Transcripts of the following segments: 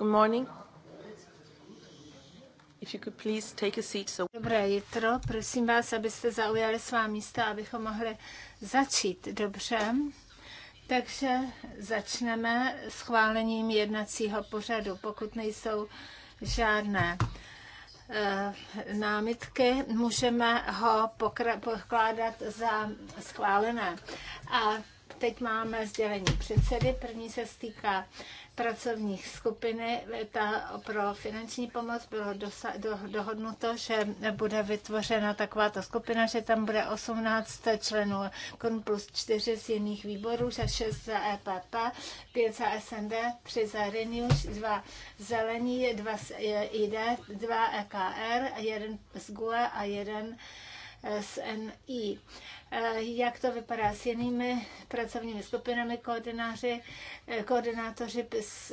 Good morning. If you could please take a seat, so... Dobré jitro, prosím vás, abyste zaujali svá místa, abychom mohli začít. Dobře. Takže začneme schválením jednacího pořadu, pokud nejsou žádné eh, námitky, můžeme ho pokládat za schválené. A teď máme sdělení předsedy. První se stýká pracovní skupiny ta pro finanční pomoc bylo dosa, do, dohodnuto, že bude vytvořena takováto skupina, že tam bude 18 členů KON plus 4 z jiných výborů, že 6 za EPP, 5 za SND, 3 za Renews, 2 Zelení, 2 e z ID, 2 EKR, 1 z GUE a 1 z NI. Eh, jak to vypadá s jinými pracovními skupinami. Koordináři, eh, koordinátoři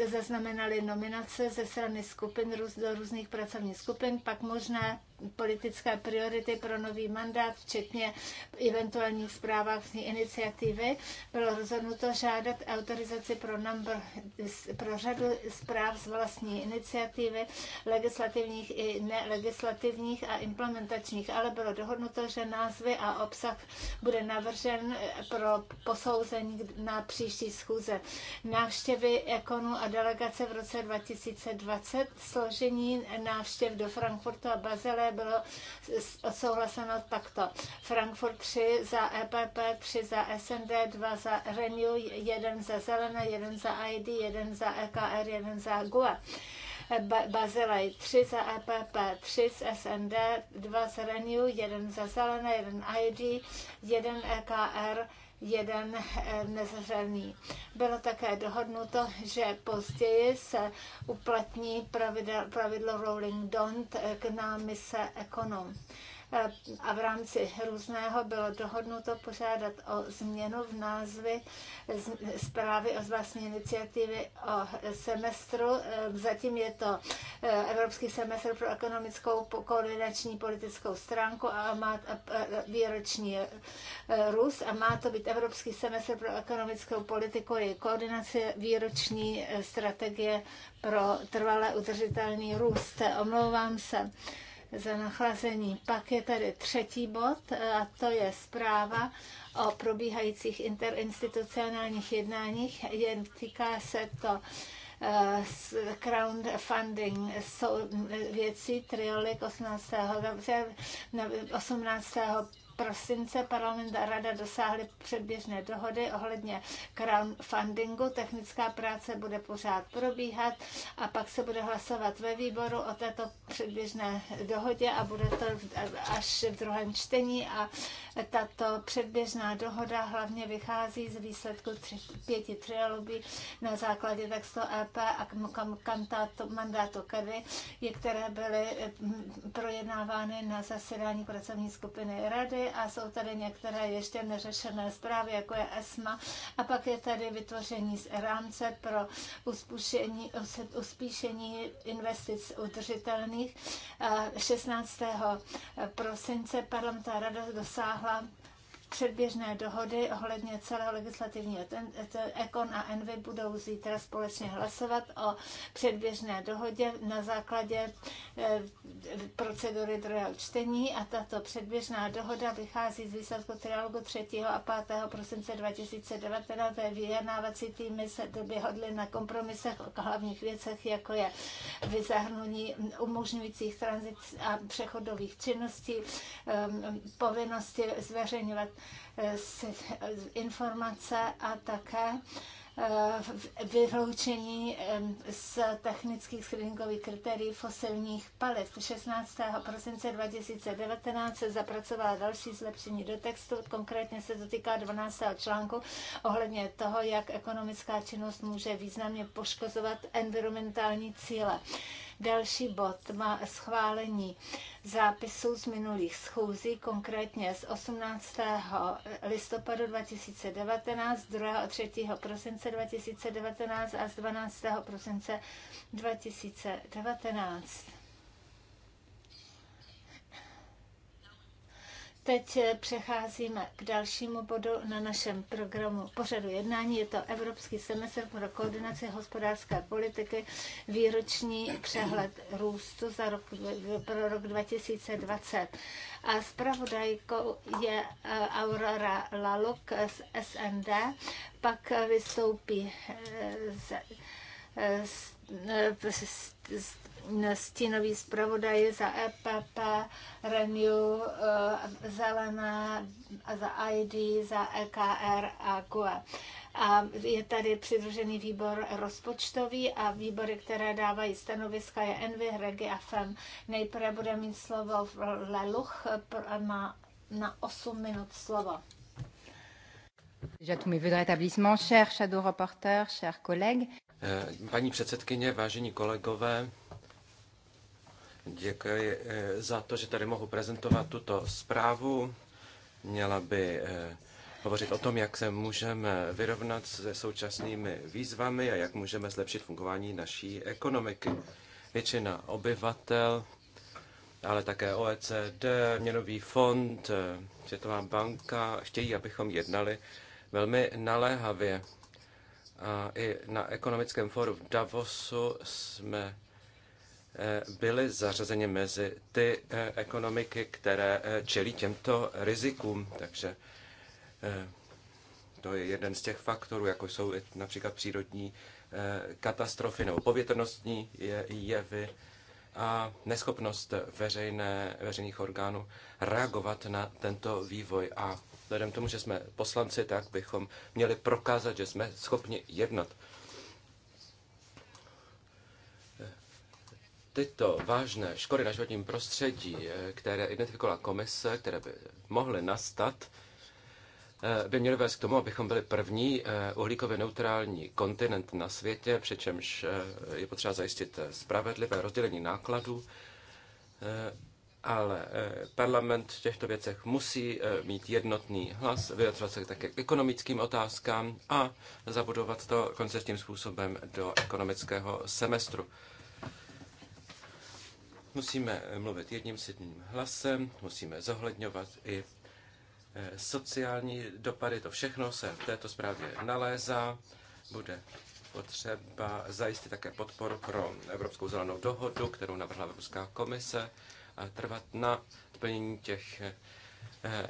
zaznamenali nominace ze strany skupin do různých pracovních skupin, pak možné politické priority pro nový mandát, včetně eventuálních zprávách iniciativy, bylo rozhodnuto žádat autorizaci pro, number, pro řadu zpráv z vlastní iniciativy, legislativních i nelegislativních a implementačních, ale bylo dohodnuto, že názvy a obsah bude navržen pro posouzení na příští schůze. Návštěvy ekonu a delegace v roce 2020, složení návštěv do Frankfurtu a Bazele bylo odsouhlaseno takto. Frankfurt 3 za EPP, 3 za SND, 2 za Renew, 1 za Zelené, 1 za ID, 1 za EKR, 1 za GUE. Bazilej 3 za EPP, 3 z SND, 2 z Renew, 1 za Zelené, 1 ID, 1 EKR, jeden e eh, nezřelný. Bylo také dohodnuto, že později se uplatní pravidlo, pravidlo Rolling Don't eh, k námise ekonom a v rámci různého bylo dohodnuto požádat o změnu v názvy zprávy o vlastní iniciativy o semestru. E, Zatím je to e, Evropský semestr pro ekonomickou koordinační politickou stránku a má e, výroční růst a má to být Evropský semestr pro ekonomickou politiku i koordinace výroční strategie pro trvalé udržitelný růst. Omlouvám se za nachlazení. Pak je tady třetí bod e, a to je zpráva o probíhajících interinstitucionálních jednáních. Jen týká se to e, crowdfunding jsou věcí, triolik 18. 18 prosince parlament a rada dosáhly předběžné dohody ohledně crowdfundingu. Technická práce bude pořád probíhat a pak se bude hlasovat ve výboru o této předběžné dohodě a bude to až v druhém čtení a tato předběžná dohoda hlavně vychází z výsledku tři, pěti trialogů na základě textu EP a kantátu, mandátu KEDY, které byly mm, projednávány na zasedání pracovní skupiny rady a jsou tady některé ještě neřešené zprávy, jako je ESMA. A pak je tady vytvoření z rámce pro uspíšení, uspíšení investic udržitelných. 16. prosince parlamentá rada dosáhla předběžné dohody ohledně celého legislativního Ekon a Envy budou zítra společně hlasovat o předběžné dohodě na základě eh, procedury druhého čtení a tato předběžná dohoda vychází z výsledku trialogu 3. a 5. prosince 2019. Vyjednávací týmy se dohodly na kompromisech o hlavních věcech, jako je vyzahrnutí umožňujících tranzic a přechodových činností, ehm, povinnosti zveřejňovat Eh, eh, informace a také eh, vyloučení z technických screeningových kritérií fosilních paliv. 16. prosince 2019 se zapracovala další zlepšení do textu, konkrétně se dotýká 12. článku ohledně toho, jak ekonomická činnost může významně poškozovat environmentální cíle. Další bod má schválení zápisů z minulých schůzí, konkrétně z 18. listopadu 2019, 2. a 3. prosince 2019 a z 12. prosince 2019. Teď eh, přecházíme k dalšímu bodu na našem programu pořadu jednání. Je to Evropský semestr pro koordinaci hospodářské politiky, výroční přehled růstu za rok, pro rok 2020. A zpravodajkou je eh, Aurora Laluk z SND, pak vystoupí eh, z, z, z, z stínový zpravodaj za EPP, Renew, eh, Zelená, za ID, za EKR a QA. E. A je tady přidružený výbor rozpočtový a výbory, které dávají stanoviska, je Envy, Regi a FEM. Nejprve bude mít slovo Leluch, má na 8 minut slovo. Eh, paní předsedkyně, vážení kolegové, Děkuji eh, za to, že tady mohu prezentovat tuto zprávu. Měla by eh, hovořit o tom, jak se můžeme vyrovnat se současnými výzvami a jak můžeme zlepšit fungování naší ekonomiky. Většina obyvatel, ale také OECD, Měnový fond, eh, Světová banka chtějí, abychom jednali velmi naléhavě. A i na ekonomickém fóru v Davosu jsme Eh, byly zařazeny mezi ty eh, ekonomiky, které eh, čelí těmto rizikům. Takže to je jeden z těch faktorů, jako jsou například přírodní katastrofy nebo povětrnostní jevy a neschopnost veřejné, veřejných orgánů reagovat na tento vývoj. A vzhledem tomu, že jsme poslanci, tak bychom měli prokázat, že jsme schopni jednat. tyto vážné škody na životním prostředí, eh, které identifikovala komise, které by mohly nastat, eh, by měly vést k tomu, abychom byli první eh, uhlíkově neutrální kontinent na světě, přičemž je potřeba zajistit spravedlivé rozdělení nákladů, ale parlament v těchto věcech musí mít jednotný hlas, vyjadřovat se také k ekonomickým otázkám a zabudovat to koncertním způsobem do ekonomického semestru. Musíme eh, mluvit jedním sedmým hlasem, musíme zohledňovat i eh, sociální dopady, to všechno se v této zprávě nalézá. Bude potřeba zajistit také podporu pro Evropskou zelenou dohodu, kterou navrhla Evropská komise, a trvat na plnění těch eh,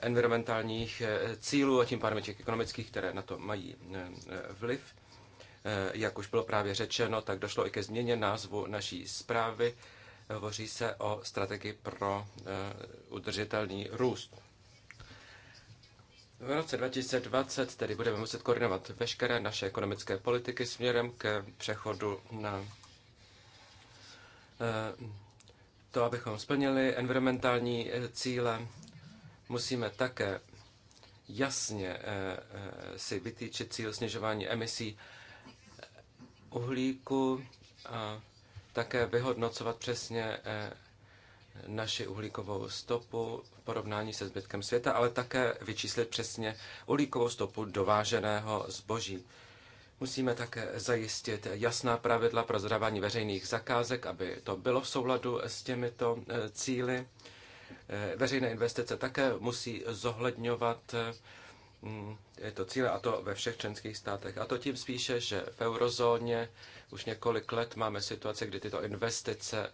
environmentálních cílů a tím pádem těch ekonomických, které na to mají vliv. Jak už bylo právě řečeno, tak došlo i ke změně názvu naší zprávy Hovoří se o strategii pro eh, udržitelný růst. V roce 2020 tedy budeme muset koordinovat veškeré naše ekonomické politiky směrem k přechodu na eh, to, abychom splnili environmentální eh, cíle. Musíme také jasně si vytýčit cíl snižování emisí uhlíku a také vyhodnocovat přesně eh, naši uhlíkovou stopu v porovnání se zbytkem světa, ale také vyčíslit přesně uhlíkovou stopu dováženého zboží. Musíme také zajistit jasná pravidla pro zadávání veřejných zakázek, aby to bylo v souladu s těmito eh, cíly. Eh, veřejné investice také musí zohledňovat mm, to cíle, a to ve všech členských státech. A to tím spíše, že v eurozóně už několik let máme situace, kdy tyto investice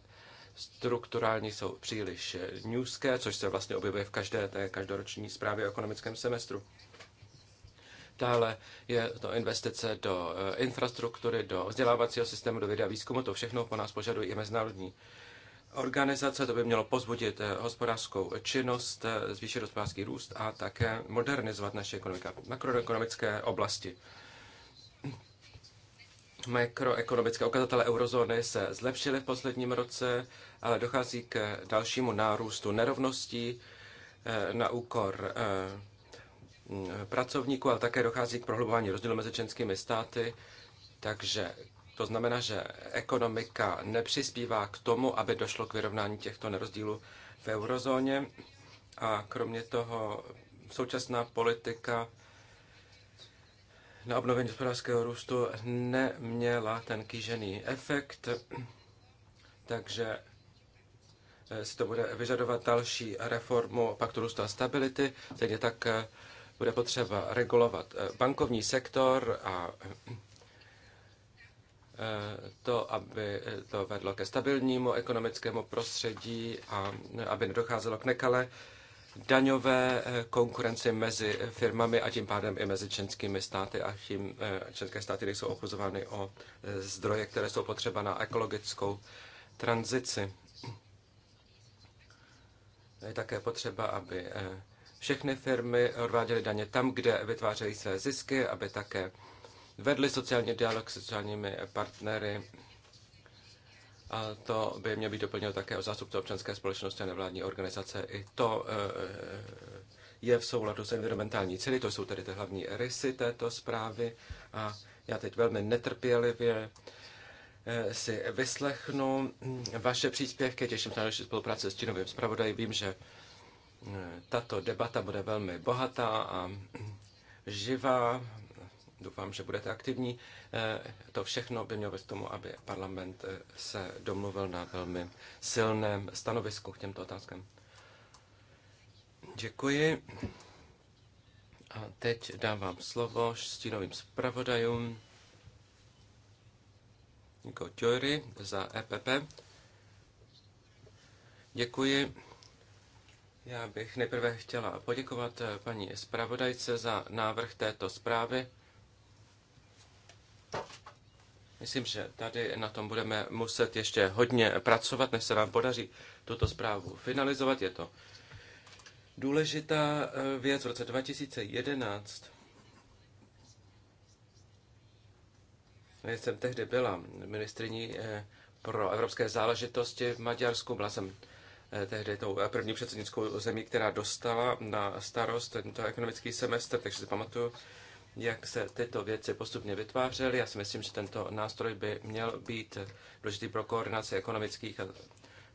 strukturální jsou příliš nízké, což se vlastně objevuje v každé té každoroční zprávě o ekonomickém semestru. Dále je to investice do eh, infrastruktury, do vzdělávacího systému, do vědy a výzkumu. To všechno po nás požadují i mezinárodní organizace. To by mělo pozbudit eh, hospodářskou činnost, eh, zvýšit hospodářský růst a také modernizovat naše ekonomika, makroekonomické oblasti. Makroekonomické ukazatele eurozóny se zlepšily v posledním roce, ale dochází k dalšímu nárůstu nerovností eh, na úkor eh, pracovníků, ale také dochází k prohlubování rozdílu mezi členskými státy. Takže to znamená, že ekonomika nepřispívá k tomu, aby došlo k vyrovnání těchto nerozdílů v eurozóně. A kromě toho současná politika na obnovení hospodářského růstu neměla ten kýžený efekt, takže eh, si to bude vyžadovat další reformu paktu růstu a stability, stejně tak eh, bude potřeba regulovat eh, bankovní sektor a to, aby to vedlo ke stabilnímu ekonomickému prostředí a aby nedocházelo k nekalé daňové eh, konkurenci mezi firmami a tím pádem i mezi členskými státy a tím eh, členské státy nejsou ochuzovány o eh, zdroje, které jsou potřeba na ekologickou tranzici. Je také potřeba, aby všechny firmy odváděly daně tam, kde vytvářejí své zisky, aby také vedly sociální dialog s sociálními partnery a to by mě být doplnilo také o zástupce občanské společnosti a nevládní organizace. I to eh, eh, je v souladu s environmentální cíly, to jsou tedy ty hlavní rysy této zprávy. A já teď velmi netrpělivě eh, si vyslechnu hm, vaše příspěvky, těším se na další spolupráci s Činovým zpravodajem. Vím, že tato debata bude velmi bohatá a hm, živá doufám, že budete aktivní. Eh, to všechno by mělo vést tomu, aby parlament eh, se domluvil na velmi silném stanovisku k těmto otázkám. Děkuji. A teď dávám slovo stínovým zpravodajům Niko Tjory za EPP. Děkuji. Já bych nejprve chtěla poděkovat eh, paní zpravodajce za návrh této zprávy. Myslím, že tady na tom budeme muset ještě hodně pracovat, než se nám podaří tuto zprávu finalizovat. Je to důležitá eh, věc v roce 2011. Já jsem tehdy byla ministriní eh, pro evropské záležitosti v Maďarsku. Byla jsem eh, tehdy tou první předsednickou zemí, která dostala na starost tento ekonomický semestr, takže si pamatuju, jak se tyto věci postupně vytvářely. Já si myslím, že tento nástroj by měl být důležitý pro koordinaci ekonomických a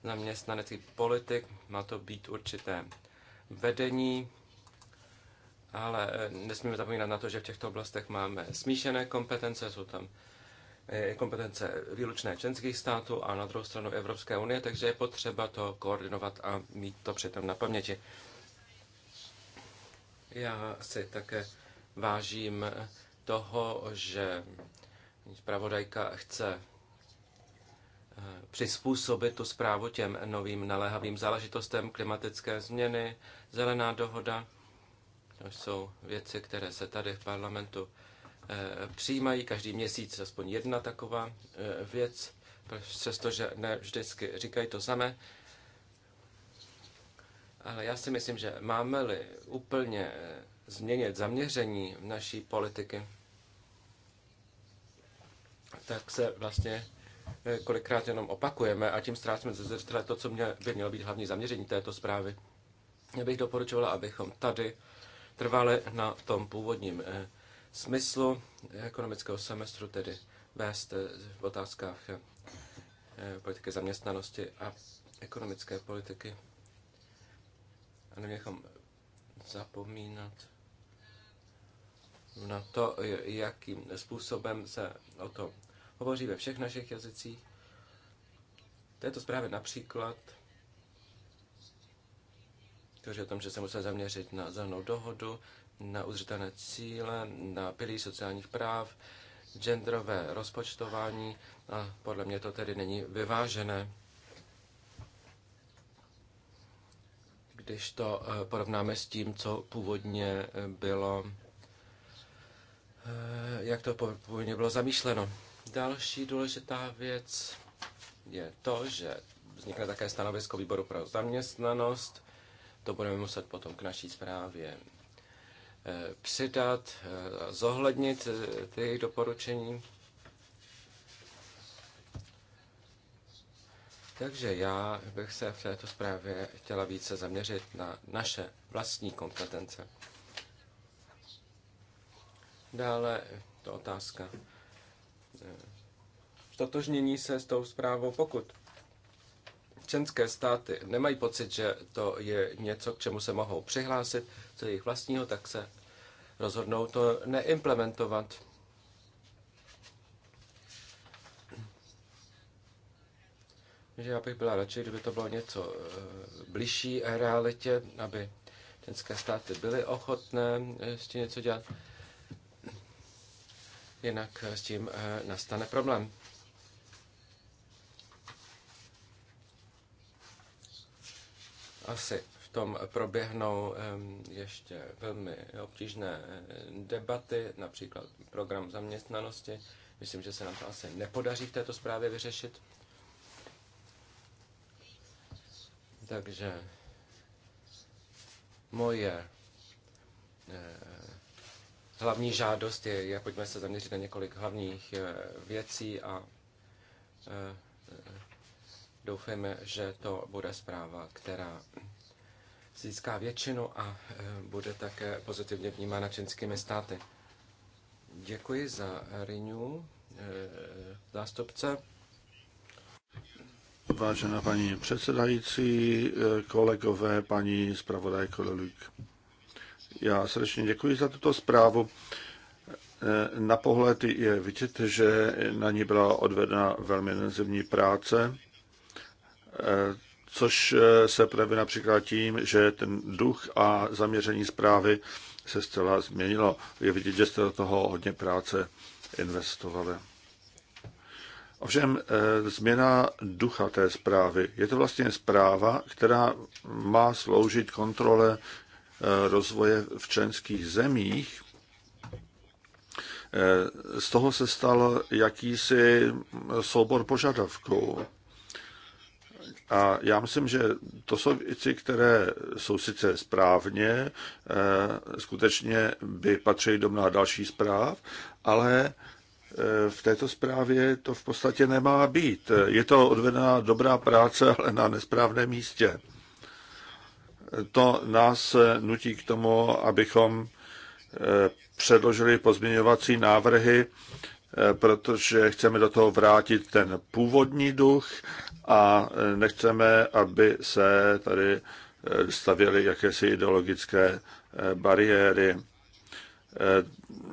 zaměstnaneckých politik. Má to být určité vedení, ale eh, nesmíme zapomínat na to, že v těchto oblastech máme smíšené kompetence, jsou tam eh, kompetence výlučné členských států a na druhou stranu Evropské unie, takže je potřeba to koordinovat a mít to přitom na paměti. Já si také vážím toho, že zpravodajka chce eh, přizpůsobit tu zprávu těm novým naléhavým záležitostem klimatické změny, zelená dohoda. To jsou věci, které se tady v parlamentu eh, přijímají. Každý měsíc aspoň jedna taková eh, věc, přestože ne vždycky říkají to samé. Ale já si myslím, že máme-li úplně změnit zaměření naší politiky, tak se vlastně eh, kolikrát jenom opakujeme a tím ztrácíme ze zrcadla to, co mě, by mělo být hlavní zaměření této zprávy. Já bych doporučovala, abychom tady trvali na tom původním eh, smyslu ekonomického semestru, tedy vést eh, v otázkách politiky zaměstnanosti a ekonomické politiky. A neměchom zapomínat na to, jakým způsobem se o tom hovoří ve všech našich jazycích. V této zprávě například hovoří o tom, že se musel zaměřit na zelenou dohodu, na uzřitelné cíle, na pilí sociálních práv, genderové rozpočtování a podle mě to tedy není vyvážené. Když to eh, porovnáme s tím, co původně eh, bylo Eh, jak to původně bylo zamýšleno. Další důležitá věc je to, že vznikne také stanovisko výboru pro zaměstnanost. To budeme muset potom k naší zprávě eh, přidat, eh, zohlednit ty jejich doporučení. Takže já bych se v této zprávě chtěla více zaměřit na naše vlastní kompetence. Dále to otázka stotožnění se s tou zprávou pokud. Členské státy nemají pocit, že to je něco, k čemu se mohou přihlásit, co je jejich vlastního, tak se rozhodnou to neimplementovat. že já bych byla radši, kdyby to bylo něco eh, bližší realitě, aby členské státy byly ochotné ještě něco dělat jinak s tím eh, nastane problém. Asi v tom proběhnou ještě velmi obtížné eh, debaty, například program zaměstnanosti. Myslím, že se nám to asi nepodaří v této zprávě vyřešit. Takže moje eh, hlavní žádost je, je pojďme se zaměřit na několik hlavních eh, věcí a eh, doufejme, že to bude zpráva, která získá většinu a eh, bude také pozitivně vnímána čínskými státy. Děkuji za Rinu, zástupce. Vážená paní předsedající, kolegové, paní zpravodajko Leluk. Já srdečně děkuji za tuto zprávu. Na pohled je vidět, že na ní byla odvedena velmi intenzivní práce, což se projeví například tím, že ten duch a zaměření zprávy se zcela změnilo. Je vidět, že jste do toho hodně práce investovali. Ovšem změna ducha té zprávy. Je to vlastně zpráva, která má sloužit kontrole Eh, rozvoje v členských zemích, eh, z toho se stal jakýsi soubor požadavků. A já myslím, že to jsou věci, které jsou sice správně, eh, skutečně by patřily do mnoha dalších zpráv, ale v této zprávě to v podstatě nemá být. Je to odvedená dobrá práce, ale na nesprávném místě to nás eh, nutí k tomu, abychom eh, předložili pozměňovací návrhy, eh, protože chceme do toho vrátit ten původní duch a nechceme, aby se tady stavěly jakési ideologické bariéry.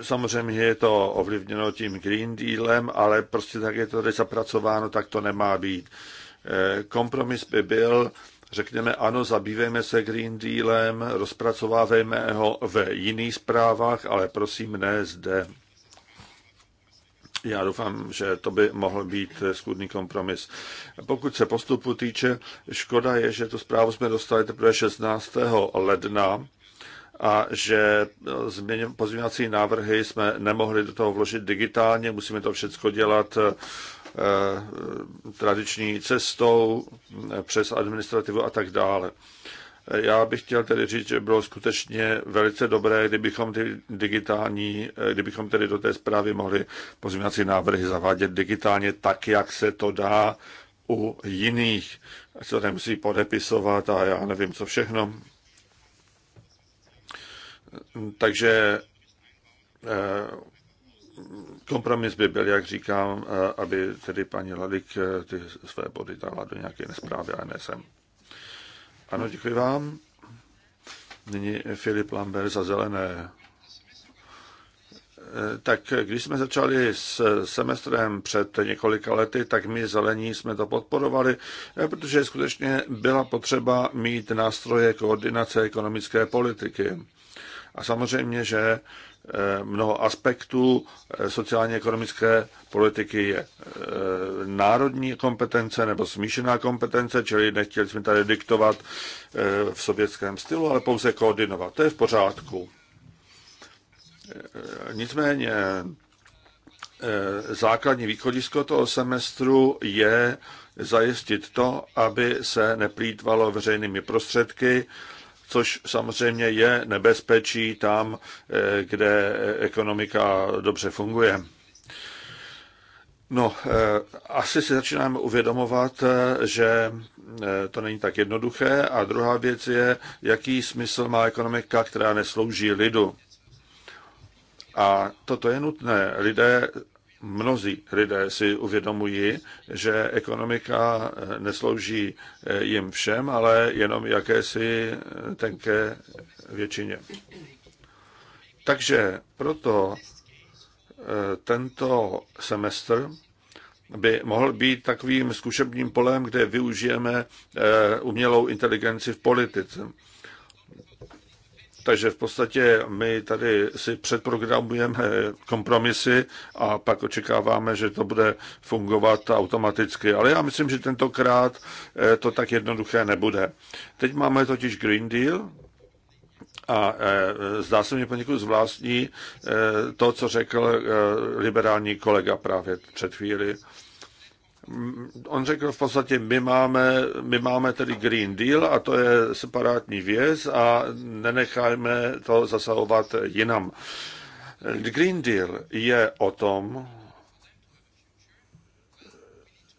Samozřejmě je to ovlivněno tím Green Dealem, ale prostě tak je to tady zapracováno, tak to nemá být. Kompromis by byl, řekneme ano, zabývejme se Green Dealem, rozpracovávejme ho ve jiných zprávách, ale prosím ne zde. Já doufám, že to by mohl být skudný kompromis. Pokud se postupu týče, škoda je, že tu zprávu jsme dostali teprve 16. ledna a že pozměňovací návrhy jsme nemohli do toho vložit digitálně, musíme to všechno dělat Eh, tradiční cestou eh, přes administrativu a tak dále. Eh, já bych chtěl tedy říct, že bylo skutečně velice dobré, kdybychom ty digitální, kdybychom tedy do té zprávy mohli pozměňovací návrhy zavádět digitálně tak, jak se to dá u jiných, co nemusí podepisovat a já nevím, co všechno. Takže Kompromis by byl, jak říkám, eh, aby tedy paní Ladik eh, ty své body dala do nějaké nesprávy a NSM. Ano, děkuji vám. Nyní Filip Lambert za zelené. Eh, tak když jsme začali s semestrem před několika lety, tak my zelení jsme to podporovali, protože skutečně byla potřeba mít nástroje koordinace ekonomické politiky. A samozřejmě, že Eh, mnoho aspektů eh, sociálně-ekonomické politiky je eh, národní kompetence nebo smíšená kompetence, čili nechtěli jsme tady diktovat v sovětském stylu, ale pouze koordinovat. To je v pořádku. Nicméně základní východisko toho semestru je zajistit to, aby se neplýtvalo veřejnými prostředky, což samozřejmě je nebezpečí tam, eh, kde eh, ekonomika dobře funguje. No, eh, asi si začínáme uvědomovat, že to není tak jednoduché. A druhá věc je, jaký smysl má ekonomika, která neslouží lidu. A toto je nutné. Lidé mnozí lidé si uvědomují, že ekonomika eh, neslouží eh, jim všem, ale jenom jakési eh, tenké většině. Takže proto tento semestr by mohl být takovým zkušebním polem, kde využijeme umělou inteligenci v politice. Takže v podstatě my tady si předprogramujeme kompromisy a pak očekáváme, že to bude fungovat automaticky. Ale já myslím, že tentokrát eh, to tak jednoduché nebude. Teď máme totiž Green Deal, a eh, zdá se mi poněkud zvláštní eh, to, co řekl liberální kolega právě před chvíli on řekl v podstatě, my máme, my máme tedy Green Deal a to je separátní věc a nenechajme to zasahovat jinam. Green Deal je o tom,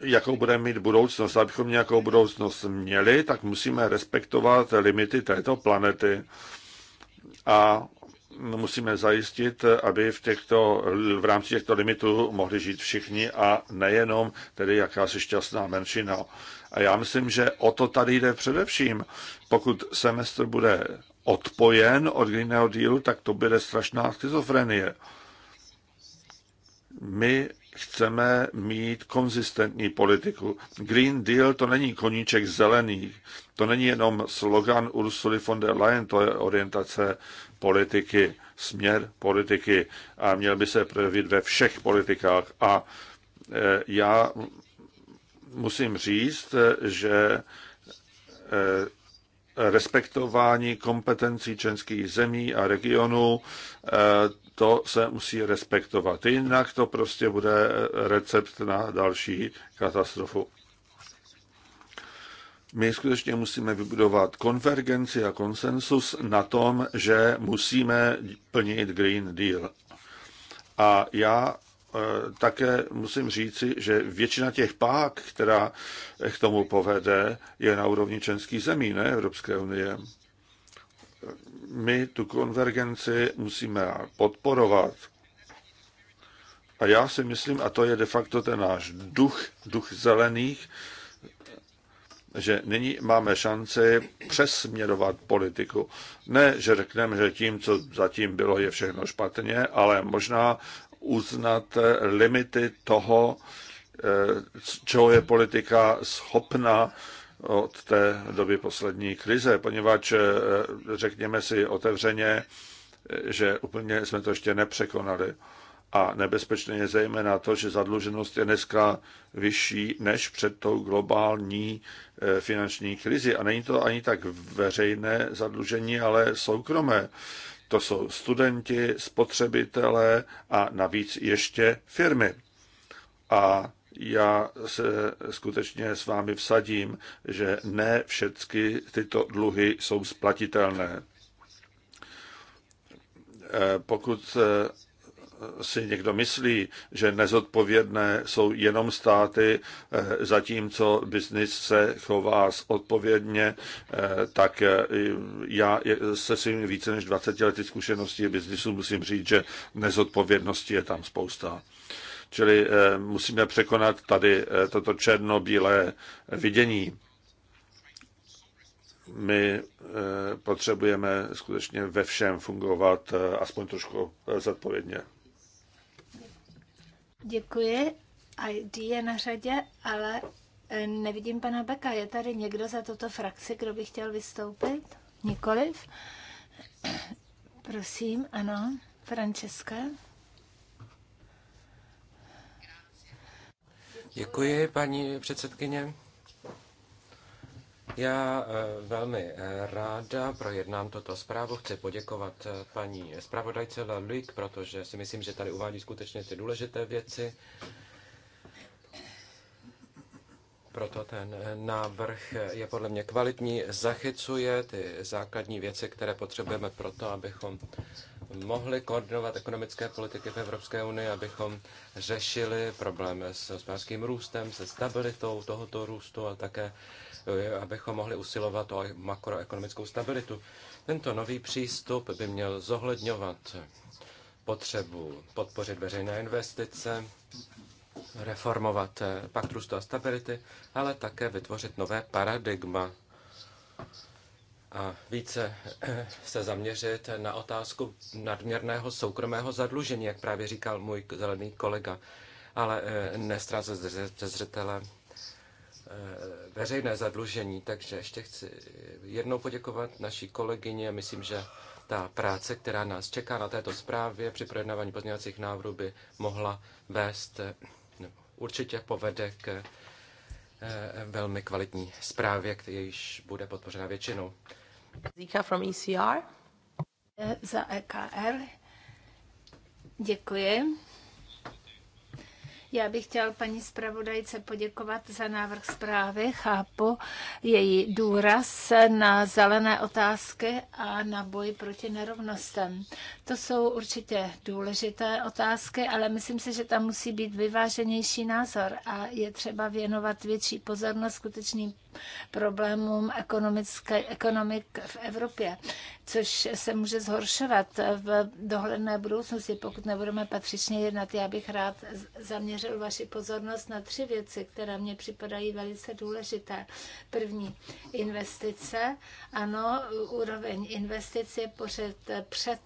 jakou budeme mít budoucnost. Abychom nějakou budoucnost měli, tak musíme respektovat limity této planety. A musíme zajistit, aby v, těchto, v rámci těchto limitů mohli žít všichni a nejenom tedy jakási šťastná menšina. A já myslím, že o to tady jde především. Pokud semestr bude odpojen od Greeného dílu, tak to bude strašná schizofrenie. My chceme mít konzistentní politiku. Green Deal to není koníček zelených, to není jenom slogan Ursula von der Leyen, to je orientace politiky, směr politiky a měl by se projevit ve všech politikách. A e, já musím říct, že e, respektování kompetencí členských zemí a regionů, e, to se musí respektovat. Jinak to prostě bude recept na další katastrofu. My skutečně musíme vybudovat konvergenci a konsensus na tom, že musíme plnit Green Deal. A já eh, také musím říci, že většina těch pák, která k tomu povede, je na úrovni členských zemí, ne Evropské unie my tu konvergenci musíme podporovat. A já si myslím, a to je de facto ten náš duch, duch zelených, že nyní máme šanci přesměrovat politiku. Ne, že řekneme, že tím, co zatím bylo, je všechno špatně, ale možná uznat limity toho, eh, čeho je politika schopna od té doby poslední krize, poněvadž eh, řekněme si otevřeně, eh, že úplně jsme to ještě nepřekonali. A nebezpečné je zejména to, že zadluženost je dneska vyšší než před tou globální eh, finanční krizi. A není to ani tak veřejné zadlužení, ale soukromé. To jsou studenti, spotřebitelé a navíc ještě firmy. A já se skutečně s vámi vsadím, že ne všechny tyto dluhy jsou splatitelné. Eh, pokud eh, si někdo myslí, že nezodpovědné jsou jenom státy, eh, zatímco biznis se chová odpovědně, tak já se svými více než 20 lety zkušeností biznisu musím říct, že nezodpovědnosti je tam spousta. Čili eh, musíme překonat tady eh, toto černobílé vidění. My eh, potřebujeme skutečně ve všem fungovat aspoň trošku zodpovědně. Děkuji. ID je na řadě, ale nevidím pana Beka. Je tady někdo za toto frakci, kdo by chtěl vystoupit? Nikoliv? Prosím, ano. Franceska. Děkuji, paní předsedkyně. Já eh, velmi eh, ráda projednám toto zprávu. Chci poděkovat eh, paní zpravodajce Luik, protože si myslím, že tady uvádí skutečně ty důležité věci. Proto ten návrh je podle mě kvalitní, zachycuje ty základní věci, které potřebujeme pro to, abychom mohli koordinovat ekonomické politiky v Evropské unii, abychom řešili problémy s hospodářským růstem, se stabilitou tohoto růstu a také, eh, abychom mohli usilovat o makroekonomickou stabilitu. Tento nový přístup by měl zohledňovat potřebu podpořit veřejné investice, reformovat eh, pakt růstu a stability, ale také vytvořit nové paradigma a více eh, se zaměřit na otázku nadměrného soukromého zadlužení, jak právě říkal můj zelený kolega, ale eh, nestrácet ze zřetele eh, veřejné zadlužení, takže ještě chci jednou poděkovat naší kolegyně. Myslím, že ta práce, která nás čeká na této zprávě při projednávání pozměňovacích návrhů, by mohla vést, určitě povede k velmi kvalitní zprávě, již bude podpořena většinou. Zika from ECR. Za EKR. Děkuji. Já bych chtěl paní zpravodajce poděkovat za návrh zprávy. Chápu její důraz na zelené otázky a na boj proti nerovnostem. To jsou určitě důležité otázky, ale myslím si, že tam musí být vyváženější názor a je třeba věnovat větší pozornost skutečným problémům ekonomické, ekonomik v Evropě, což se může zhoršovat v dohledné budoucnosti, pokud nebudeme patřičně jednat. Já bych rád zaměřil vaši pozornost na tři věci, které mě připadají velice důležité. První, investice. Ano, úroveň investice je pořád před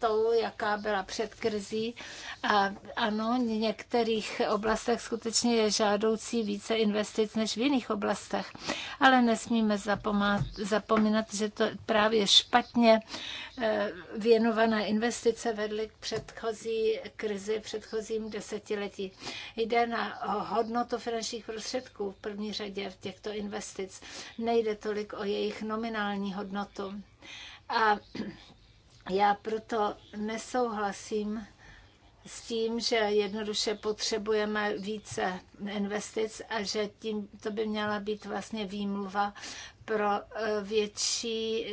tou, jaká byla před krizí. A ano, v některých oblastech skutečně je žádoucí více investic než v jiných oblastech, ale nesmíme zapomát, zapomínat, že to právě špatně eh, věnované investice vedly k předchozí krizi, předchozím desetiletí. Jde na hodnotu finančních prostředků v první řadě v těchto investic. Nejde tolik o jejich nominální hodnotu. A já proto nesouhlasím s tím, že jednoduše potřebujeme více investic a že tím to by měla být vlastně výmluva pro eh, větší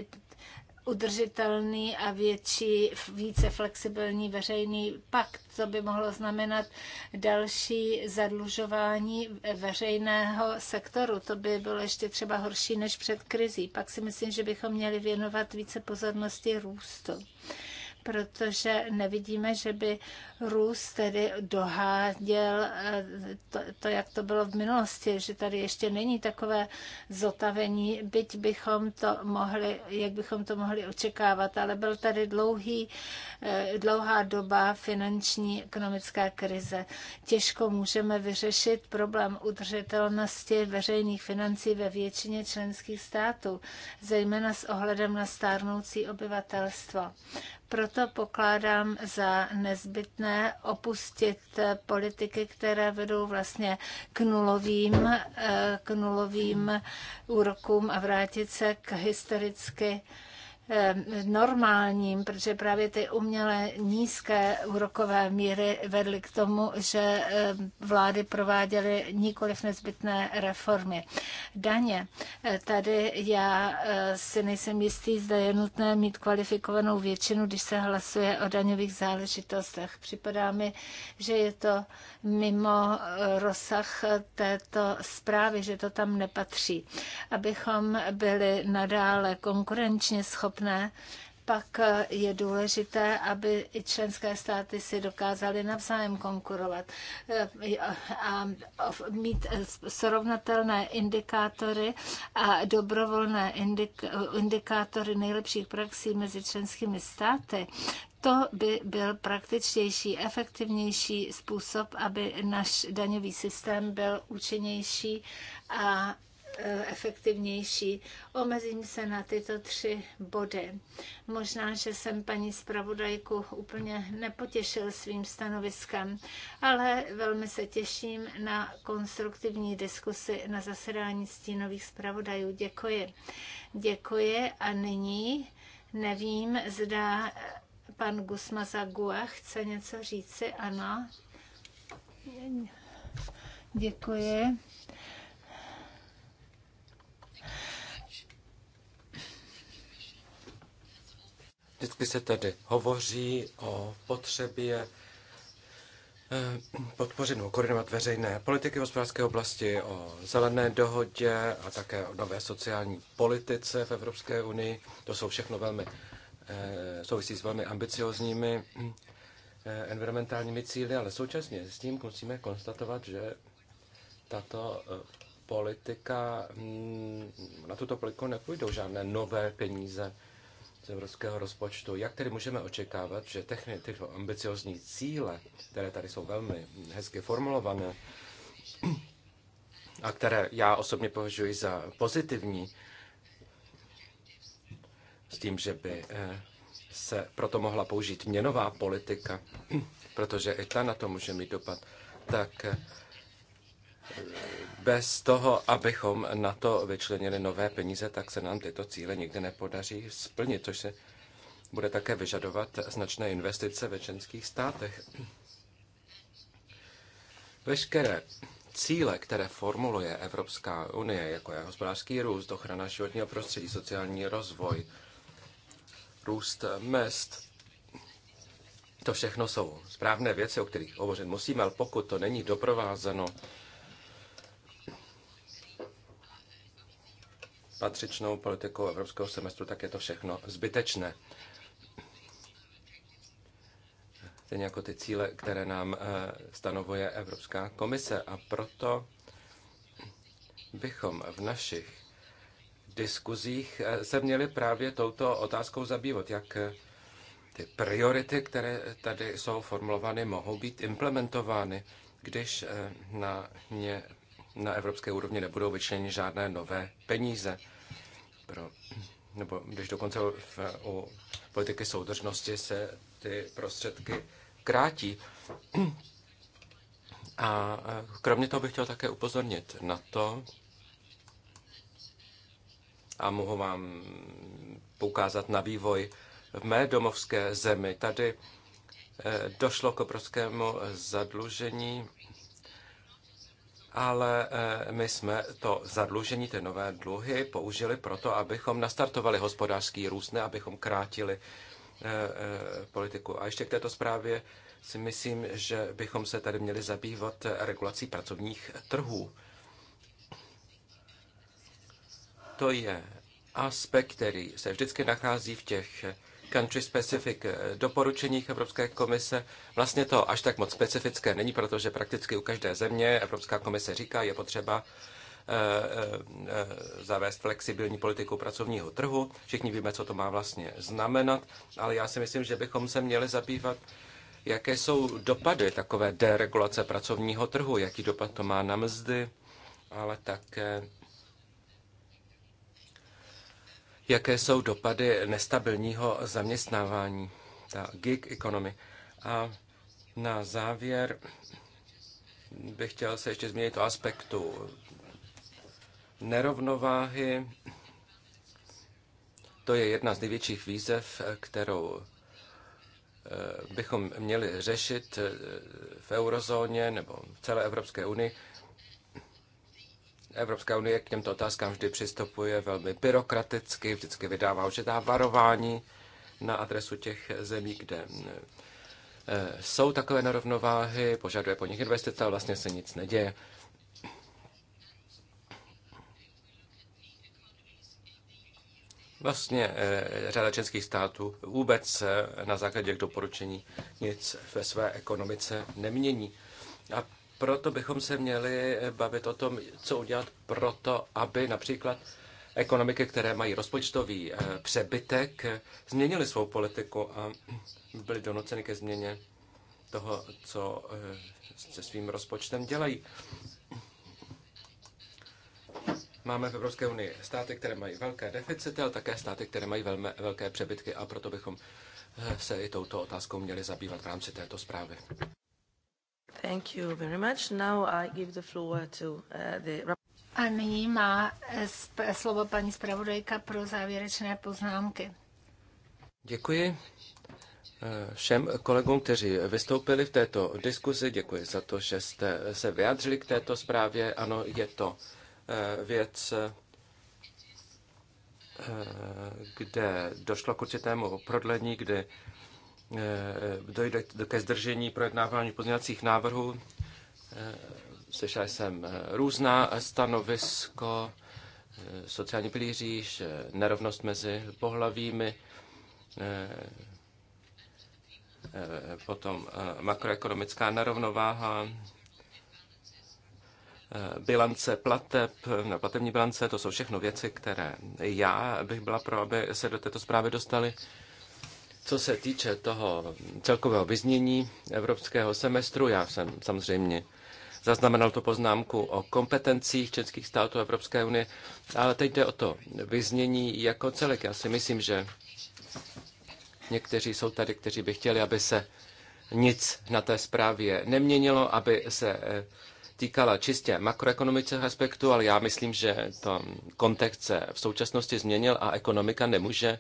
udržitelný a větší, více flexibilní veřejný pakt. To by mohlo znamenat další zadlužování veřejného sektoru. To by bylo ještě třeba horší než před krizí. Pak si myslím, že bychom měli věnovat více pozornosti růstu protože nevidíme, že by Rus tedy doháděl eh, to, to, jak to bylo v minulosti, že tady ještě není takové zotavení, byť bychom to mohli, jak bychom to mohli očekávat, ale byl tady dlouhý, eh, dlouhá doba finanční ekonomická krize. Těžko můžeme vyřešit problém udržitelnosti veřejných financí ve většině členských států, zejména s ohledem na stárnoucí obyvatelstvo. Proto pokládám za nezbytné nutné opustit politiky, které vedou vlastně k nulovým, eh, k nulovým úrokům a vrátit se k historicky Eh, normálním, protože právě ty umělé nízké úrokové míry vedly k tomu, že eh, vlády prováděly nikoliv nezbytné reformy. Daně. Eh, tady já si nejsem jistý, zda je nutné mít kvalifikovanou většinu, když se hlasuje o daňových záležitostech. Připadá mi, že je to mimo rozsah této zprávy, že to tam nepatří. Abychom byli nadále konkurenčně schopni nutné, pak eh, je důležité, aby i členské státy si dokázaly navzájem konkurovat eh, a mít eh, srovnatelné indikátory a dobrovolné indikátory nejlepších praxí mezi členskými státy to by byl praktičtější, efektivnější způsob, aby náš daňový systém byl účinnější a Eh, efektivnější. Omezím se na tyto tři body. Možná, že jsem paní zpravodajku úplně nepotěšil svým stanoviskem, ale velmi se těším na konstruktivní diskusy na zasedání stínových zpravodajů. Děkuji. Děkuji a nyní nevím, zda pan Gusma Zagua chce něco říci. Ano. Děkuji. Vždycky se tedy hovoří o potřebě eh, podpořit nebo koordinovat veřejné politiky v hospodářské oblasti, o zelené dohodě a také o nové sociální politice v Evropské unii. To jsou všechno velmi, eh, souvisí s velmi ambiciozními eh, environmentálními cíly, ale současně s tím musíme konstatovat, že tato politika, mm, na tuto politiku nepůjdou žádné nové peníze z evropského rozpočtu. Jak tedy můžeme očekávat, že techni, tyto ambiciozní cíle, které tady jsou velmi hezky formulované a které já osobně považuji za pozitivní, s tím, že by eh, se proto mohla použít měnová politika, protože i ta na to může mít dopad, tak eh, bez toho, abychom na to vyčlenili nové peníze, tak se nám tyto cíle nikdy nepodaří splnit, což se bude také vyžadovat značné investice ve členských státech. Veškeré cíle, které formuluje Evropská unie, jako je hospodářský růst, ochrana životního prostředí, sociální rozvoj, růst mest, to všechno jsou správné věci, o kterých hovořit musíme, ale pokud to není doprovázeno patřičnou politikou evropského semestru, tak je to všechno zbytečné. Stejně jako ty cíle, které nám eh, stanovuje Evropská komise. A proto bychom v našich diskuzích eh, se měli právě touto otázkou zabývat, jak eh, ty priority, které tady jsou formulovány, mohou být implementovány, když na, ně, na evropské úrovni nebudou vyčleněny žádné nové peníze pro, nebo když dokonce v, u politiky soudržnosti se ty prostředky krátí. A kromě toho bych chtěl také upozornit na to, a mohu vám poukázat na vývoj v mé domovské zemi. Tady eh, došlo k obrovskému zadlužení ale eh, my jsme to zadlužení, ty nové dluhy, použili proto, abychom nastartovali hospodářský růst, ne abychom krátili eh, eh, politiku. A ještě k této zprávě si myslím, že bychom se tady měli zabývat regulací pracovních trhů. To je aspekt, který se vždycky nachází v těch country specific eh, doporučeních Evropské komise. Vlastně to až tak moc specifické není, protože prakticky u každé země Evropská komise říká, je potřeba eh, eh, zavést flexibilní politiku pracovního trhu. Všichni víme, co to má vlastně znamenat, ale já si myslím, že bychom se měli zabývat, jaké jsou dopady takové deregulace pracovního trhu, jaký dopad to má na mzdy, ale také jaké jsou dopady nestabilního zaměstnávání, ta gig economy. A na závěr bych chtěl se ještě změnit o aspektu nerovnováhy. To je jedna z největších výzev, kterou eh, bychom měli řešit eh, v eurozóně nebo v celé Evropské unii. Evropská unie k těmto otázkám vždy přistupuje velmi byrokraticky, vždycky vydává určitá varování na adresu těch zemí, kde eh, jsou takové nerovnováhy, požaduje po nich investice, ale vlastně se nic neděje. Vlastně eh, řada českých států vůbec eh, na základě doporučení nic ve své ekonomice nemění. A proto bychom se měli eh, bavit o tom, co udělat proto, aby například ekonomiky, které mají rozpočtový eh, přebytek, změnily svou politiku a byly donoceny ke změně toho, co eh, se svým rozpočtem dělají. Máme v Evropské unii státy, které mají velké deficity, ale také státy, které mají velmi, velké přebytky a proto bychom se i touto otázkou měli zabývat v rámci této zprávy. Thank you very much. Now I give the floor to uh, the... A nyní má eh, slovo paní zpravodajka pro závěrečné poznámky. Děkuji eh, všem kolegům, kteří vystoupili v této diskuzi. Děkuji za to, že jste se vyjádřili k této zprávě. Ano, je to eh, věc, kde došlo k určitému prodlení, kde Eh, eh, dojde ke zdržení projednávání pozměňovacích návrhů. Eh, Slyšel jsem různá stanovisko, sociální pilíříž, nerovnost mezi pohlavími, potom makroekonomická nerovnováha, bilance plateb, no, platební bilance, to jsou všechno věci, které já bych byla pro, aby se do této zprávy dostali. Co se týče toho celkového vyznění evropského semestru, já jsem samozřejmě zaznamenal tu poznámku o kompetencích českých států Evropské unie, ale teď jde o to vyznění jako celek. Já si myslím, že někteří jsou tady, kteří by chtěli, aby se nic na té zprávě neměnilo, aby se eh, týkala čistě makroekonomických aspektů, ale já myslím, že to kontext se v současnosti změnil a ekonomika nemůže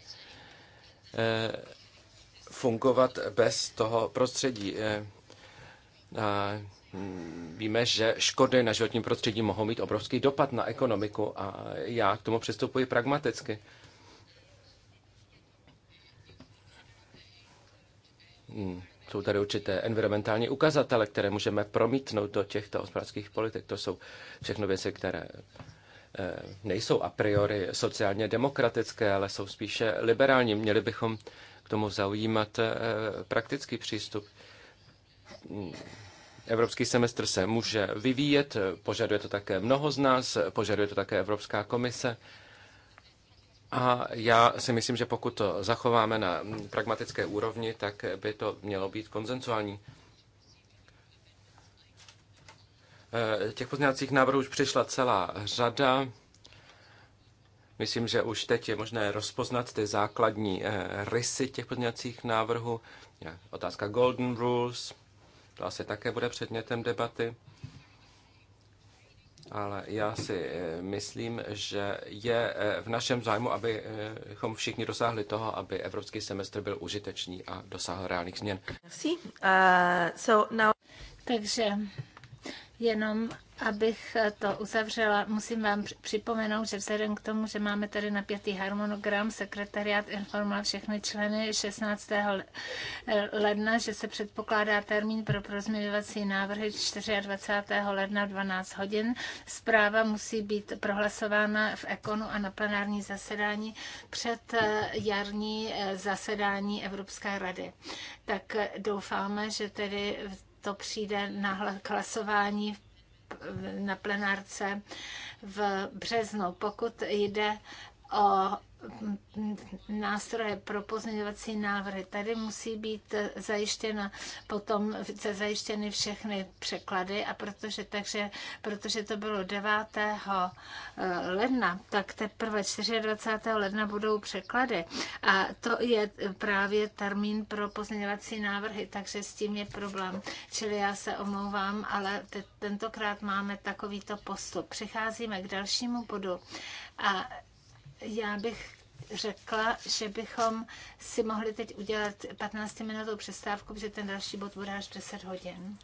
eh, fungovat bez toho prostředí. Eh, hm, víme, že škody na životním prostředí mohou mít obrovský dopad na ekonomiku a já k tomu přistupuji pragmaticky. Hm, jsou tady určité environmentální ukazatele, které můžeme promítnout do těchto hospodářských politik. To jsou všechno věci, které eh, nejsou a priori sociálně demokratické, ale jsou spíše liberální. Měli bychom tomu zaujímat eh, praktický přístup. Evropský semestr se může vyvíjet, požaduje to také mnoho z nás, požaduje to také Evropská komise. A já si myslím, že pokud to zachováme na pragmatické úrovni, tak by to mělo být konzensuální. Eh, těch pozměňovacích návrhů už přišla celá řada. Myslím, že už teď je možné rozpoznat ty základní eh, rysy těch pozměňovacích návrhů. Otázka Golden Rules, to asi také bude předmětem debaty. Ale já si eh, myslím, že je eh, v našem zájmu, abychom všichni dosáhli toho, aby evropský semestr byl užitečný a dosáhl reálných změn. so now... Takže jenom Abych to uzavřela, musím vám připomenout, že vzhledem k tomu, že máme tady napětý harmonogram, sekretariát informoval všechny členy 16. ledna, že se předpokládá termín pro prozměňovací návrhy 24. ledna 12 hodin. Zpráva musí být prohlasována v ekonu a na plenární zasedání před eh, jarní eh, zasedání Evropské rady. Tak eh, doufáme, že tedy to přijde na hlasování v na plenárce v březnu. Pokud jde o nástroje pro pozměňovací návrhy. Tady musí být zajištěna potom se zajištěny všechny překlady a protože, takže, protože to bylo 9. Eh, ledna, tak teprve 24. ledna budou překlady a to je právě termín pro pozměňovací návrhy, takže s tím je problém. Čili já se omlouvám, ale tentokrát máme takovýto postup. Přicházíme k dalšímu bodu a já bych řekla, že bychom si mohli teď udělat 15-minutovou přestávku, protože ten další bod bude až 10 hodin.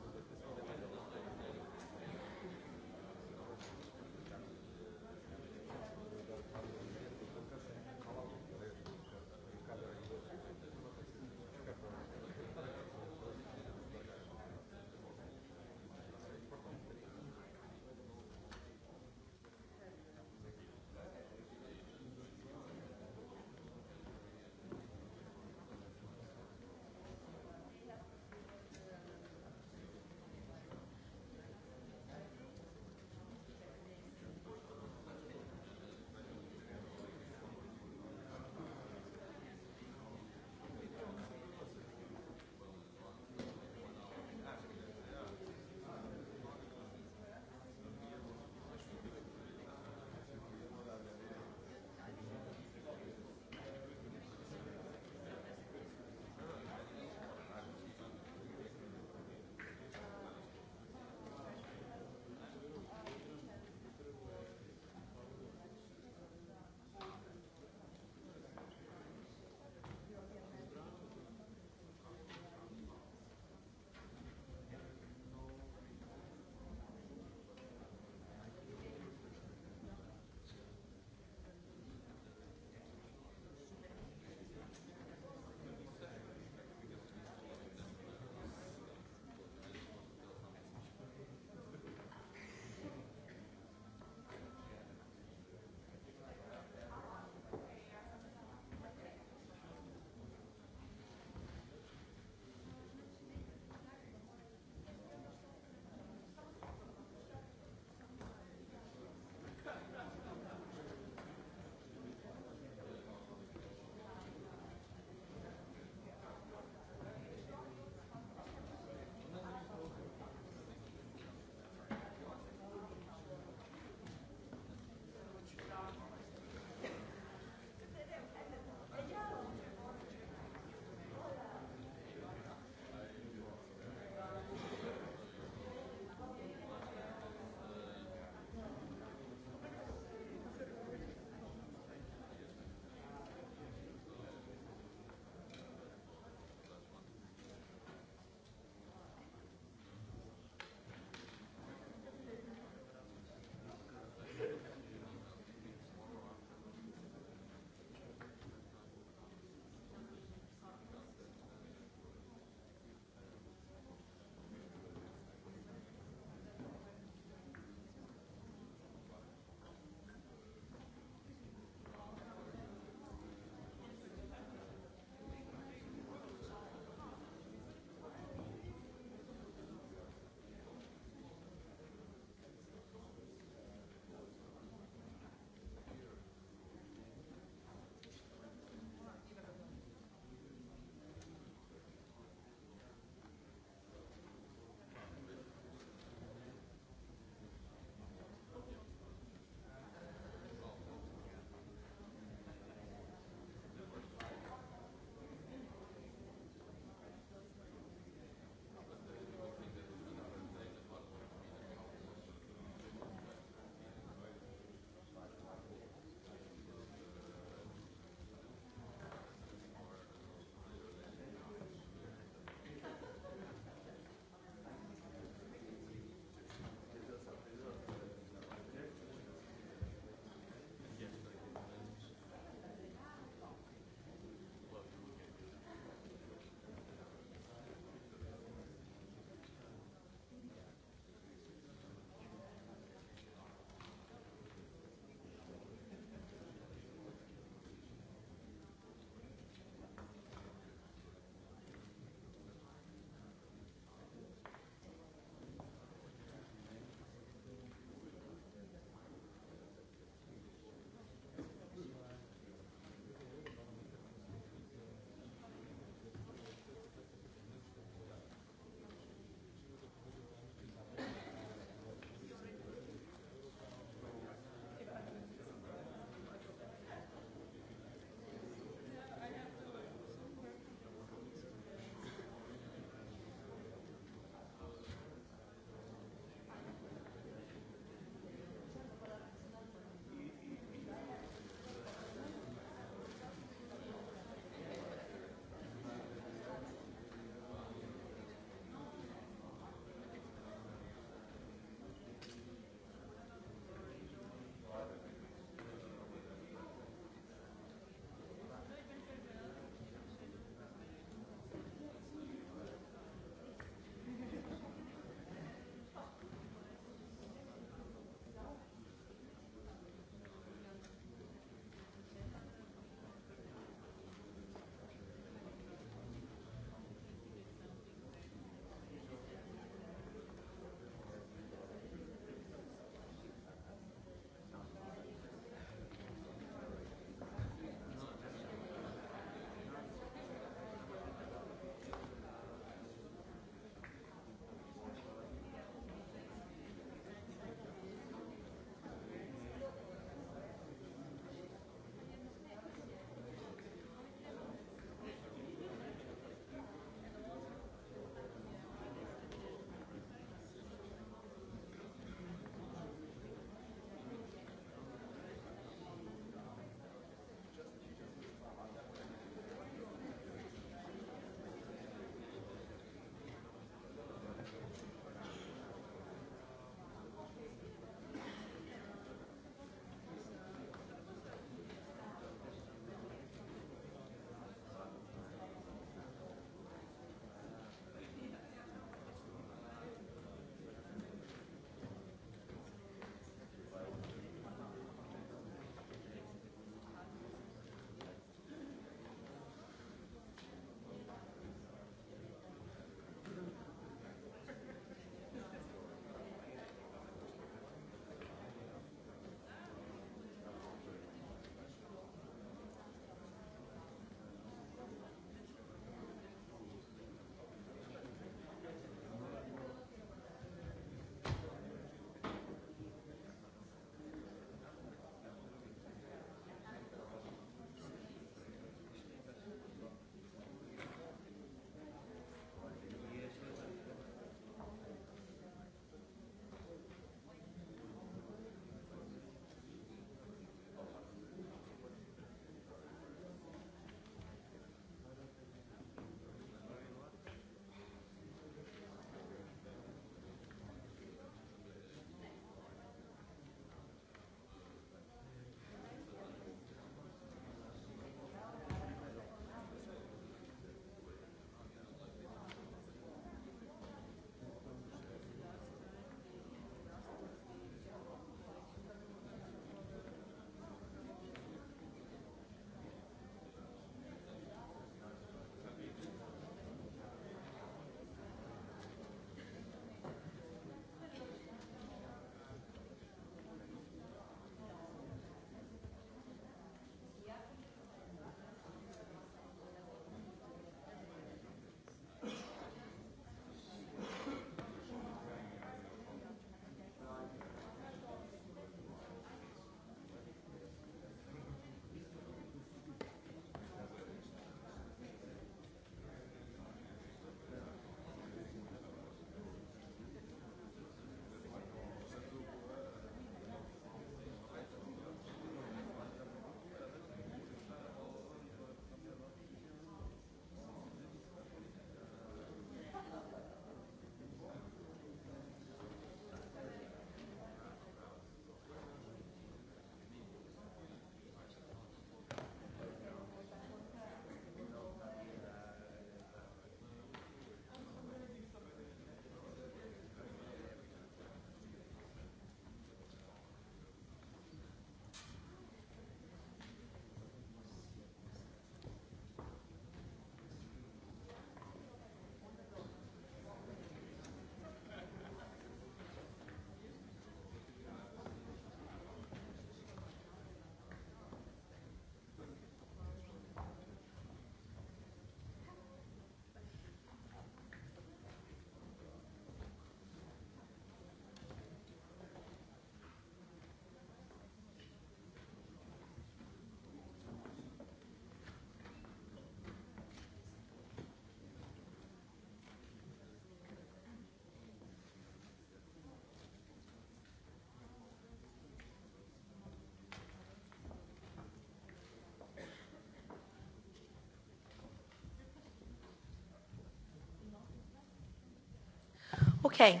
Okay,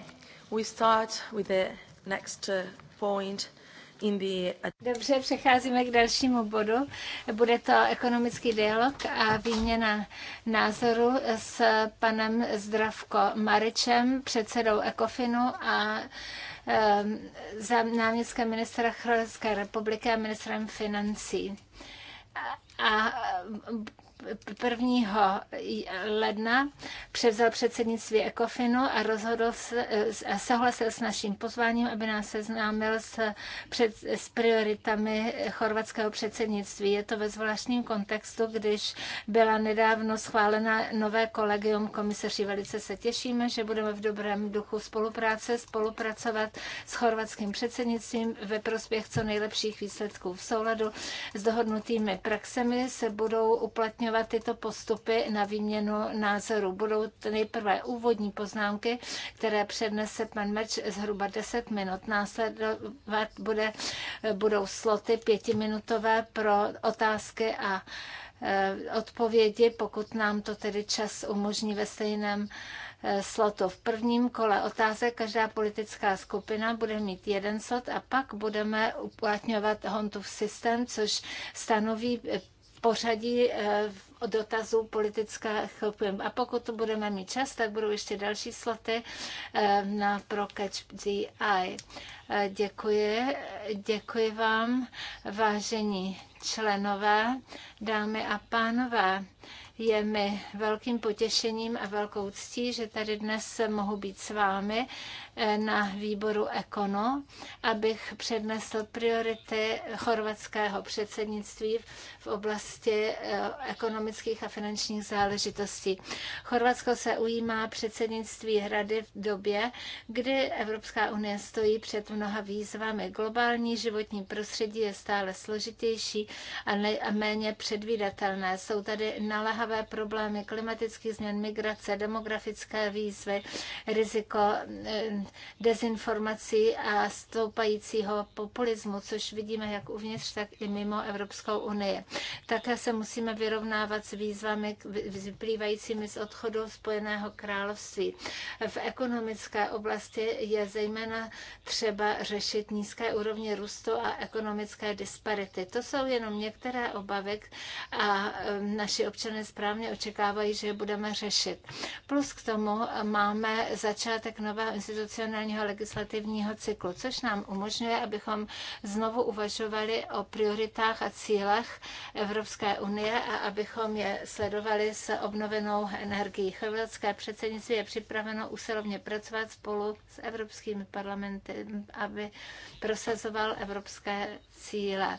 we start with the next uh, point. The... Dobře, přecházíme k dalšímu bodu. Bude to ekonomický dialog a výměna názoru s panem Zdravko Maričem, předsedou Ekofinu a za náměstkem ministra Chorvatské republiky a ministrem financí. a 1. ledna převzal předsednictví Ekofinu a rozhodl se, a eh, souhlasil s naším pozváním, aby nás seznámil s, před, s prioritami chorvatského předsednictví. Je to ve zvláštním kontextu, když byla nedávno schválena nové kolegium komisaří. Velice se těšíme, že budeme v dobrém duchu spolupráce spolupracovat s chorvatským předsednictvím ve prospěch co nejlepších výsledků. V souladu s dohodnutými praxemi se budou uplatňovat uplatňovat tyto postupy na výměnu názorů. Budou nejprve úvodní poznámky, které přednese pan Merč zhruba 10 minut. Následovat bude, budou sloty pětiminutové pro otázky a e, odpovědi, pokud nám to tedy čas umožní ve stejném e, slotu. V prvním kole otázek každá politická skupina bude mít jeden slot a pak budeme uplatňovat Hontův systém, což stanoví e, pořadí eh, dotazů politických A pokud to budeme mít čas, tak budou ještě další sloty eh, na pro Catch eh, Děkuji, děkuji vám, vážení členové, dámy a pánové. Je mi velkým potěšením a velkou ctí, že tady dnes mohu být s vámi Eh, na výboru Ekono, abych přednesl priority chorvatského předsednictví v oblasti eh, ekonomických a finančních záležitostí. Chorvatsko se ujímá předsednictví Rady v době, kdy Evropská unie stojí před mnoha výzvami. Globální životní prostředí je stále složitější a, ne, a méně předvídatelné. Jsou tady naléhavé problémy klimatických změn, migrace, demografické výzvy, riziko eh, dezinformací a stoupajícího populismu, což vidíme jak uvnitř, tak i mimo Evropskou unii. Také se musíme vyrovnávat s výzvami vyplývajícími z odchodu Spojeného království. V ekonomické oblasti je zejména třeba řešit nízké úrovně růstu a ekonomické disparity. To jsou jenom některé obavy a um, naši občané správně očekávají, že je budeme řešit. Plus k tomu máme začátek nového instituce institucionálního legislativního cyklu, což nám umožňuje, abychom znovu uvažovali o prioritách a cílech Evropské unie a abychom je sledovali s obnovenou energií. Chorvatské předsednictví je připraveno usilovně pracovat spolu s Evropským parlamentem, aby prosazoval evropské cíle.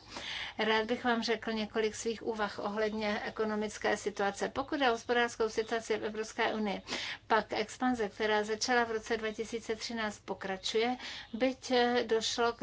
Rád bych vám řekl několik svých úvah ohledně ekonomické situace. Pokud je hospodářskou situaci v Evropské unii, pak expanze, která začala v roce 2013, 13 pokračuje, byť eh, došlo k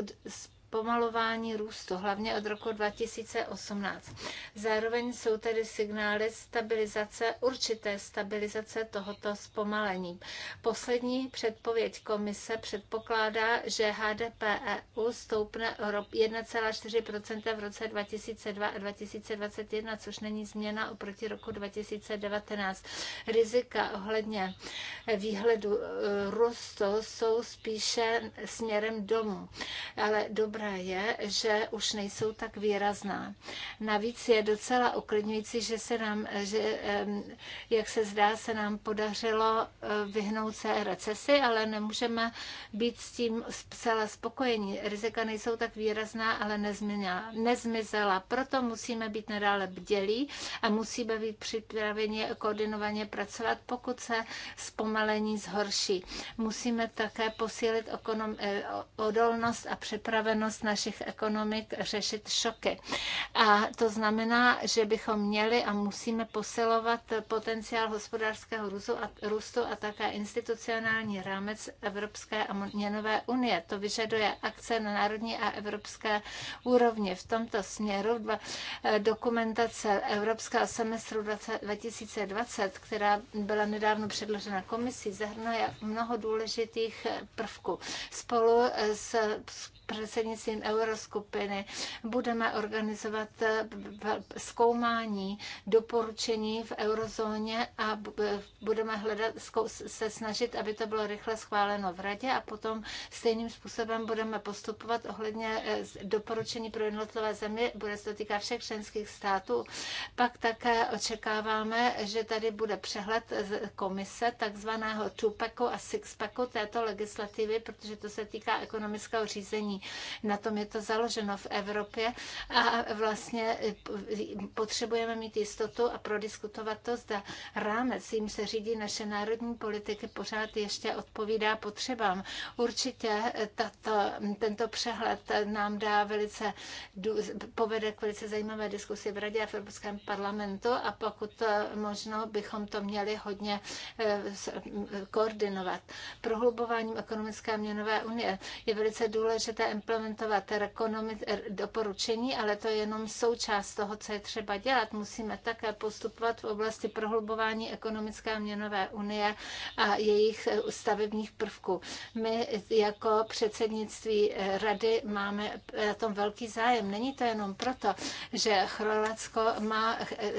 pomalování růstu, hlavně od roku 2018. Zároveň jsou tedy signály stabilizace, určité stabilizace tohoto zpomalení. Poslední předpověď komise předpokládá, že HDP EU stoupne 1,4 v roce 2002 a 2021, což není změna oproti roku 2019. Rizika ohledně výhledu e, růstu jsou spíše směrem domů, ale dobrá dobré je, že už nejsou tak výrazná. Navíc je docela uklidňující, že se nám, že, jak se zdá, se nám podařilo eh, vyhnout se recesi, ale nemůžeme být s tím zcela spokojení. Rizika nejsou tak výrazná, ale nezmizela. nezmizela. Proto musíme být nadále bdělí a musíme být připraveni koordinovaně pracovat, pokud se zpomalení zhorší. Musíme také posílit eh, odolnost a připravenost schopnost našich ekonomik řešit šoky. A to znamená, že bychom měli a musíme posilovat potenciál hospodářského růstu a také institucionální rámec Evropské a měnové unie. To vyžaduje akce na národní a evropské úrovni. V tomto směru eh, dokumentace Evropského semestru 2020, která byla nedávno předložena komisí, zahrnuje mnoho důležitých eh, prvků. Spolu eh, s předsednictvím Euroskupiny budeme organizovat eh, zkoumání doporučení v eurozóně a eh, budeme hledat, se snažit, aby to bylo rychle schváleno v radě a potom stejným způsobem budeme postupovat ohledně eh, doporučení pro jednotlivé země. Bude se to týkat všech členských států. Pak také očekáváme, že tady bude přehled z komise takzvaného tupeku a sixpacku této legislativy, protože to se týká ekonomického řízení na tom je to založeno v Evropě a vlastně potřebujeme mít jistotu a prodiskutovat to, zda rámec, jim se řídí naše národní politiky, pořád ještě odpovídá potřebám. Určitě tato, tento přehled nám dá velice, povede k velice zajímavé diskusi v Radě a v Evropském parlamentu a pokud možno bychom to měli hodně eh, koordinovat. Prohlubováním ekonomické a měnové unie je velice důležité implementovat er, doporučení, ale to je jenom součást toho, co je třeba dělat. Musíme také postupovat v oblasti prohlubování ekonomické a měnové unie a jejich eh, stavebních prvků. My jako předsednictví eh, rady máme na tom velký zájem. Není to jenom proto, že Chorvatsko má eh,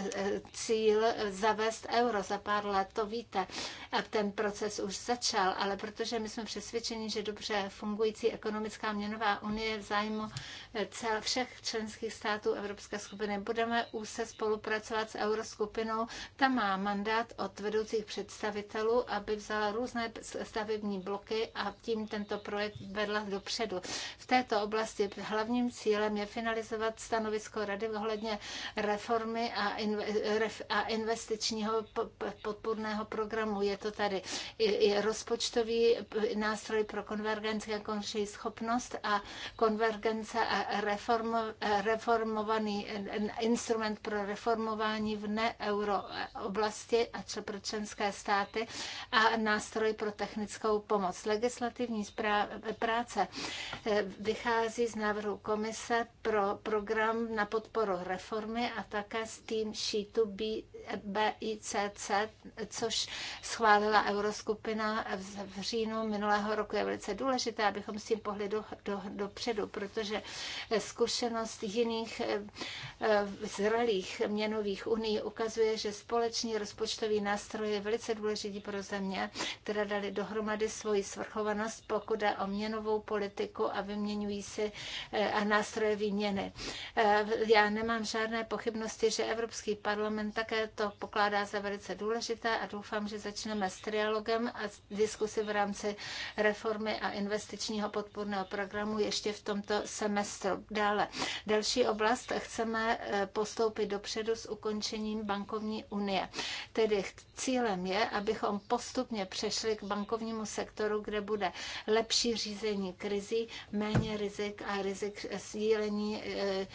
cíl zavést euro za pár let, to víte. A ten proces už začal, ale protože my jsme přesvědčeni, že dobře fungující ekonomická měnová měnová unie v zájmu eh, cel všech členských států Evropské skupiny. Budeme se spolupracovat s Euroskupinou. Ta má mandát od vedoucích představitelů, aby vzala různé stavební bloky a tím tento projekt vedla dopředu. V této oblasti hlavním cílem je finalizovat stanovisko Rady ohledně reformy a, a investičního podpůrného programu. Je to tady i, i rozpočtový nástroj pro konvergenci a končí schopnost a a konvergence a reform, reformovaný instrument pro reformování v neeuro oblasti a pro členské státy a nástroj pro technickou pomoc. Legislativní práce eh, vychází z návrhu komise pro program na podporu reformy a také z tým sheetu BICC, což schválila euroskupina v říjnu minulého roku. Je velice důležité, abychom s tím pohledu do do, dopředu, protože zkušenost jiných eh, eh, zralých měnových uní ukazuje, že společný rozpočtový nástroj je velice důležitý pro země, které dali dohromady svoji svrchovanost, pokud jde o měnovou politiku a vyměňují si eh, a nástroje výměny. Já nemám žádné pochybnosti, že Evropský parlament také to pokládá za velice důležité a doufám, že začneme s trialogem a diskusi v rámci reformy a investičního podporného programu programu ještě v tomto semestru. Dále, další oblast chceme eh, postoupit dopředu s ukončením bankovní unie. Tedy cílem je, abychom postupně přešli k bankovnímu sektoru, kde bude lepší řízení krizí, méně rizik a rizik sdílení eh,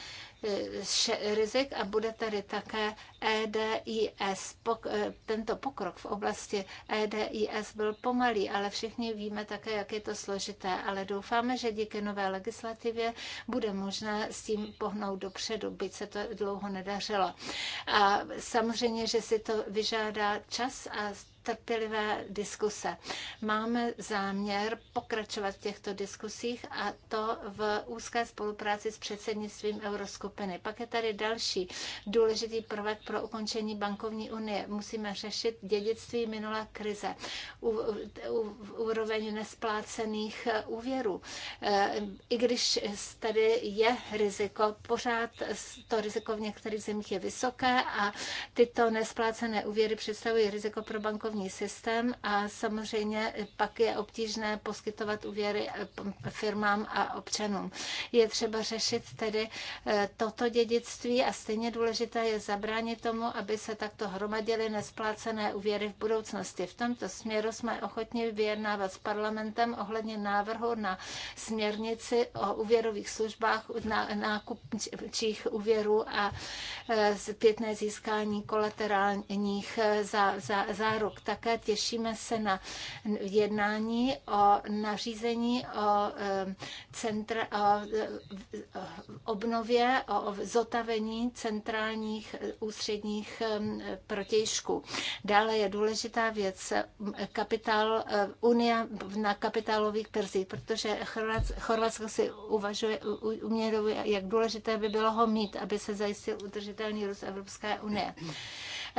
Eh, rizik a bude tady také EDIS. Eh, tento pokrok v oblasti EDIS byl pomalý, ale všichni víme také, jak je to složité. Ale doufáme, že díky nové legislativě bude možné s tím pohnout dopředu, byť se to dlouho nedařilo. A samozřejmě, že si to vyžádá čas a trpělivé diskuse. Máme záměr pokračovat v těchto diskusích a to v úzké spolupráci s předsednictvím Euroskupiny. Pak je tady další důležitý prvek pro ukončení bankovní unie. Musíme řešit dědictví minulé krize, u, u, u, úroveň nesplácených úvěrů. Eh, I když tady je riziko, pořád to riziko v některých zemích je vysoké a tyto nesplácené úvěry představují riziko pro bankovní bankovní systém a samozřejmě pak je obtížné poskytovat úvěry eh, firmám a občanům. Je třeba řešit tedy eh, toto dědictví a stejně důležité je zabránit tomu, aby se takto hromadily nesplácené úvěry v budoucnosti. V tomto směru jsme ochotni vyjednávat s parlamentem ohledně návrhu na směrnici o úvěrových službách, na nákupčích úvěrů a eh, zpětné získání kolaterálních záruk také těšíme se na jednání o nařízení o, centra, o e, obnově, o zotavení centrálních e, ústředních protějšků. Dále je důležitá věc kapitál e, Unie na kapitálových trzích, protože Chorvatsko si uvažuje, uměruje, jak důležité by bylo ho mít, aby se zajistil udržitelný růst Evropské unie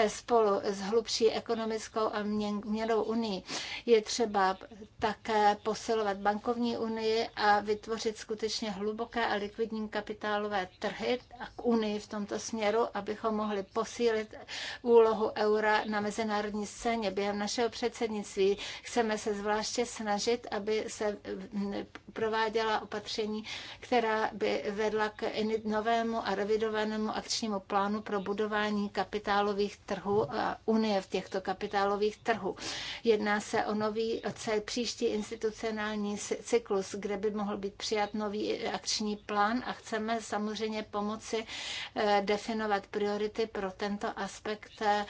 spolu s hlubší ekonomickou a měnou unii. Je třeba také posilovat bankovní unii a vytvořit skutečně hluboké a likvidní kapitálové trhy a k unii v tomto směru, abychom mohli posílit úlohu eura na mezinárodní scéně. Během našeho předsednictví chceme se zvláště snažit, aby se prováděla opatření, která by vedla k novému a revidovanému akčnímu plánu pro budování kapitálových trhu a unie v těchto kapitálových trhů. Jedná se o nový cel příští institucionální cyklus, kde by mohl být přijat nový akční plán a chceme samozřejmě pomoci eh, definovat priority pro tento aspekt eh,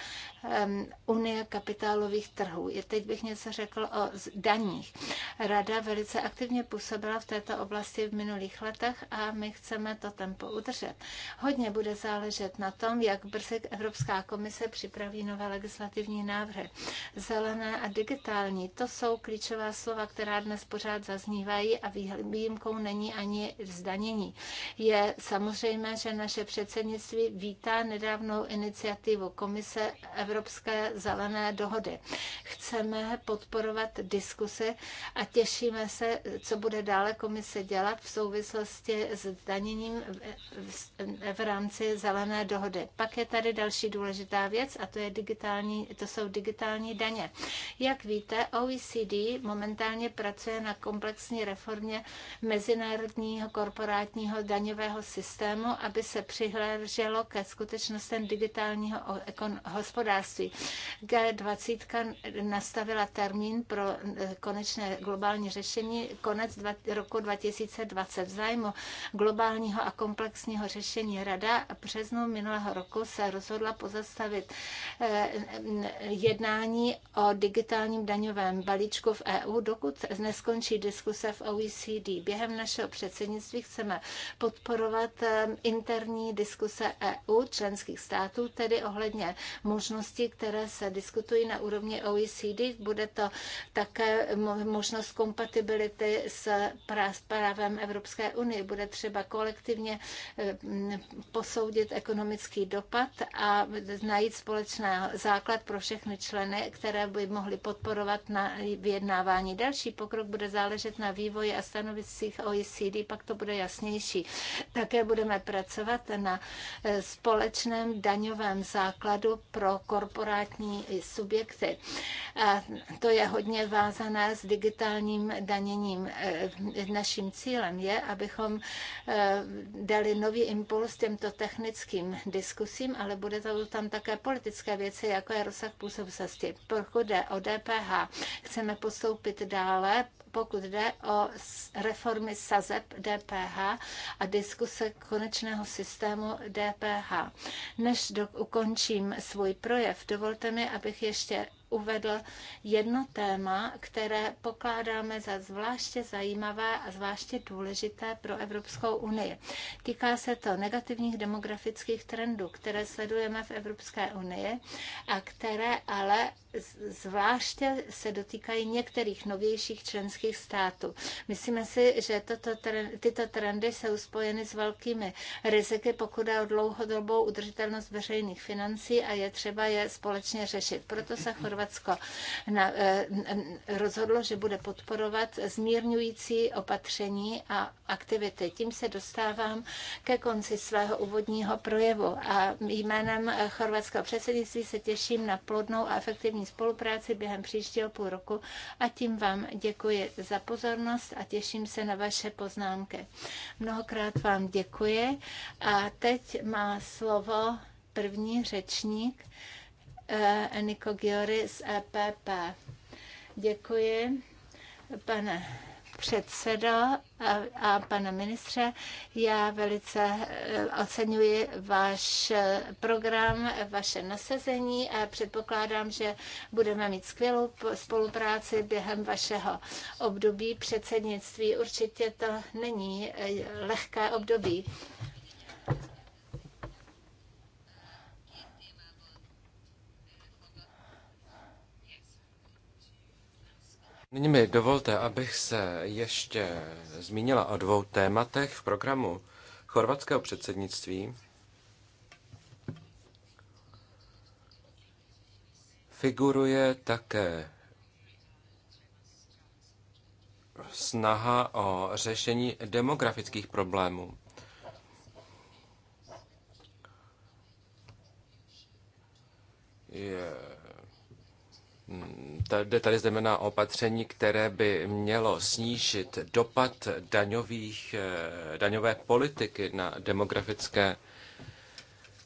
Unie kapitálových trhů. Je, teď bych něco řekl o daních. Rada velice aktivně působila v této oblasti v minulých letech a my chceme to tempo udržet. Hodně bude záležet na tom, jak brzy Evropská komise připraví nové legislativní návrhy. Zelené a digitální, to jsou klíčová slova, která dnes pořád zaznívají a výjimkou není ani zdanění. Je samozřejmé, že naše předsednictví vítá nedávnou iniciativu Komise Evropské Evropské zelené dohody. Chceme podporovat diskusy a těšíme se, co bude dále komise dělat v souvislosti s daněním v rámci zelené dohody. Pak je tady další důležitá věc a to, je digitální, to jsou digitální daně. Jak víte, OECD momentálně pracuje na komplexní reformě mezinárodního korporátního daňového systému, aby se přihlédlo ke skutečnostem digitálního hospodářství hospodářství. G20 nastavila termín pro eh, konečné globální řešení konec roku 2020. V zájmu globálního a komplexního řešení Rada v březnu minulého roku se rozhodla pozastavit eh, jednání o digitálním daňovém balíčku v EU, dokud neskončí diskuse v OECD. Během našeho předsednictví chceme podporovat eh, interní diskuse EU členských států, tedy ohledně možnosti možnosti, které se diskutují na úrovni OECD. Bude to také možnost kompatibility s právem Evropské unie. Bude třeba kolektivně eh, posoudit ekonomický dopad a najít společný základ pro všechny členy, které by mohly podporovat na vyjednávání. Další pokrok bude záležet na vývoji a stanoviscích OECD, pak to bude jasnější. Také budeme pracovat na eh, společném daňovém základu pro korporátní subjekty. A to je hodně vázané s digitálním daněním. E, naším cílem je, abychom e, dali nový impuls těmto technickým diskusím, ale bude tam také politické věci, jako je rozsah působnosti. Pokud jde o DPH, chceme postoupit dále, pokud jde o reformy sazeb DPH a diskuse konečného systému DPH. Než do, ukončím svůj projev, dovolte mi, abych ještě uvedl jedno téma, které pokládáme za zvláště zajímavé a zvláště důležité pro Evropskou unii. Týká se to negativních demografických trendů, které sledujeme v Evropské unii a které ale zvláště se dotýkají některých novějších členských států. Myslíme si, že toto, tyto trendy jsou spojeny s velkými riziky, pokud je o dlouhodobou udržitelnost veřejných financí a je třeba je společně řešit. Proto se Chorvatsko Chorvatsko eh, rozhodlo, že bude podporovat zmírňující opatření a aktivity. Tím se dostávám ke konci svého úvodního projevu a jménem eh, chorvatského předsednictví se těším na plodnou a efektivní spolupráci během příštího půl roku a tím vám děkuji za pozornost a těším se na vaše poznámky. Mnohokrát vám děkuji a teď má slovo první řečník, Eh, Eniko Giory z EPP. Děkuji, pane předsedo a, a pane ministře, já velice eh, oceňuji váš eh, program, vaše nasazení a předpokládám, že budeme mít skvělou spolupráci během vašeho období předsednictví. Určitě to není lehké období Nyní mi dovolte, abych se ještě zmínila o dvou tématech v programu chorvatského předsednictví. Figuruje také snaha o řešení demografických problémů. Yeah. Tady, tady znamená opatření, které by mělo snížit dopad daňových, eh, daňové politiky na demografické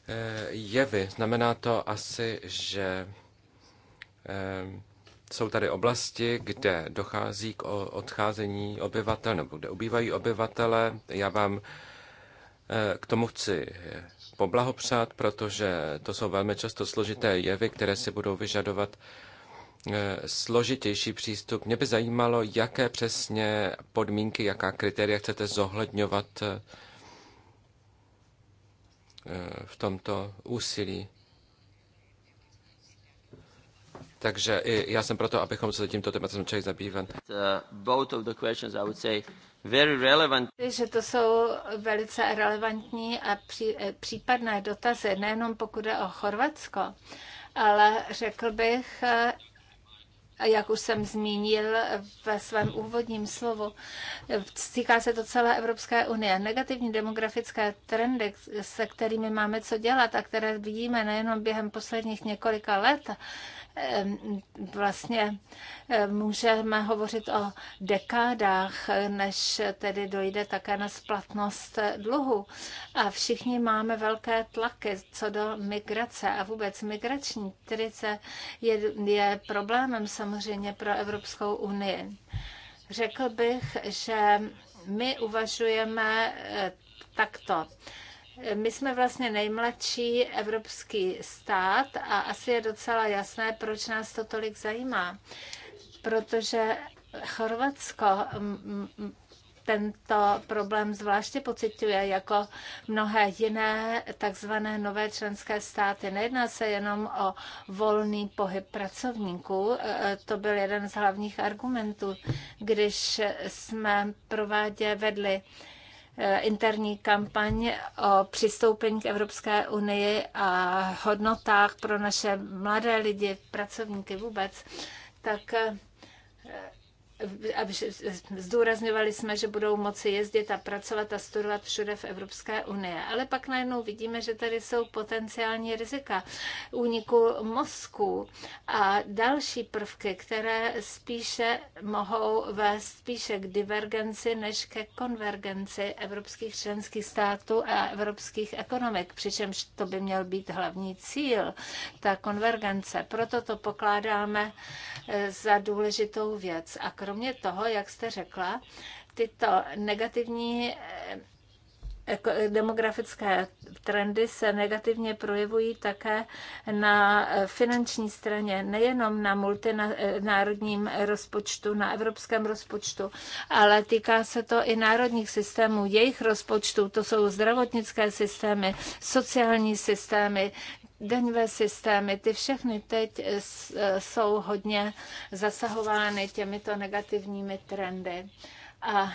eh, jevy. Znamená to asi, že eh, jsou tady oblasti, kde dochází k odcházení obyvatel nebo kde ubývají obyvatele. Já vám k tomu chci poblahopřát, protože to jsou velmi často složité jevy, které si budou vyžadovat Eh, složitější přístup. Mě by zajímalo, jaké přesně podmínky, jaká kritéria chcete zohledňovat eh, eh, v tomto úsilí. Takže i já jsem proto, abychom se tímto tématem začali zabývat. Uh, že to jsou velice relevantní a pří, případné dotazy, nejenom pokud je o Chorvatsko, ale řekl bych jak už jsem zmínil ve svém úvodním slovu, týká se to celé Evropské unie. Negativní demografické trendy, se kterými máme co dělat a které vidíme nejenom během posledních několika let, vlastně můžeme hovořit o dekádách, než tedy dojde také na splatnost dluhu. A všichni máme velké tlaky co do migrace a vůbec migrační krize je, je problémem samozřejmě pro Evropskou unii. Řekl bych, že my uvažujeme eh, takto my jsme vlastně nejmladší evropský stát a asi je docela jasné, proč nás to tolik zajímá. Protože Chorvatsko tento problém zvláště pocituje jako mnohé jiné takzvané nové členské státy. Nejedná se jenom o volný pohyb pracovníků, e, e, to byl jeden z hlavních argumentů, když jsme provádě vedli Eh, interní kampaň o přistoupení k Evropské unii a hodnotách pro naše mladé lidi, pracovníky vůbec, tak eh, aby zdůrazňovali jsme, že budou moci jezdit a pracovat a studovat všude v Evropské unii. Ale pak najednou vidíme, že tady jsou potenciální rizika úniku mozku a další prvky, které spíše mohou vést spíše k divergenci než ke konvergenci evropských členských států a evropských ekonomik, přičemž to by měl být hlavní cíl, ta konvergence. Proto to pokládáme eh, za důležitou věc. A krom kromě toho, jak jste řekla, tyto negativní eh, demografické trendy se negativně projevují také na eh, finanční straně, nejenom na multinárodním rozpočtu, na evropském rozpočtu, ale týká se to i národních systémů, jejich rozpočtů, to jsou zdravotnické systémy, sociální systémy, daňové systémy, ty všechny teď jsou hodně zasahovány těmito negativními trendy. A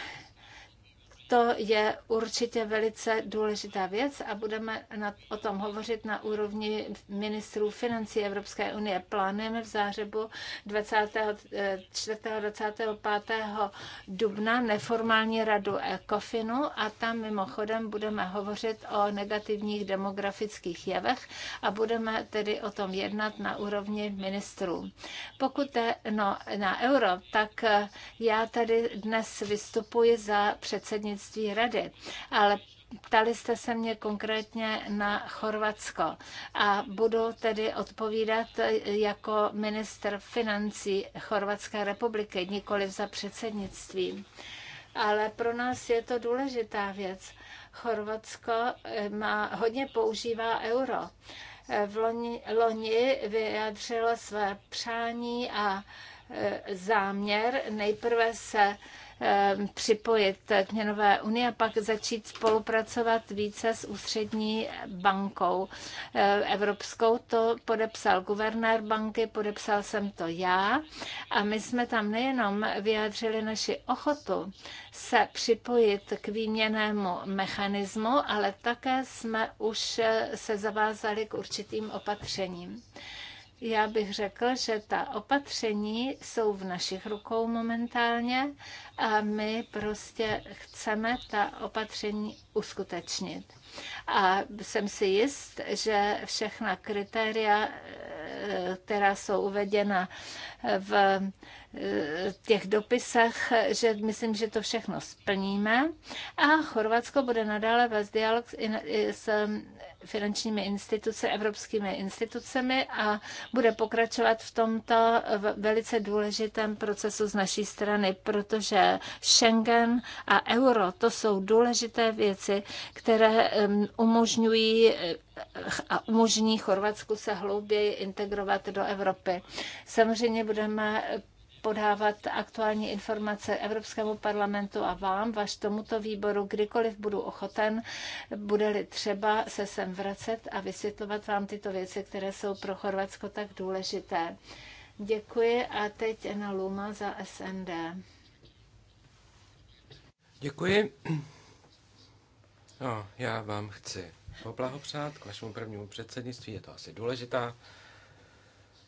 to je určitě velice důležitá věc a budeme na, o tom hovořit na úrovni ministrů financí Evropské unie. Plánujeme v zářebu 24. 25. Eh, dubna neformální radu ECOFINu a tam mimochodem budeme hovořit o negativních demografických jevech a budeme tedy o tom jednat na úrovni ministrů. Pokud je no, na euro, tak eh, já tady dnes vystupuji za předsednictví předsednictví rady, ale Ptali jste se mě konkrétně na Chorvatsko a budu tedy odpovídat jako minister financí Chorvatské republiky, nikoli za předsednictví. Ale pro nás je to důležitá věc. Chorvatsko eh, má, hodně používá euro. Eh, v loni, loni vyjádřilo své přání a eh, záměr nejprve se Ehm, připojit k měnové unii a pak začít spolupracovat více s ústřední bankou ehm, evropskou. To podepsal guvernér banky, podepsal jsem to já a my jsme tam nejenom vyjádřili naši ochotu se připojit k výměnému mechanismu, ale také jsme už eh, se zavázali k určitým opatřením. Já bych řekl, že ta opatření jsou v našich rukou momentálně a my prostě chceme ta opatření uskutečnit. A jsem si jist, že všechna kritéria, eh, která jsou uvedena v Eh, těch dopisech, že myslím, že to všechno splníme a Chorvatsko bude nadále vést dialog s eh, finančními instituce, evropskými institucemi a bude pokračovat v tomto velice důležitém procesu z naší strany, protože Schengen a euro to jsou důležité věci, které umožňují eh, a umožní Chorvatsku se hlouběji integrovat do Evropy. Samozřejmě budeme podávat aktuální informace Evropskému parlamentu a vám, vaš tomuto výboru, kdykoliv budu ochoten, bude-li třeba se sem vracet a vysvětlovat vám tyto věci, které jsou pro Chorvatsko tak důležité. Děkuji a teď na Luma za SND. Děkuji. No, já vám chci poblahopřát k vašemu prvnímu předsednictví, je to asi důležitá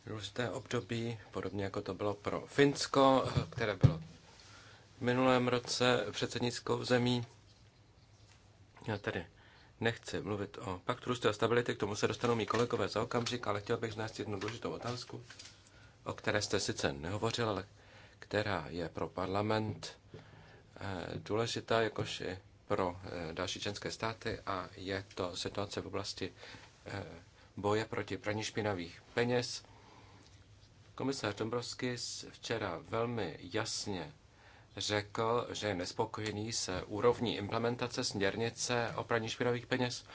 růsté období, podobně jako to bylo pro Finsko, které bylo v minulém roce předsednickou zemí. Já tady nechci mluvit o paktu růstu a stability, k tomu se dostanou mý kolegové za okamžik, ale chtěl bych znát jednu důležitou otázku, o které jste sice nehovořil, ale která je pro parlament eh, důležitá, jakož i pro eh, další členské státy a je to situace v oblasti eh, boje proti praní špinavých peněz. Komisař Dombrovskis včera velmi jasně řekl, že je nespokojený se úrovní implementace směrnice o praní špinavých peněz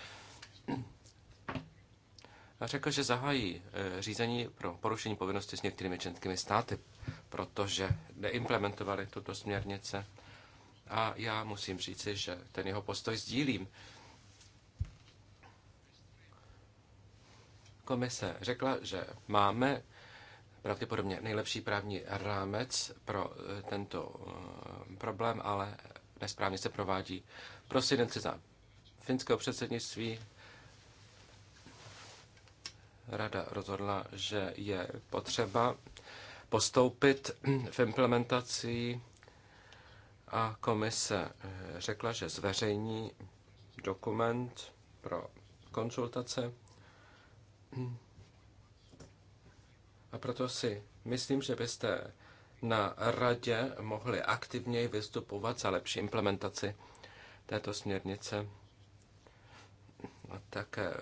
a řekl, že zahájí eh, řízení pro porušení povinnosti s některými členskými státy, protože neimplementovali tuto směrnice. A já musím říci, že ten jeho postoj sdílím. Komise řekla, že máme pravděpodobně nejlepší právní rámec pro eh, tento eh, problém, ale nesprávně se provádí. Prosinence za finského předsednictví rada rozhodla, že je potřeba postoupit v implementaci a komise eh, řekla, že zveřejní dokument pro konzultace a proto si myslím, že byste na radě mohli aktivněji vystupovat za lepší implementaci této směrnice a také eh,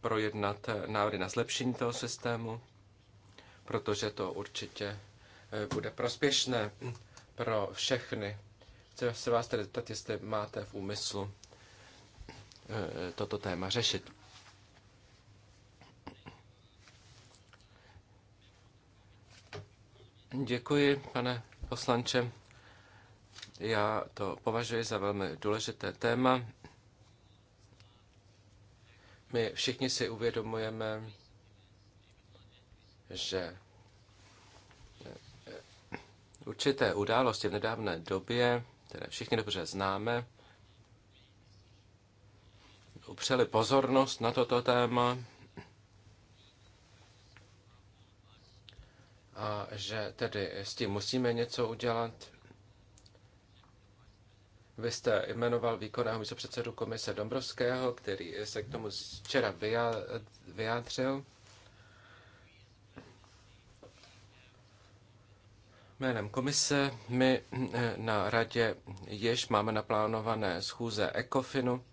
projednat návrhy na zlepšení toho systému, protože to určitě eh, bude prospěšné pro všechny. Chci se vás tedy zeptat, jestli máte v úmyslu eh, toto téma řešit. Děkuji, pane poslanče. Já to považuji za velmi důležité téma. My všichni si uvědomujeme, že určité události v nedávné době, které všichni dobře známe, upřeli pozornost na toto téma a že tedy s tím musíme něco udělat. Vy jste jmenoval výkonného místopředsedu komise Dombrovského, který se k tomu včera vyjádřil. Jménem komise my eh, na radě jež máme naplánované schůze ECOFINu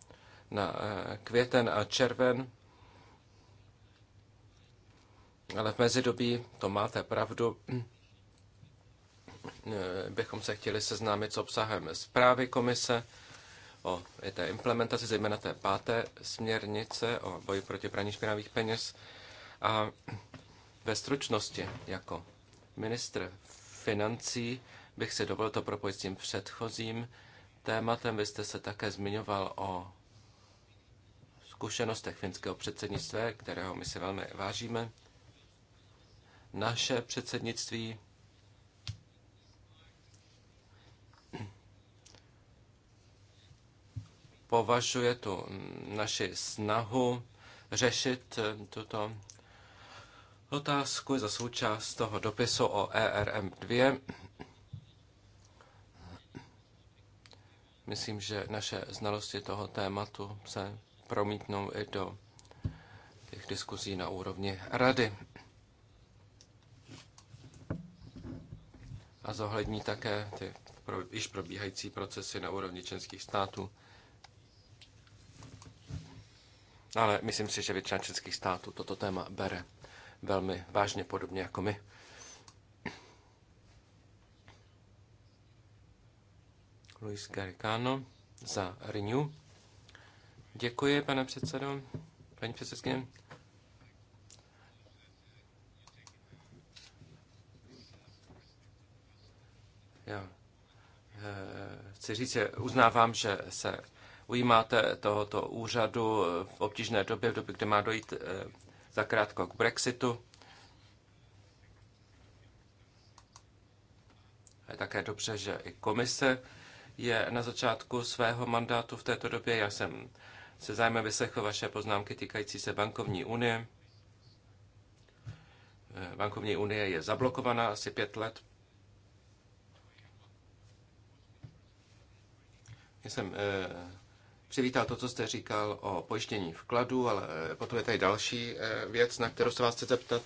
na eh, květen a červen ale v mezidobí, to máte pravdu, eh, bychom se chtěli seznámit s obsahem zprávy komise o té implementaci, zejména té páté směrnice o boji proti praní špinavých peněz. A ve stručnosti jako ministr financí bych si dovolil to propojit s tím předchozím tématem. Vy jste se také zmiňoval o zkušenostech finského předsednictví, kterého my si velmi vážíme naše předsednictví. Považuje tu naši snahu řešit eh, tuto otázku za součást toho dopisu o ERM 2. Myslím, že naše znalosti toho tématu se promítnou i do těch diskuzí na úrovni rady. a zohlední také ty pro, již probíhající procesy na úrovni členských států. Ale myslím si, že většina českých států toto téma bere velmi vážně, podobně jako my. Luis Garicano za Renew. Děkuji, pane předsedo, paní předsedkyně. Já eh, chci říct, že uznávám, že se ujímáte tohoto úřadu v obtížné době, v době, kdy má dojít eh, zakrátko k Brexitu. A je také dobře, že i komise je na začátku svého mandátu v této době. Já jsem se zájmem vyslechl vaše poznámky týkající se bankovní unie. Eh, bankovní unie je zablokovaná asi pět let. Já jsem eh, přivítal to, co jste říkal o pojištění vkladu, ale eh, potom je tady další eh, věc, na kterou se vás chci zeptat.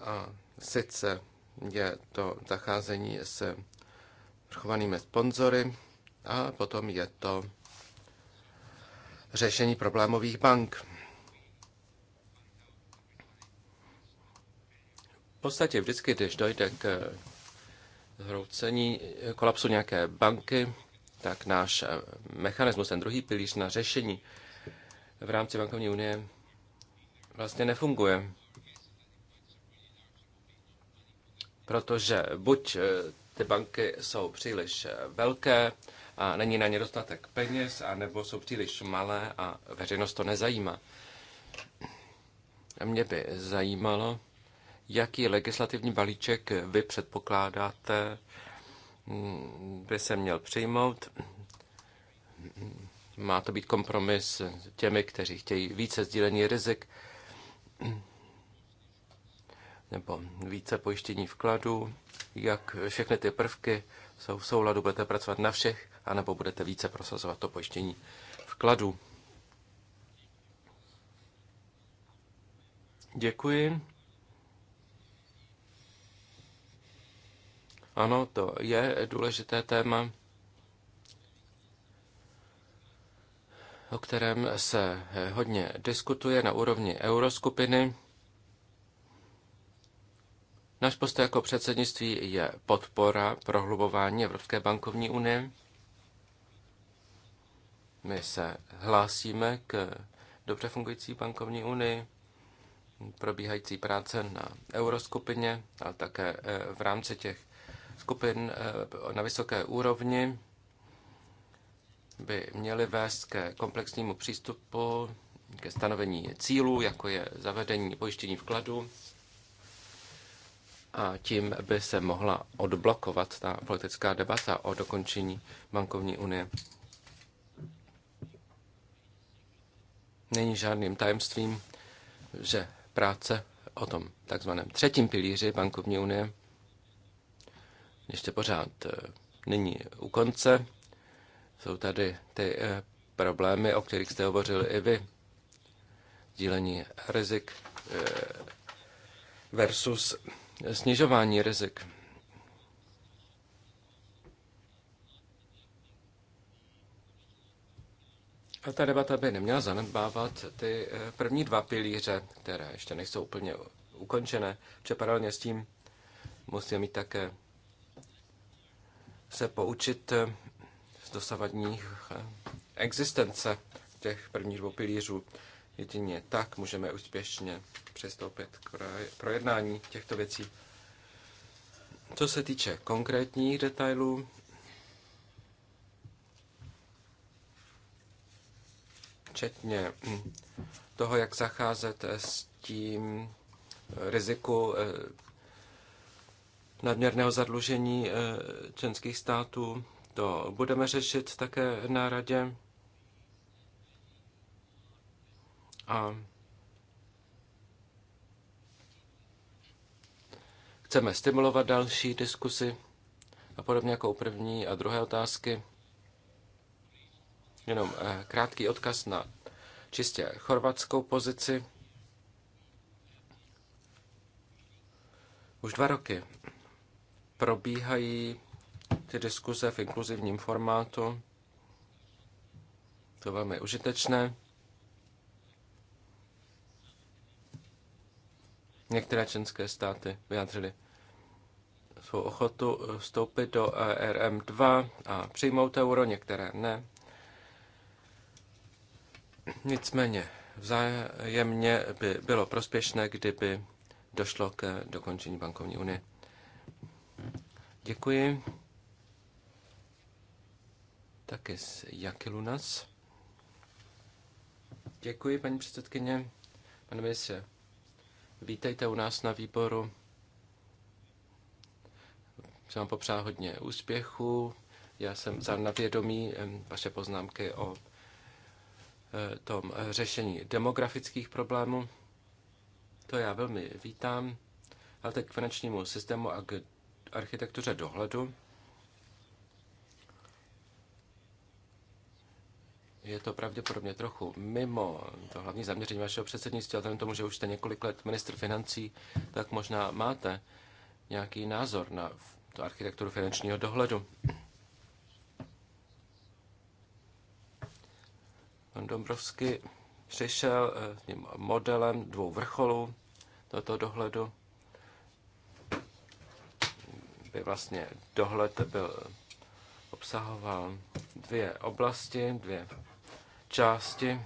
A sice je to zacházení s vrchovanými sponzory a potom je to řešení problémových bank. V podstatě vždycky, když dojde k zhroucení, eh, kolapsu nějaké banky, tak náš eh, mechanismus, ten druhý pilíř na řešení v rámci bankovní unie vlastně nefunguje. Protože buď eh, ty banky jsou příliš velké a není na ně dostatek peněz, anebo jsou příliš malé a veřejnost to nezajímá. A mě by zajímalo, Jaký legislativní balíček vy předpokládáte, mm, by se měl přijmout? Má to být kompromis těmi, kteří chtějí více sdílení rizik nebo více pojištění vkladů? Jak všechny ty prvky jsou v souladu? Budete pracovat na všech, anebo budete více prosazovat to pojištění vkladů? Děkuji. Ano, to je důležité téma, o kterém se hodně diskutuje na úrovni euroskupiny. Náš postoj jako předsednictví je podpora prohlubování Evropské bankovní unie. My se hlásíme k dobře fungující bankovní unii, probíhající práce na euroskupině a také eh, v rámci těch skupin eh, na vysoké úrovni by měly vést ke komplexnímu přístupu, ke stanovení cílů, jako je zavedení pojištění vkladu. A tím by se mohla odblokovat ta politická debata o dokončení bankovní unie. Není žádným tajemstvím, že práce o tom takzvaném třetím pilíři bankovní unie ještě pořád eh, není u konce. Jsou tady ty eh, problémy, o kterých jste hovořili i vy. Dílení rizik eh, versus snižování rizik. A ta debata by neměla zanedbávat ty první dva pilíře, které ještě nejsou úplně ukončené, protože paralelně s tím musíme mít také se poučit eh, z dosavadních eh, existence těch prvních dvou pilířů. Jedině tak můžeme úspěšně přistoupit k projednání těchto věcí. Co se týče konkrétních detailů, včetně hm, toho, jak zacházet eh, s tím riziku nadměrného zadlužení eh, členských států. To budeme řešit také na radě. A chceme stimulovat další diskusy a podobně jako u první a druhé otázky. Jenom eh, krátký odkaz na čistě chorvatskou pozici. Už dva roky probíhají ty diskuze v inkluzivním formátu. To je velmi užitečné. Některé členské státy vyjádřily svou ochotu vstoupit do e RM2 a přijmout euro, některé ne. Nicméně vzájemně by bylo prospěšné, kdyby došlo k dokončení bankovní unie. Děkuji. Také z Jakilunas. Děkuji, paní předsedkyně. Pane ministře, vítejte u nás na výboru. Chci vám popřát hodně úspěchu. Já jsem za navědomí vaše poznámky o e, tom řešení demografických problémů. To já velmi vítám. Ale teď k finančnímu systému a k architektuře dohledu. Je to pravděpodobně trochu mimo to hlavní zaměření vašeho předsednictví, ale tomu, že už jste několik let ministr financí, tak možná máte nějaký názor na tu architekturu finančního dohledu. Pan Dombrovský přišel eh, s tím modelem dvou vrcholů tohoto dohledu by vlastně dohled byl obsahoval dvě oblasti, dvě části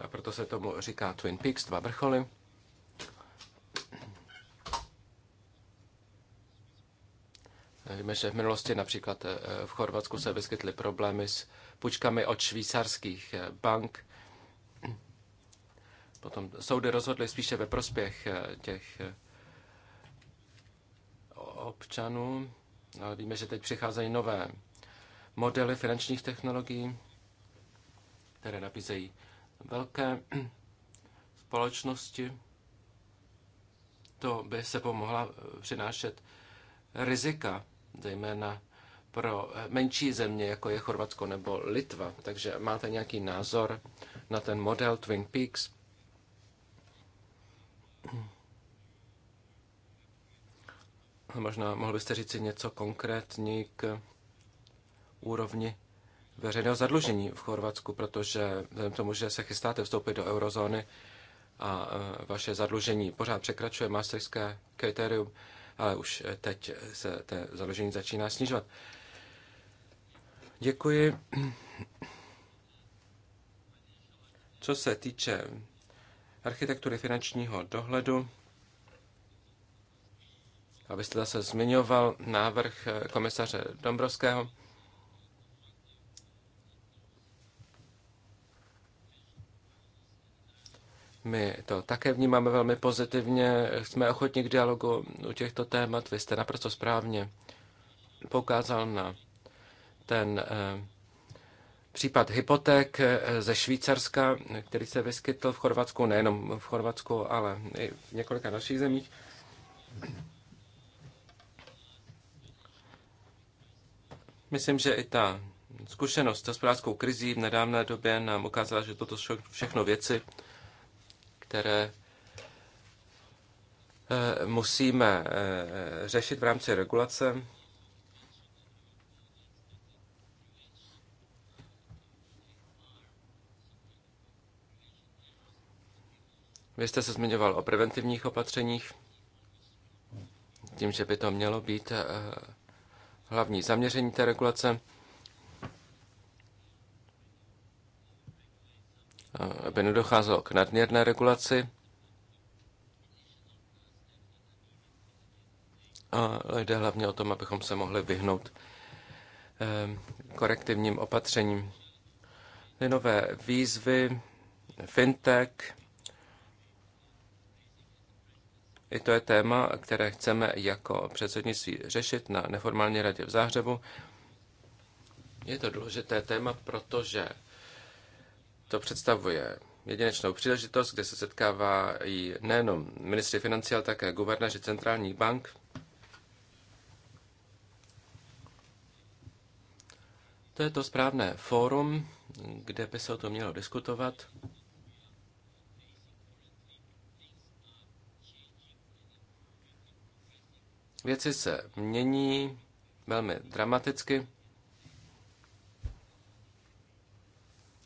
a proto se tomu říká Twin Peaks, dva vrcholy. Víme, že v minulosti například eh, v Chorvatsku se vyskytly problémy s půjčkami od švýcarských eh, bank. Potom soudy rozhodly spíše ve prospěch eh, těch občanů. Ale víme, že teď přicházejí nové modely finančních technologií, které nabízejí velké společnosti. To by se pomohla eh, přinášet rizika, zejména pro eh, menší země, jako je Chorvatsko nebo Litva. Takže máte nějaký názor na ten model Twin Peaks? Možná mohl byste říct něco konkrétní k úrovni veřejného zadlužení v Chorvatsku, protože vzhledem tomu, že se chystáte vstoupit do eurozóny a e, vaše zadlužení pořád překračuje masterské kritérium, ale už teď se to zadlužení začíná snižovat. Děkuji. Co se týče architektury finančního dohledu, abyste zase zmiňoval návrh eh, komisaře Dombrovského. My to také vnímáme velmi pozitivně, jsme ochotní k dialogu u těchto témat. Vy jste naprosto správně poukázal na ten eh, případ hypoték eh, ze Švýcarska, který se vyskytl v Chorvatsku, nejenom v Chorvatsku, ale i v několika dalších zemích. Myslím, že i ta zkušenost s hospodářskou krizí v nedávné době nám ukázala, že toto jsou všechno věci, které eh, musíme eh, řešit v rámci regulace. Vy jste se zmiňoval o preventivních opatřeních, tím, že by to mělo být eh, hlavní zaměření té regulace. Eh, aby nedocházelo k nadměrné regulaci. A jde hlavně o tom, abychom se mohli vyhnout eh, korektivním opatřením. Ty nové výzvy, fintech, I to je téma, které chceme jako předsednictví řešit na neformální radě v Záhřebu. Je to důležité téma, protože to představuje jedinečnou příležitost, kde se setkávají nejenom ministři financí, ale také guvernéři centrálních bank. To je to správné fórum, kde by se o to mělo diskutovat. Věci se mění velmi dramaticky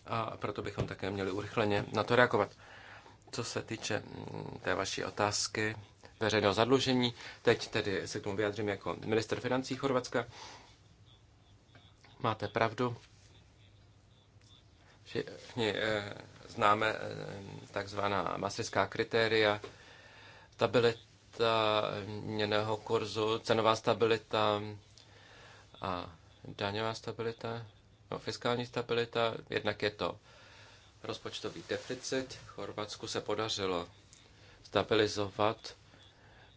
a proto bychom také měli urychleně na to reagovat. Co se týče mm, té vaší otázky veřejného zadlužení, teď tedy se k tomu vyjádřím jako minister financí Chorvatska. Máte pravdu. Všichni eh, známe eh, takzvaná masrická kritéria stability stabilita měného kurzu, cenová stabilita a daňová stabilita, no, fiskální stabilita. Jednak je to rozpočtový deficit. V Chorvatsku se podařilo stabilizovat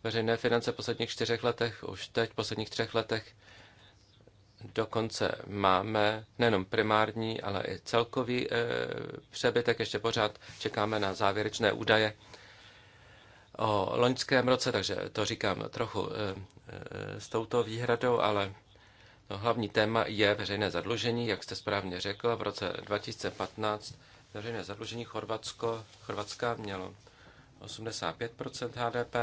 veřejné finance v posledních čtyřech letech. Už teď v posledních třech letech dokonce máme nejenom primární, ale i celkový e, přebytek. Ještě pořád čekáme na závěrečné údaje o loňském roce, takže to říkám trochu eh, eh, s touto výhradou, ale no, hlavní téma je veřejné zadlužení, jak jste správně řekl, v roce 2015 veřejné zadlužení Chorvatsko, Chorvatska mělo 85 HDP.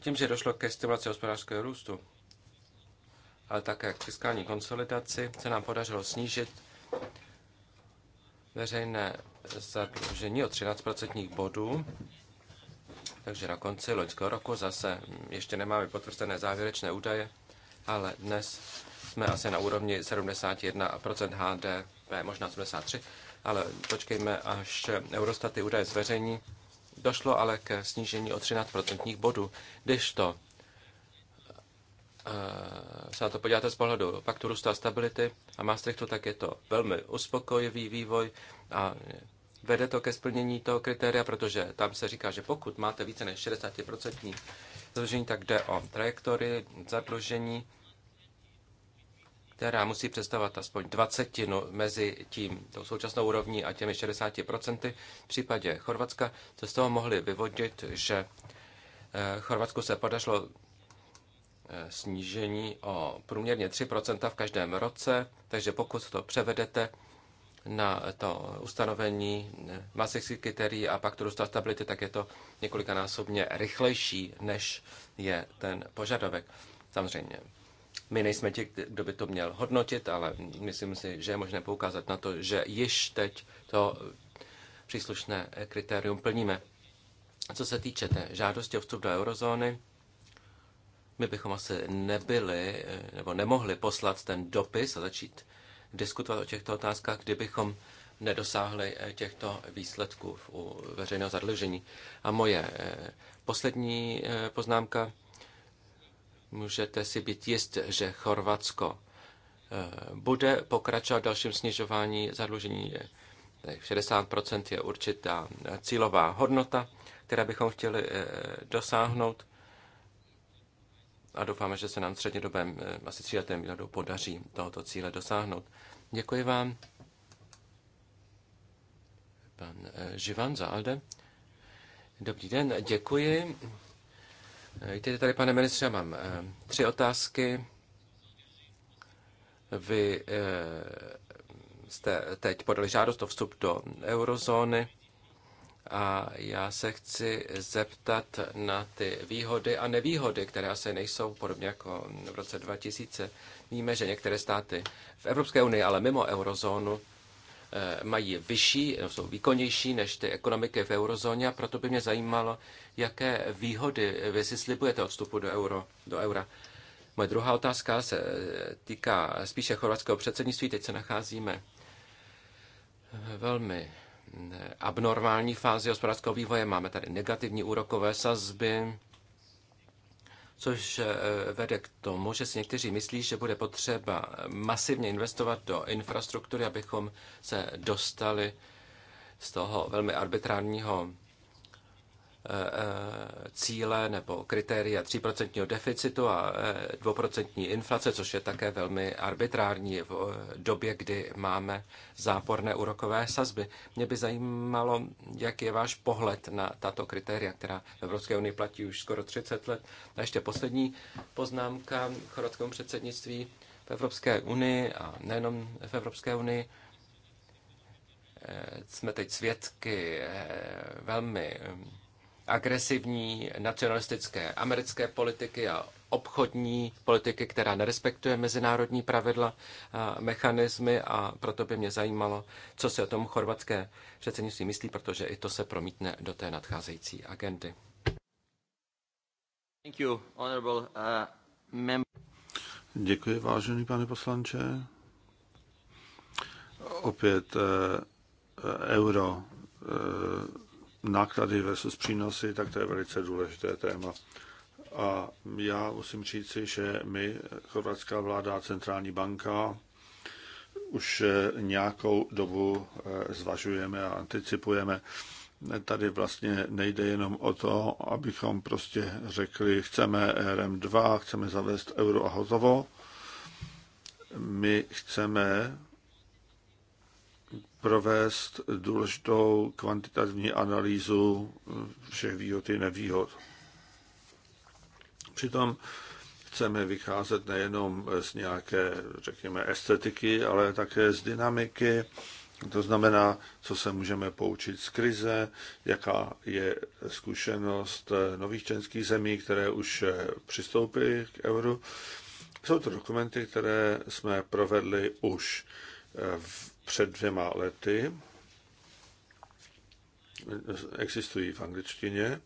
Tím, že došlo ke stimulaci hospodářského růstu, ale také k fiskální konsolidaci, se nám podařilo snížit veřejné zadlužení o 13% bodů. Takže na konci loňského roku zase ještě nemáme potvrzené závěrečné údaje, ale dnes jsme asi na úrovni 71% HDP, možná 73%, ale počkejme, až eurostaty údaje zveřejní. Došlo ale k snížení o 13% bodů. Když to eh, se na to podíváte z pohledu paktu růstu a stability a Maastrichtu, tak je to velmi uspokojivý vývoj a vede to ke splnění toho kritéria, protože tam se říká, že pokud máte více než 60% zadlužení, tak jde o trajektory zadlužení, která musí představovat aspoň no, mezi tím tou současnou úrovní a těmi 60%. V případě Chorvatska se z toho mohli vyvodit, že eh, Chorvatsku se podařilo eh, snížení o průměrně 3% v každém roce, takže pokud to převedete na to ustanovení masexických kritérií a paktu růstu a stability, tak je to několikanásobně rychlejší, než je ten požadavek. Samozřejmě, my nejsme ti, kdo by to měl hodnotit, ale myslím si, že je možné poukázat na to, že již teď to příslušné kritérium plníme. Co se týče té žádosti o vstup do eurozóny, my bychom asi nebyli nebo nemohli poslat ten dopis a začít diskutovat o těchto otázkách, kdybychom nedosáhli eh, těchto výsledků u veřejného zadlužení. A moje eh, poslední eh, poznámka. Můžete si být jist, že Chorvatsko bude pokračovat v dalším snižování zadlužení. 60% je určitá cílová hodnota, která bychom chtěli dosáhnout a doufáme, že se nám středně dobem, eh, asi tříletém výhledu podaří tohoto cíle dosáhnout. Děkuji vám. Pan eh, Živan za Alde. Dobrý den, děkuji. Jdete tady, pane ministře, mám eh, tři otázky. Vy jste teď podali žádost o vstup do eurozóny. A já se chci zeptat na ty výhody a nevýhody, které asi nejsou podobně jako v roce 2000. Víme, že některé státy v Evropské unii, ale mimo eurozónu, eh, mají vyšší, jsou výkonnější než ty ekonomiky v eurozóně a proto by mě zajímalo, jaké výhody vy si slibujete odstupu do, euro, do eura. Moje druhá otázka se týká spíše chorvatského předsednictví. Teď se nacházíme velmi abnormální fázi hospodářského vývoje. Máme tady negativní úrokové sazby, což eh, vede k tomu, že si někteří myslí, že bude potřeba masivně investovat do infrastruktury, abychom se dostali z toho velmi arbitrárního Eh, eh, cíle nebo kritéria 3% deficitu a 2% eh, inflace, což je také velmi arbitrární v době, kdy máme záporné úrokové sazby. Mě by zajímalo, jak je váš pohled na tato kritéria, která v Evropské unii platí už skoro 30 let. A ještě poslední poznámka k chorvatskému předsednictví v Evropské unii a nejenom v Evropské unii jsme teď svědky velmi agresivní nacionalistické americké politiky a obchodní politiky, která nerespektuje mezinárodní pravidla a mechanismy a proto by mě zajímalo, co si o tom chorvatské předsednictví myslí, protože i to se promítne do té nadcházející agendy. Thank you, honorable, uh, Děkuji, vážený pane poslanče. Opět uh, euro uh, náklady versus přínosy, tak to je velice důležité téma. A já musím říci, že my, chorvatská vláda a centrální banka, už eh, nějakou dobu eh, zvažujeme a anticipujeme. Tady vlastně nejde jenom o to, abychom prostě řekli, chceme RM2, chceme zavést euro a hotovo. My chceme provést důležitou kvantitativní analýzu všech výhod i nevýhod. Přitom chceme vycházet nejenom z nějaké, řekněme, estetiky, ale také z dynamiky, to znamená, co se můžeme poučit z krize, jaká je zkušenost nových členských zemí, které už přistoupily k euru. Jsou to dokumenty, které jsme provedli už v před dvěma lety. Existují v angličtině.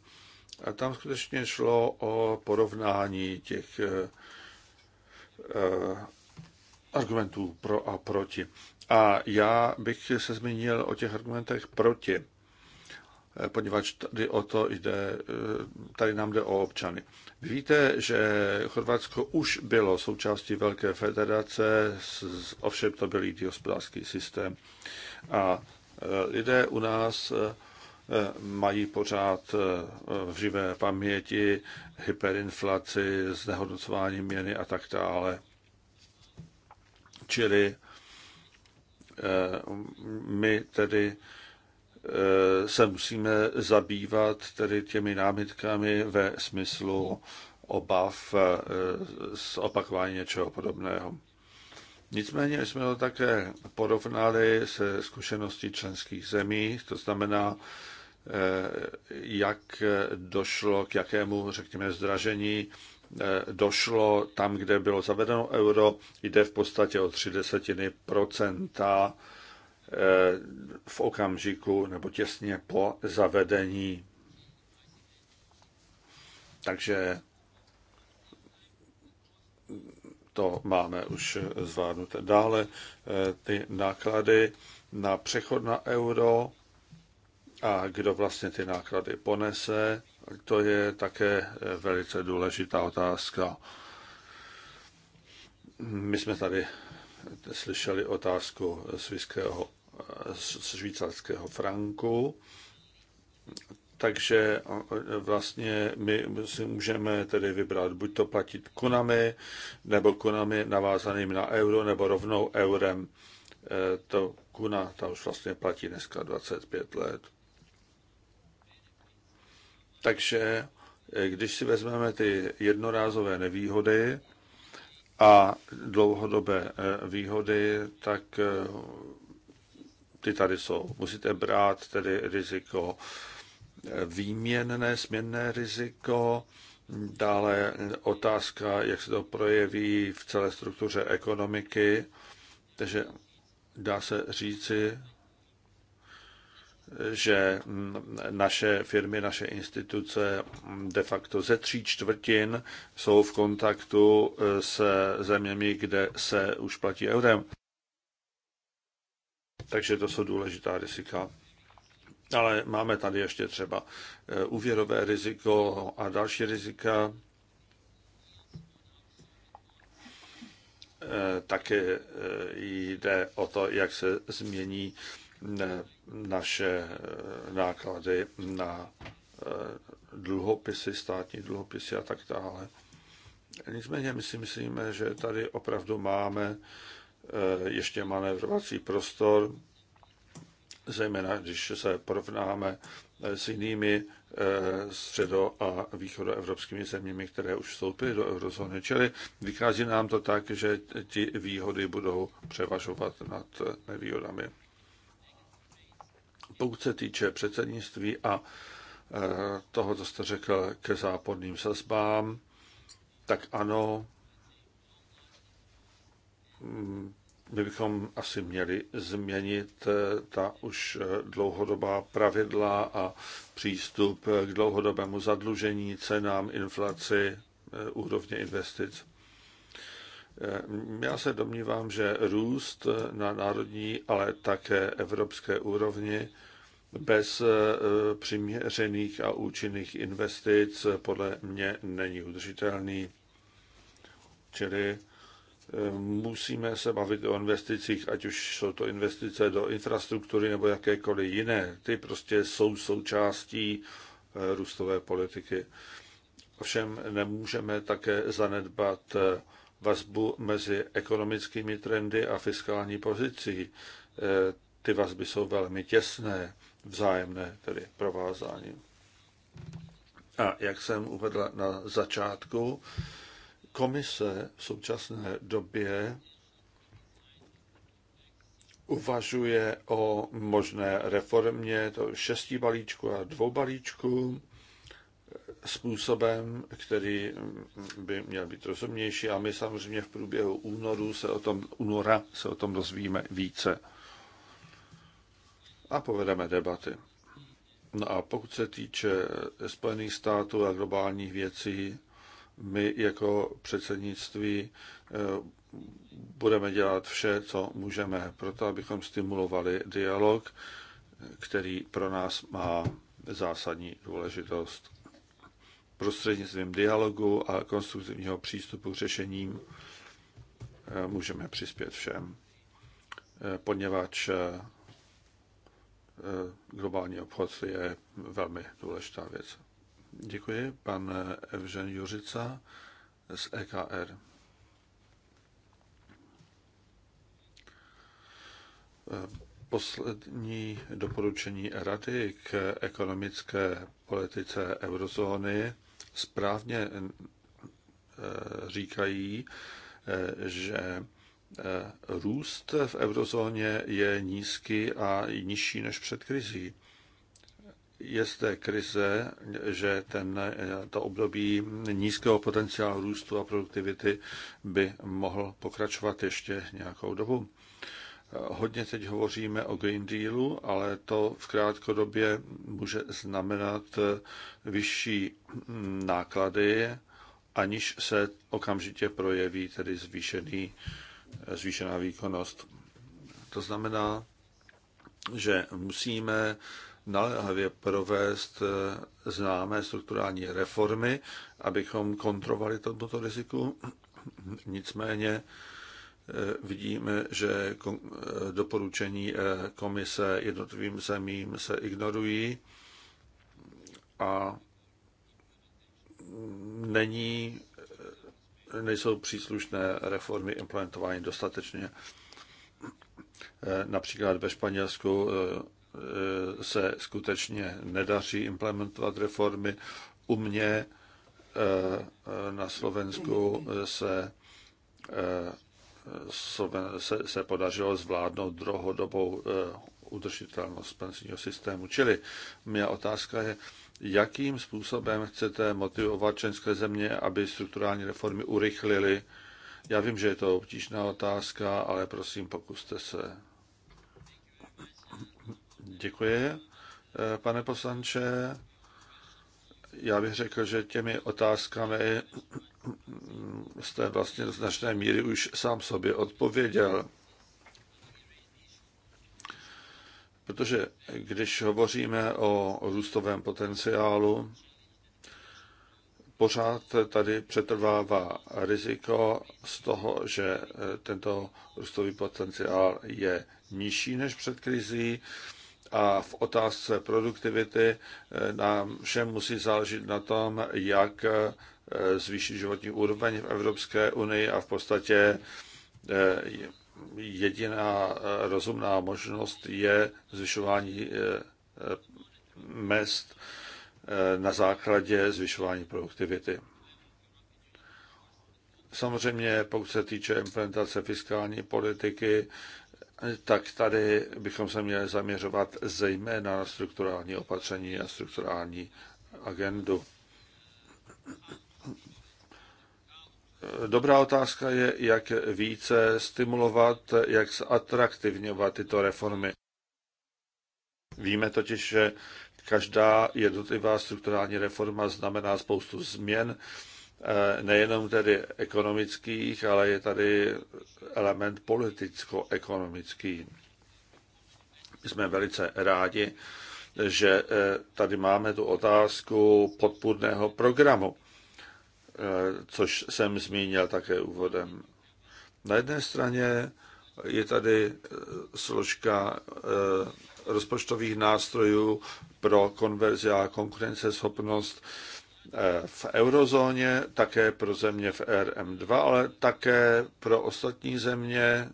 A tam skutečně šlo o porovnání těch eh, eh, argumentů pro a proti. A já bych se zmínil o těch argumentech proti, eh, poněvadž tady o to jde, tady nám jde o občany víte, že Chorvatsko už bylo součástí Velké federace, ovšem to byl jít hospodářský systém. A e, lidé u nás e, e, mají pořád v živé paměti hyperinflaci, znehodnocování měny a tak dále. Čili my tedy Eh, se musíme zabývat tedy těmi námitkami ve smyslu obav eh, z opakování něčeho podobného. Nicméně jsme to také porovnali se zkušeností členských zemí, to znamená, eh, jak došlo k jakému, řekněme, zdražení došlo tam, kde bylo zavedeno euro, jde v podstatě o tři desetiny procenta v okamžiku nebo těsně po zavedení. Takže to máme už zvládnuté. Dále eh, ty náklady na přechod na euro a kdo vlastně ty náklady ponese, to je také eh, velice důležitá otázka. My jsme tady slyšeli otázku svýského z švýcarského franku. Takže vlastně my si můžeme tedy vybrat buď to platit kunami, nebo kunami navázaným na euro, nebo rovnou eurem. E, to kuna, ta už vlastně platí dneska 25 let. Takže e, když si vezmeme ty jednorázové nevýhody a dlouhodobé e, výhody, tak ty tady jsou. Musíte brát tedy riziko eh, výměnné, směnné riziko, dále otázka, jak se to projeví v celé struktuře ekonomiky. Takže dá se říci, že mm, naše firmy, naše instituce mm, de facto ze tří čtvrtin jsou v kontaktu eh, se zeměmi, kde se už platí eurem. Takže to jsou důležitá rizika. Ale máme tady ještě třeba eh, úvěrové riziko a další rizika. Eh, Také eh, jde o to, jak se změní naše náklady na dluhopisy, státní dluhopisy a tak dále. Nicméně my si myslíme, že tady opravdu máme Eh, ještě manévrovací prostor, zejména když se porovnáme eh, s jinými eh, středo- a východoevropskými zeměmi, které už vstoupily do eurozóny. Čili vychází nám to tak, že ti výhody budou převažovat nad nevýhodami. Pokud se týče předsednictví a toho, co jste řekl ke záporným sazbám, tak ano, mm, my bychom asi měli změnit eh, ta už eh, dlouhodobá pravidla a přístup eh, k dlouhodobému zadlužení, cenám, inflaci, úrovně investic. Já se domnívám, že růst na národní, ale také evropské úrovni bez přiměřených a účinných investic podle mě není udržitelný. Čili musíme se bavit o investicích, ať už jsou to investice do infrastruktury nebo jakékoliv jiné. Ty prostě jsou součástí eh, růstové politiky. Ovšem nemůžeme také zanedbat eh, vazbu mezi ekonomickými trendy a fiskální pozicí. Eh, ty vazby jsou velmi těsné, vzájemné, tedy provázání. A jak jsem uvedl na začátku, Komise v současné době uvažuje o možné reformě to šestí balíčku a dvou balíčku způsobem, který by měl být rozumnější a my samozřejmě v průběhu únoru se o tom, února se o tom dozvíme více a povedeme debaty. No a pokud se týče Spojených států a globálních věcí, my jako předsednictví eh, budeme dělat vše, co můžeme, proto abychom stimulovali dialog, který pro nás má zásadní důležitost. Prostřednictvím dialogu a konstruktivního přístupu k řešením eh, můžeme přispět všem, eh, poněvadž globální obchod je velmi důležitá věc. Děkuji, pan Evžen Jořica z EKR. Poslední doporučení Rady k ekonomické politice eurozóny správně eh, říkají, eh, že eh, růst v eurozóně je nízký a nižší než před krizí je té krize, že ten, to období nízkého potenciálu růstu a produktivity by mohl pokračovat ještě nějakou dobu. Hodně teď hovoříme o Green Dealu, ale to v krátkodobě může znamenat vyšší náklady, aniž se okamžitě projeví tedy zvýšený, zvýšená výkonnost. To znamená, že musíme naléhavě provést eh, známé strukturální reformy, abychom kontrolovali toto riziku. Nicméně eh, vidíme, že eh, doporučení komise jednotlivým zemím se ignorují a není, nejsou příslušné reformy implementovány dostatečně. Například ve Španělsku Eh, se skutečně nedaří implementovat reformy. U mě eh, eh, na Slovensku se, se, se podařilo zvládnout dlouhodobou udržitelnost penzijního systému. Čili mě otázka je, jakým způsobem chcete motivovat české země, aby strukturální reformy urychlily. Já vím, že je to obtížná otázka, ale prosím, pokuste se. Děkuji, eh, pane poslanče. Já bych řekl, že těmi otázkami jste vlastně do značné míry už sám sobě odpověděl. Protože když hovoříme o růstovém potenciálu, pořád tady přetrvává riziko z toho, že eh, tento růstový potenciál je nižší než před krizí a v otázce produktivity eh, nám všem musí záležet na tom, jak eh, zvýšit životní úroveň v Evropské unii a v podstatě eh, jediná rozumná možnost je zvyšování mest na základě zvyšování produktivity. Samozřejmě, pokud se týče implementace fiskální politiky, tak tady bychom se měli zaměřovat zejména na strukturální opatření a strukturální agendu. Dobrá otázka je, jak více stimulovat, jak zatraktivňovat tyto reformy. Víme totiž, že každá jednotlivá strukturální reforma znamená spoustu změn Eh, nejenom tedy ekonomických, ale je tady element politicko-ekonomický. jsme velice rádi, že eh, tady máme tu otázku podpůrného programu, eh, což jsem zmínil také úvodem. Na jedné straně je tady složka rozpočtových nástrojů pro konverzi a konkurenceschopnost schopnost Eh, v eurozóně, také pro země v RM2, ale také pro ostatní země,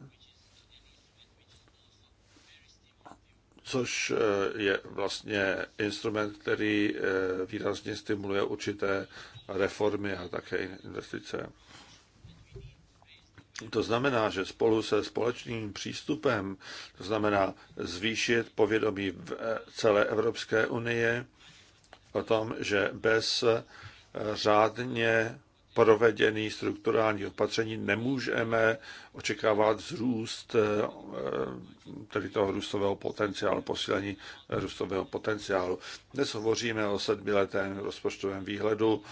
což eh, je vlastně instrument, který eh, výrazně stimuluje určité reformy a také investice. To znamená, že spolu se společným přístupem, to znamená zvýšit povědomí v celé Evropské unii o tom, že bez eh, řádně provedený strukturální opatření nemůžeme očekávat zrůst eh, tedy toho růstového potenciálu, posílení růstového potenciálu. Dnes hovoříme o sedmiletém rozpočtovém výhledu,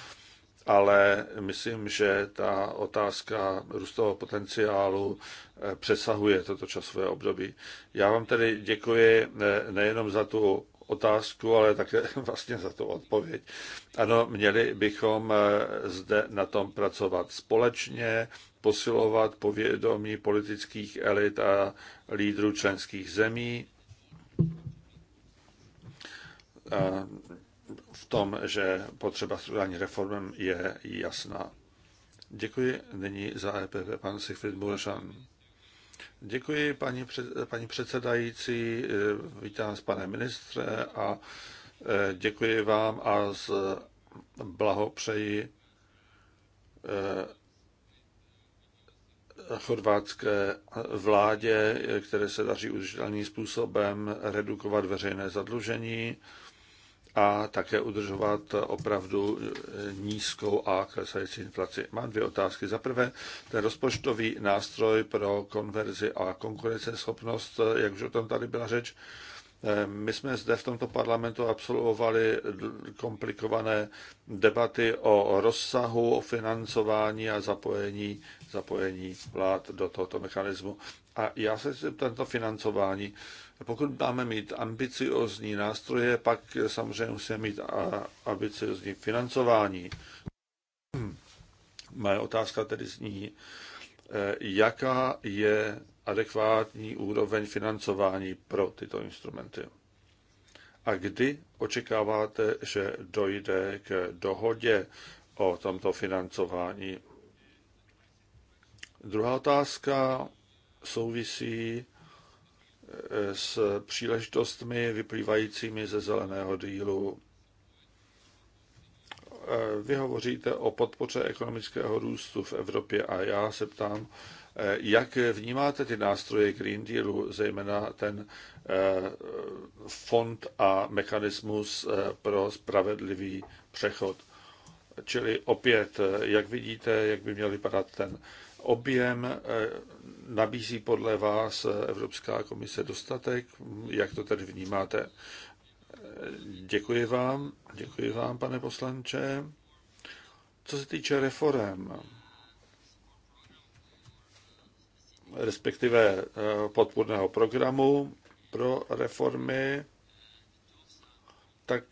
ale myslím, že ta otázka růstového potenciálu eh, přesahuje toto časové období. Já vám tedy děkuji nejenom za tu otázku, ale také vlastně za tu odpověď. Ano, měli bychom eh, zde na tom pracovat společně, posilovat povědomí politických elit a lídrů členských zemí a v tom, že potřeba strukturální reform je jasná. Děkuji nyní za EPP, pan Siegfried Burešan. Děkuji, paní, před, paní předsedající. Vítám vás, pane ministře a e, děkuji vám a z blahopřeji e, chorvátské vládě, které se daří udržitelným způsobem redukovat veřejné zadlužení a také udržovat opravdu nízkou a klesající inflaci. Mám dvě otázky. Za prvé, ten rozpočtový nástroj pro konverzi a konkurenceschopnost, jak už o tom tady byla řeč, my jsme zde v tomto parlamentu absolvovali komplikované debaty o rozsahu, o financování a zapojení, zapojení vlád do tohoto mechanismu. A já se zeptám to financování. Pokud máme mít ambiciozní nástroje, pak samozřejmě musíme mít ambiciozní financování. Moje otázka tedy zní, eh, jaká je adekvátní úroveň financování pro tyto instrumenty? A kdy očekáváte, že dojde k dohodě o tomto financování? Druhá otázka souvisí eh, s příležitostmi vyplývajícími ze zeleného dílu. Eh, vy hovoříte o podpoře ekonomického růstu v Evropě a já se ptám, eh, jak vnímáte ty nástroje Green Dealu, zejména ten fond a mechanismus pro spravedlivý přechod? Čili opět, jak vidíte, jak by měl vypadat ten objem Nabízí podle vás eh, Evropská komise dostatek? Jak to tedy vnímáte? Eh, děkuji vám, děkuji vám, pane poslanče. Co se týče reform, respektive eh, podpůrného programu pro reformy, tak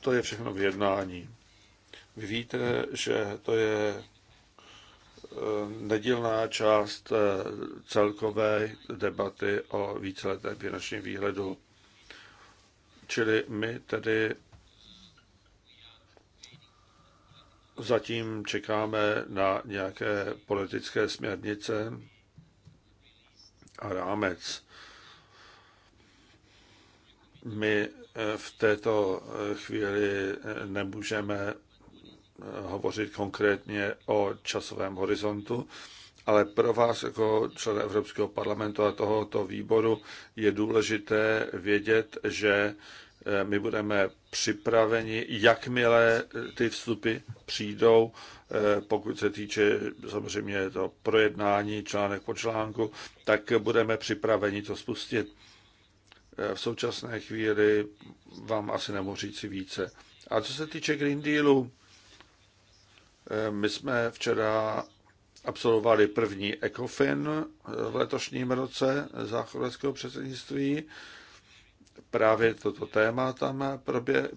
to je všechno v jednání. Vy víte, že to je nedílná část eh, celkové debaty o víceletém finančním výhledu. Čili my tedy zatím čekáme na nějaké politické směrnice a rámec. My eh, v této chvíli eh, nemůžeme hovořit konkrétně o časovém horizontu, ale pro vás jako člen Evropského parlamentu a tohoto výboru je důležité vědět, že eh, my budeme připraveni, jakmile eh, ty vstupy přijdou, eh, pokud se týče samozřejmě to projednání článek po článku, tak budeme připraveni to spustit. V současné chvíli vám asi nemohu říci více. A co se týče Green Dealu, my jsme včera absolvovali první ECOFIN v letošním roce záchodovského předsednictví. Právě toto téma tam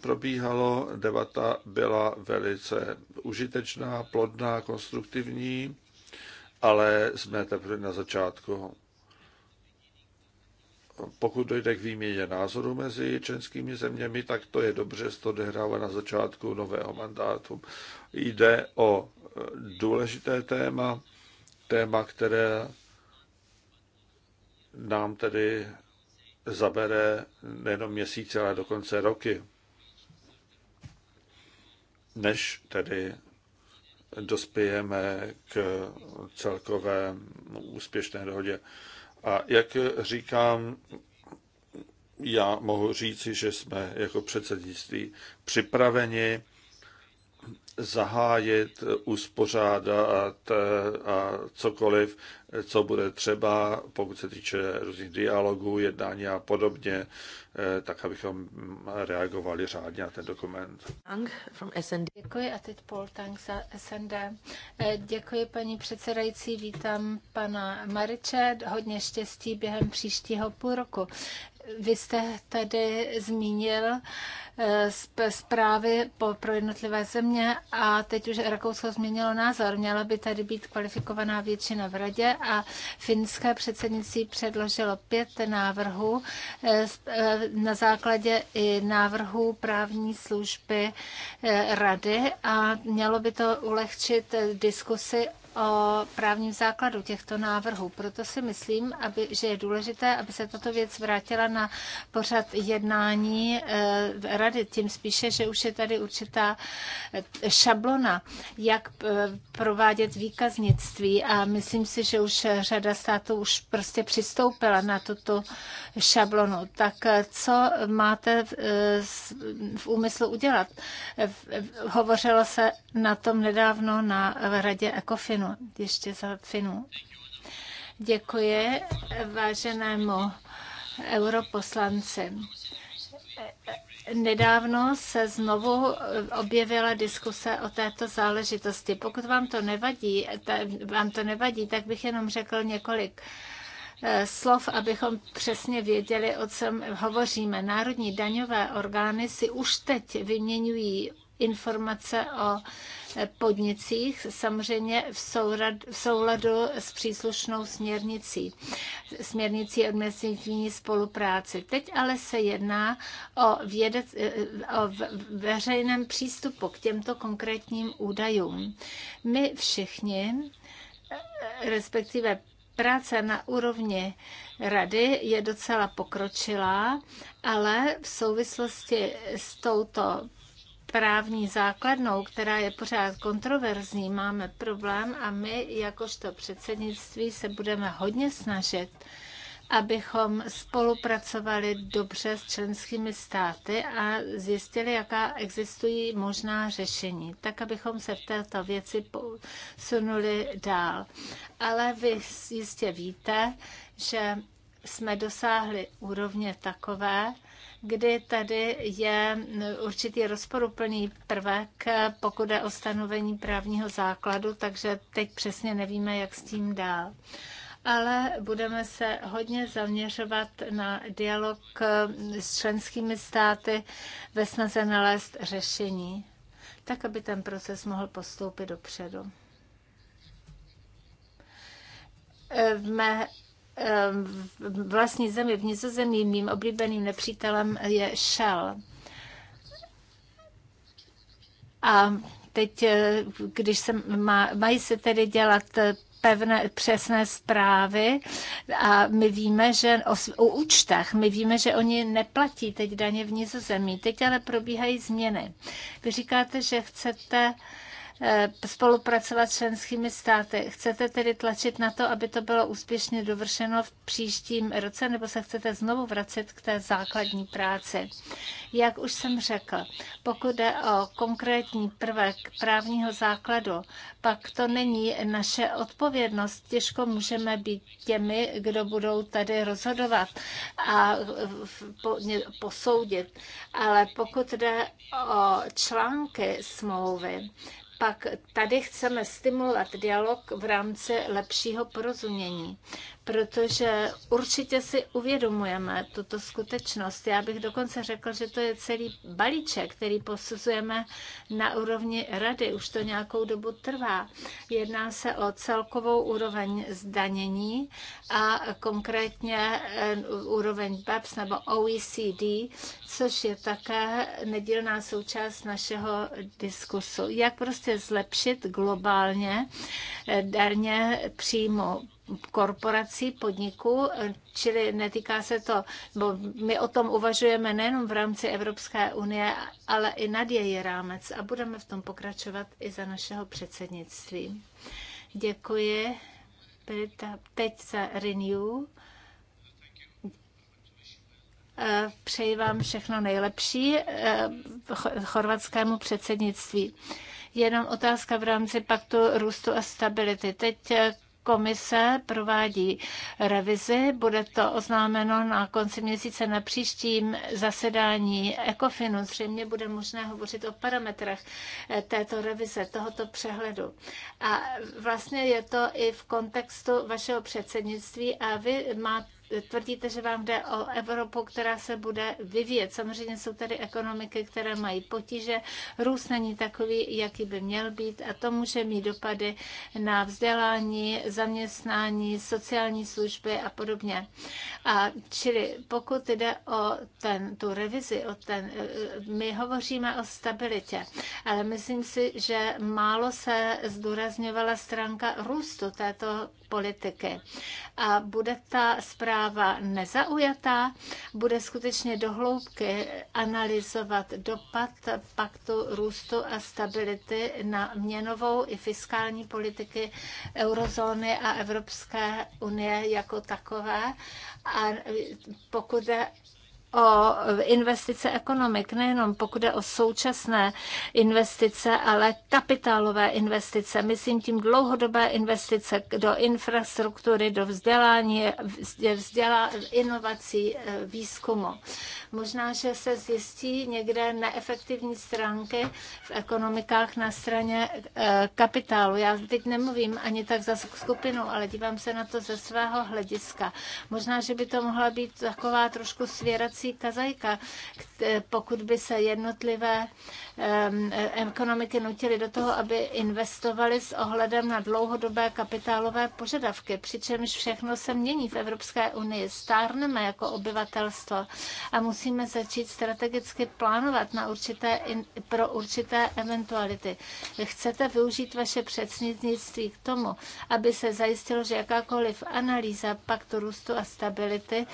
probíhalo. Debata byla velice užitečná, plodná, konstruktivní, ale jsme teprve na začátku pokud dojde k výměně názoru mezi členskými zeměmi, tak to je dobře, to odehrává na začátku nového mandátu. Jde o e, důležité téma, téma, které nám tedy zabere nejenom měsíce, ale dokonce roky, než tedy dospějeme k celkové úspěšné dohodě. A jak říkám, já mohu říci, že jsme jako předsednictví připraveni zahájit, uspořádat a cokoliv, co bude třeba, pokud se týče různých dialogů, jednání a podobně, tak abychom reagovali řádně na ten dokument. Děkuji a teď Paul Tang za SND. Eh, děkuji paní předsedající, vítám pana Mariče, hodně štěstí během příštího půl roku. Vy jste tady zmínil eh, zprávy pro jednotlivé země a teď už Rakousko změnilo názor. Měla by tady být kvalifikovaná většina v radě a finské předsednictví předložilo pět návrhů eh, eh, na základě i návrhů právní služby rady a mělo by to ulehčit diskusy o právním základu těchto návrhů. Proto si myslím, aby, že je důležité, aby se tato věc vrátila na pořad jednání eh, rady, tím spíše, že už je tady určitá eh, šablona, jak eh, provádět výkaznictví a myslím si, že už řada států už prostě přistoupila na tuto šablonu. Tak co máte v úmyslu udělat? Hovořilo se na tom nedávno na radě ECOFIN Finu, ještě za Finu. Děkuji váženému europoslanci. Nedávno se znovu objevila diskuse o této záležitosti. Pokud vám to nevadí, ta, vám to nevadí, tak bych jenom řekl několik eh, slov, abychom přesně věděli, o co hovoříme. Národní daňové orgány si už teď vyměňují informace o podnicích, samozřejmě v, sourad, v souladu s příslušnou směrnicí, směrnicí administrativní spolupráci. Teď ale se jedná o, vědec, o veřejném přístupu k těmto konkrétním údajům. My všichni, respektive práce na úrovni rady je docela pokročilá, ale v souvislosti s touto právní základnou, která je pořád kontroverzní, máme problém a my jakožto předsednictví se budeme hodně snažit, abychom spolupracovali dobře s členskými státy a zjistili, jaká existují možná řešení, tak abychom se v této věci posunuli dál. Ale vy jistě víte, že jsme dosáhli úrovně takové, kdy tady je určitý rozporuplný prvek, pokud je o stanovení právního základu, takže teď přesně nevíme, jak s tím dál ale budeme se hodně zaměřovat na dialog s členskými státy ve snaze nalézt řešení, tak aby ten proces mohl postoupit dopředu. V mé vlastní zemi, v Nizozemí, mým oblíbeným nepřítelem je Shell. A teď, eh, když se má, mají se tedy dělat pevné, přesné zprávy a my víme, že o, o účtech, my víme, že oni neplatí teď daně v nizozemí. Teď ale probíhají změny. Vy říkáte, že chcete uh, Eh, spolupracovat s členskými státy. Chcete tedy tlačit na to, aby to bylo úspěšně dovršeno v příštím roce, nebo se chcete znovu vracet k té základní práci? Jak už jsem řekl, pokud jde o konkrétní prvek právního základu, pak to není naše odpovědnost. Těžko můžeme být těmi, kdo budou tady rozhodovat a posoudit. Ale pokud jde o články smlouvy, pak tady chceme stimulovat dialog v rámci lepšího porozumění, protože určitě si uvědomujeme tuto skutečnost. Já bych dokonce řekl, že to je celý balíček, který posuzujeme na úrovni rady. Už to nějakou dobu trvá. Jedná se o celkovou úroveň zdanění a konkrétně eh, úroveň BEPS nebo OECD, což je také nedílná součást našeho diskusu. Jak prostě zlepšit globálně eh, darně přímo korporací, podniků, čili netýká se to, bo my o tom uvažujeme nejenom v rámci Evropské unie, ale i nad její rámec a budeme v tom pokračovat i za našeho předsednictví. Děkuji. Teď za Renew. Eh, přeji vám všechno nejlepší eh, chorvatskému předsednictví jenom otázka v rámci paktu růstu a stability. Teď eh, komise provádí revizi. Bude to oznámeno na konci měsíce na příštím zasedání ECOFINu. Zřejmě bude možné hovořit o parametrech eh, této revize, tohoto přehledu. A vlastně je to i v kontextu vašeho předsednictví a vy máte tvrdíte, že vám jde o Evropu, která se bude vyvíjet. Samozřejmě jsou tady ekonomiky, které mají potíže, růst není takový, jaký by měl být a to může mít dopady na vzdělání, zaměstnání, sociální služby a podobně. A čili pokud jde o ten, tu revizi, o ten, my hovoříme o stabilitě, ale myslím si, že málo se zdůrazňovala stránka růstu této politiky. A bude ta zpráva nezaujatá, bude skutečně dohloubky analyzovat dopad paktu růstu a stability na měnovou i fiskální politiky eurozóny a Evropské unie jako takové. A pokud jde o investice ekonomik, nejenom pokud je o současné investice, ale kapitálové investice. Myslím tím dlouhodobé investice do infrastruktury, do vzdělání, vzdělá, inovací, e, výzkumu. Možná, že se zjistí někde neefektivní stránky v ekonomikách na straně e, kapitálu. Já teď nemluvím ani tak za skupinu, ale dívám se na to ze svého hlediska. Možná, že by to mohla být taková trošku svěrací vedoucí kazajka. Pokud by se jednotlivé ekonomiky nutily do toho, aby investovaly s ohledem na dlouhodobé kapitálové požadavky, přičemž všechno se mění v Evropské unii. Stárneme jako obyvatelstvo a musíme začít strategicky plánovat na určité, pro určité eventuality. Chcete využít vaše předsnitnictví k tomu, aby se zajistilo, že jakákoliv analýza paktu růstu a stability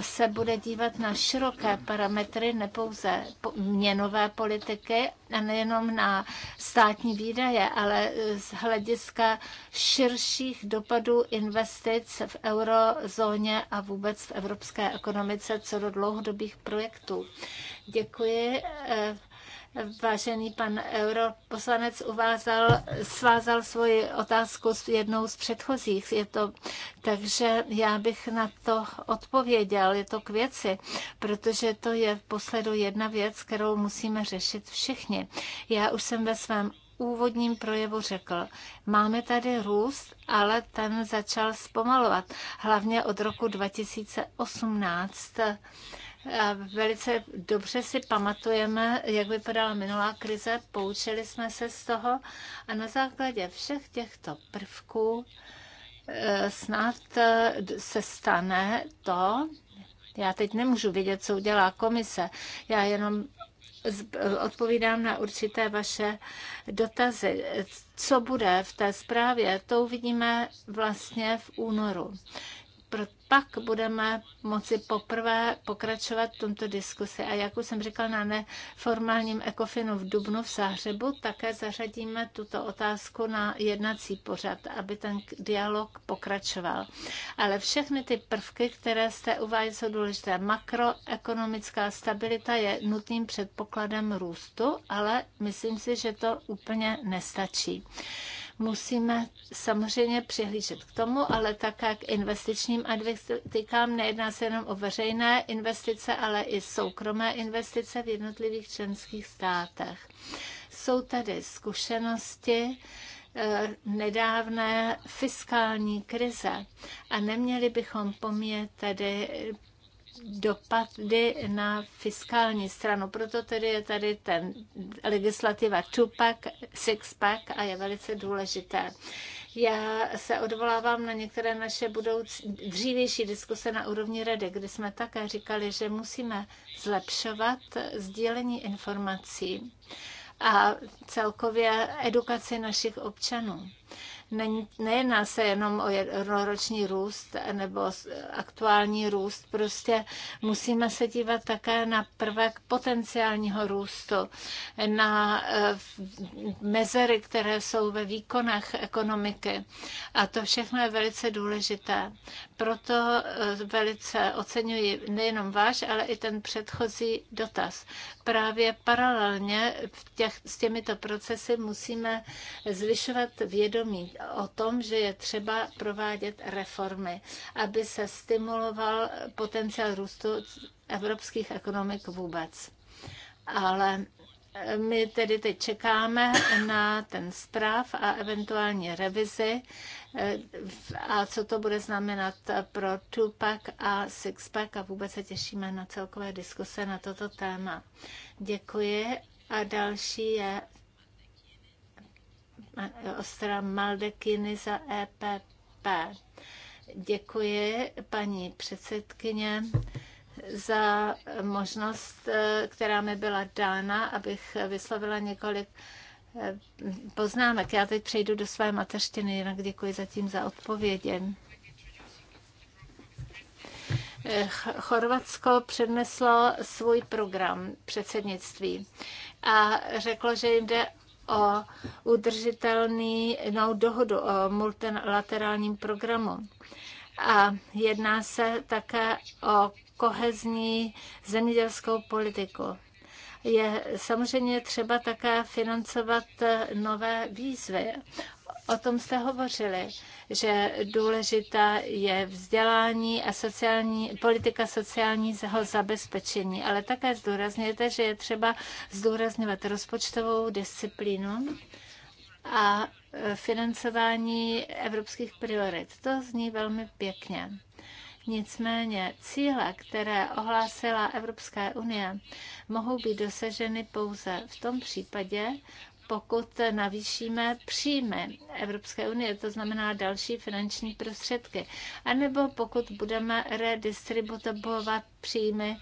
se bude dívat na široké parametry, nepouze měnové politiky a nejenom na státní výdaje, ale z hlediska širších dopadů investic v eurozóně a vůbec v evropské ekonomice co do dlouhodobých projektů. Děkuji eh, Vážený pan europoslanec uvázal, svázal svoji otázku s jednou z předchozích. Je to, takže já bych na to odpověděl. Je to k věci, protože to je v posledu jedna věc, kterou musíme řešit všichni. Já už jsem ve svém úvodním projevu řekl, máme tady růst, ale ten začal zpomalovat, hlavně od roku 2018 Velice dobře si pamatujeme, jak vypadala minulá krize, poučili jsme se z toho a na základě všech těchto prvků eh, snad eh, se stane to, já teď nemůžu vědět, co udělá komise, já jenom eh, odpovídám na určité vaše dotazy. Co bude v té zprávě, to uvidíme vlastně v únoru pak budeme moci poprvé pokračovat v tomto diskusi. A jak už jsem říkal na neformálním ekofinu v Dubnu v Záhřebu, také zařadíme tuto otázku na jednací pořad, aby ten dialog pokračoval. Ale všechny ty prvky, které jste uváděli, jsou důležité. Makroekonomická stabilita je nutným předpokladem růstu, ale myslím si, že to úplně nestačí. Musíme samozřejmě přihlížet k tomu, ale také k investičním advistikám. Nejedná se jenom o veřejné investice, ale i soukromé investice v jednotlivých členských státech. Jsou tady zkušenosti, eh, nedávné fiskální krize a neměli bychom pomět tedy dopady na fiskální stranu. Proto tedy je tady ten legislativa Tupac, Sixpack a je velice důležité. Já se odvolávám na některé naše budoucí, dřívější diskuse na úrovni rady, kdy jsme také říkali, že musíme zlepšovat sdílení informací a celkově edukaci našich občanů. Není, nejedná se jenom o jednoroční růst nebo aktuální růst, prostě musíme se dívat také na prvek potenciálního růstu, na eh, mezery, které jsou ve výkonech ekonomiky. A to všechno je velice důležité. Proto eh, velice oceňuji nejenom váš, ale i ten předchozí dotaz. Právě paralelně v těch, s těmito procesy musíme zvyšovat vědomí o tom, že je třeba provádět reformy, aby se stimuloval potenciál růstu evropských ekonomik vůbec. Ale my tedy teď čekáme na ten zpráv a eventuální revizi eh, a co to bude znamenat pro Tupac a Sixpack a vůbec se těšíme na celkové diskuse na toto téma. Děkuji a další je Ostra Maldekiny za EPP. Děkuji, paní předsedkyně, za možnost, eh, která mi byla dána, abych vyslovila několik eh, poznámek. Já teď přejdu do své mateřštiny, jinak děkuji zatím za odpovědi. Eh, Chorvatsko předneslo svůj program předsednictví a řeklo, že jim jde o no, dohodu o multilaterálním programu. A jedná se také o kohezní zemědělskou politiku je samozřejmě třeba také financovat nové výzvy. O tom jste hovořili, že důležitá je vzdělání a sociální, politika sociálního zabezpečení, ale také zdůrazněte, že je třeba zdůrazňovat rozpočtovou disciplínu a e, financování evropských priorit. To zní velmi pěkně. Nicméně cíle, které ohlásila Evropská unie, mohou být dosaženy pouze v tom případě, pokud navýšíme příjmy Evropské unie, to znamená další finanční prostředky, anebo pokud budeme redistribuovat příjmy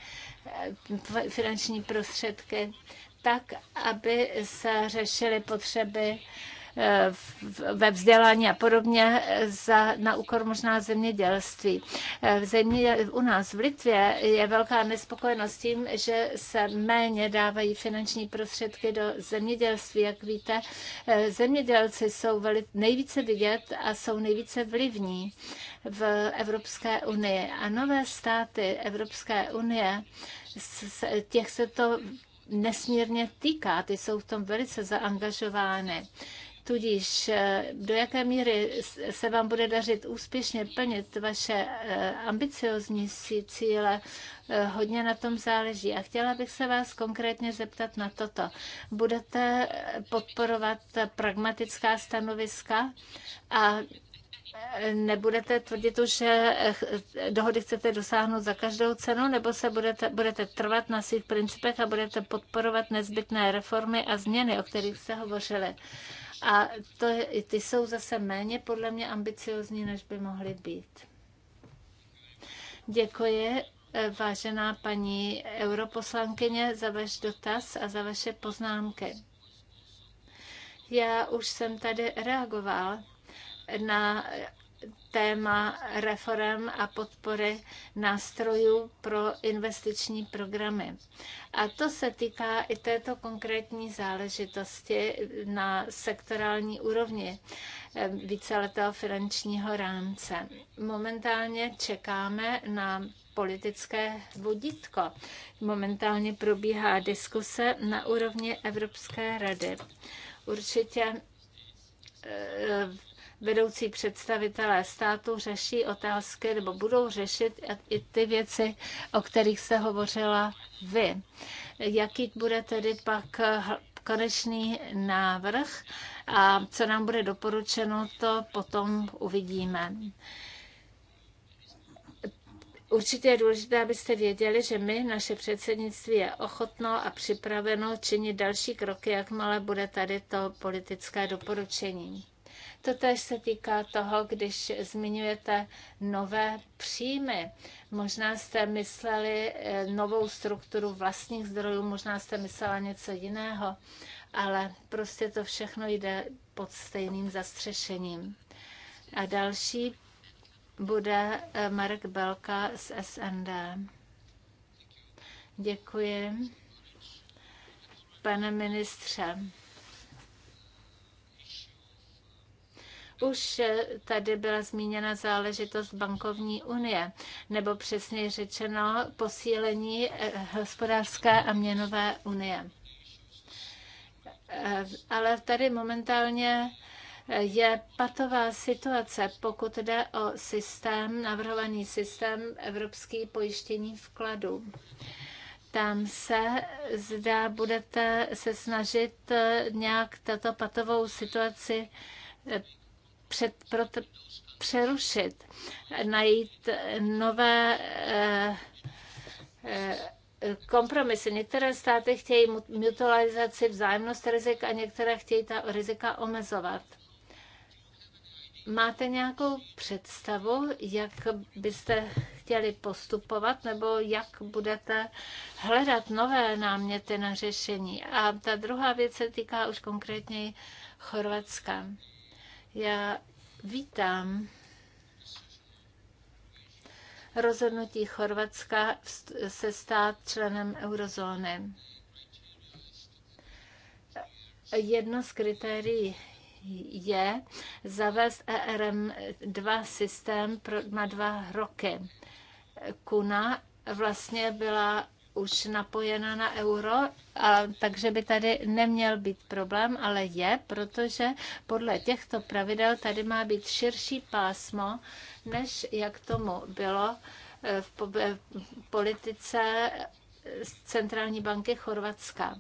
eh, finanční prostředky tak, aby se řešily potřeby Eh, ve vzdělání a podobně eh, za, na úkor možná zemědělství. Eh, v země, u nás v Litvě je velká nespokojenost tím, že se méně dávají finanční prostředky do zemědělství. Jak víte, zemědělci jsou veli, nejvíce vidět a jsou nejvíce vlivní v Evropské unii. A nové státy Evropské unie, těch se to nesmírně týká, ty jsou v tom velice zaangažovány. Tudíž eh, do jaké míry se vám bude dařit úspěšně plnit vaše eh, ambiciozní cíle, eh, hodně na tom záleží. A chtěla bych se vás konkrétně zeptat na toto. Budete podporovat pragmatická stanoviska a nebudete tvrdit už, že dohody chcete dosáhnout za každou cenu, nebo se budete, budete trvat na svých principech a budete podporovat nezbytné reformy a změny, o kterých jste hovořili. A to, ty jsou zase méně podle mě ambiciozní, než by mohly být. Děkuji, eh, vážená paní europoslankyně, za váš dotaz a za vaše poznámky. Já už jsem tady reagoval na téma reform a podpory nástrojů pro investiční programy. A to se týká i této konkrétní záležitosti na sektorální úrovni eh, víceletého finančního rámce. Momentálně čekáme na politické vodítko. Momentálně probíhá diskuse na úrovni Evropské rady. Určitě eh, vedoucí představitelé státu řeší otázky nebo budou řešit i ty věci, o kterých se hovořila vy. Jaký bude tedy pak konečný návrh a co nám bude doporučeno, to potom uvidíme. Určitě je důležité, abyste věděli, že my, naše předsednictví, je ochotno a připraveno činit další kroky, jakmile bude tady to politické doporučení. Totež se týká toho, když zmiňujete nové příjmy. Možná jste mysleli eh, novou strukturu vlastních zdrojů, možná jste myslela něco jiného, ale prostě to všechno jde pod stejným zastřešením. A další bude eh, Marek Belka z SND. Děkuji, pane ministře. Už eh, tady byla zmíněna záležitost bankovní unie, nebo přesně řečeno posílení eh, hospodářské a měnové unie. Eh, ale tady momentálně je patová situace, pokud jde o systém, navrhovaný systém Evropský pojištění vkladů. Tam se, zda budete se snažit nějak tato patovou situaci před, pro, přerušit, najít nové eh, eh, kompromisy. Některé státy chtějí mutualizaci, vzájemnost rizik a některé chtějí ta rizika omezovat. Máte nějakou představu, jak byste chtěli postupovat nebo jak budete hledat nové náměty na řešení? A ta druhá věc se týká už konkrétně Chorvatska. Já vítám rozhodnutí Chorvatska se stát členem eurozóny. Jedno z kritérií je zavést ERM2 systém pro, na dva roky. Kuna vlastně byla už napojena na euro, a, takže by tady neměl být problém, ale je, protože podle těchto pravidel tady má být širší pásmo, než jak tomu bylo eh, v, po, eh, v politice centrální banky Chorvatska.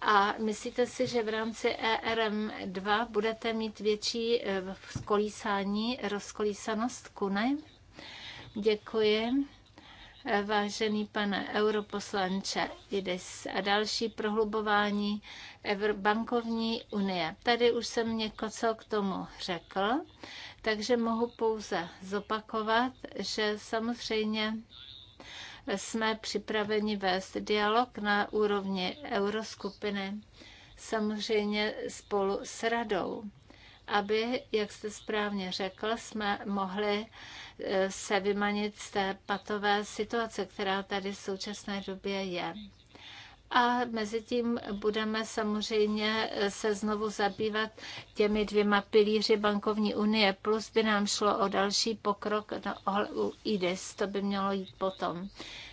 A myslíte si, že v rámci ERM2 budete mít větší eh, kolísání, rozkolísanost kuny? Děkuji vážený pane europoslanče Idis a další prohlubování bankovní unie. Tady už jsem něco k tomu řekl, takže mohu pouze zopakovat, že samozřejmě jsme připraveni vést dialog na úrovni euroskupiny, samozřejmě spolu s radou, aby, jak jste správně řekl, jsme mohli se vymanit z té patové situace, která tady v současné době je. A mezi tím budeme samozřejmě se znovu zabývat těmi dvěma pilíři bankovní unie, plus by nám šlo o další pokrok no, u IDIS, e to by mělo jít potom.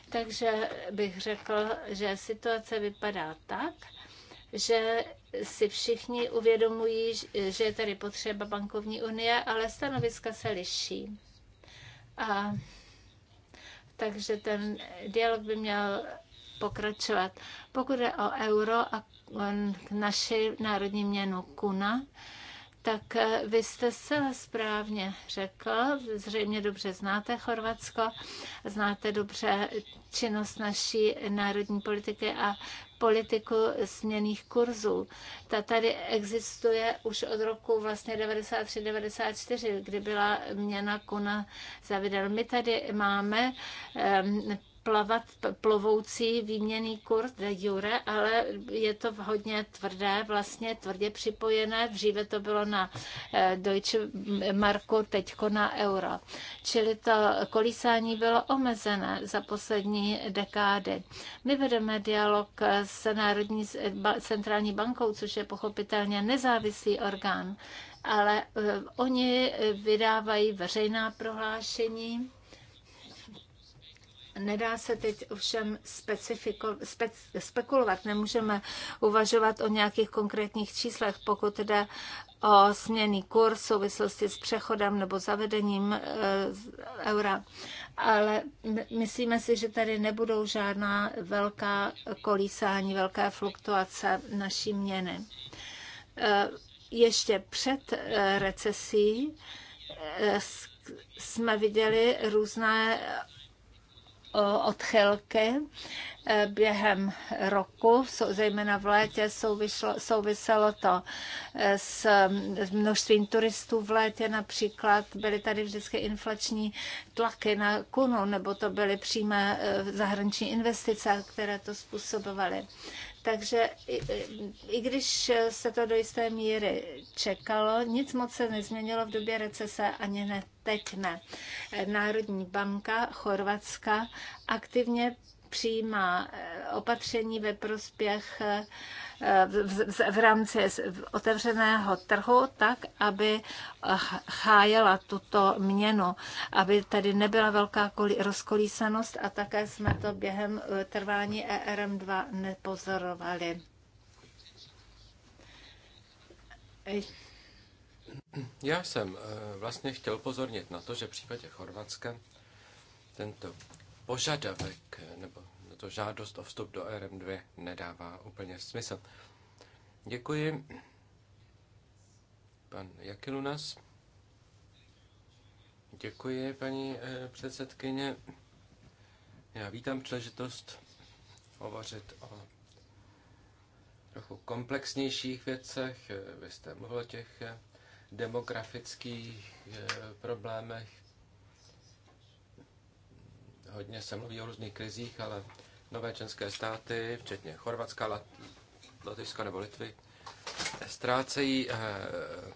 Takže bych řekl, že situace vypadá tak, že si všichni uvědomují, že je tady potřeba bankovní unie, ale stanoviska se liší. A takže ten dialog by měl pokračovat. Pokud je o euro a naši národní měnu kuna, tak eh, vy jste se správně řekl, zřejmě dobře znáte Chorvatsko, znáte dobře činnost naší národní politiky a politiku směných kurzů. Ta tady existuje už od roku vlastně 93-94, kdy byla měna kuna zavedena. My tady máme plavat, plovoucí výměný kurz de jure, ale je to hodně tvrdé, vlastně tvrdě připojené. Dříve to bylo na eh, Deutsche Marku, teďko na euro. Čili to kolísání bylo omezené za poslední dekády. My vedeme dialog s Národní centrální bankou, což je pochopitelně nezávislý orgán, ale eh, oni vydávají veřejná prohlášení, Nedá se teď ovšem spec, spekulovat, nemůžeme uvažovat o nějakých konkrétních číslech, pokud jde o směný kurz v souvislosti s přechodem nebo zavedením eh, eura. Ale myslíme si, že tady nebudou žádná velká kolísání, velká fluktuace naší měny. Eh, ještě před eh, recesí jsme viděli různé odchylky e, během roku, zejména v létě souvislo, souviselo to e, s množstvím turistů v létě například. Byly tady vždycky inflační tlaky na kunu, nebo to byly přímé e, zahraniční investice, které to způsobovaly. Takže i, i když se to do jisté míry čekalo, nic moc se nezměnilo v době recese ani ne teď ne. Národní banka Chorvatska aktivně přijímá eh, opatření ve prospěch eh, v, v, v rámci otevřeného trhu tak, aby eh, chájela tuto měnu, aby tady nebyla velká rozkolísanost a také jsme to během trvání ERM2 nepozorovali. Já jsem vlastně chtěl pozornit na to, že v případě Chorvatska tento požadavek nebo to žádost o vstup do RM2 nedává úplně smysl. Děkuji. Pan Jakilunas. Děkuji, paní eh, předsedkyně. Já vítám příležitost hovořit o trochu komplexnějších věcech. Vy jste mluvil o těch eh, demografických eh, problémech, Hodně se mluví o různých krizích, ale nové členské státy, včetně Chorvatska, Lotyšska nebo Litvy, ztrácejí eh,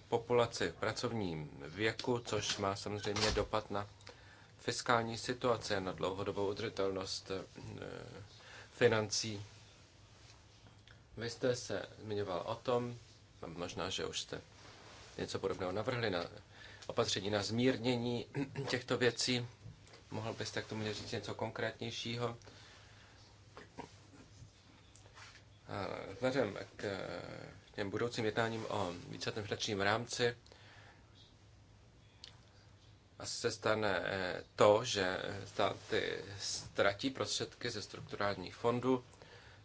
populaci v pracovním věku, což má samozřejmě dopad na fiskální situaci a na dlouhodobou udržitelnost eh, financí. Vy jste se zmiňoval o tom, a možná, že už jste něco podobného navrhli na opatření na zmírnění těchto věcí. Mohl byste k tomu říct něco konkrétnějšího? Vzhledem eh, k těm budoucím jednáním o vícetém finančním rámci se stane eh, to, že státy ztratí prostředky ze strukturálních fondů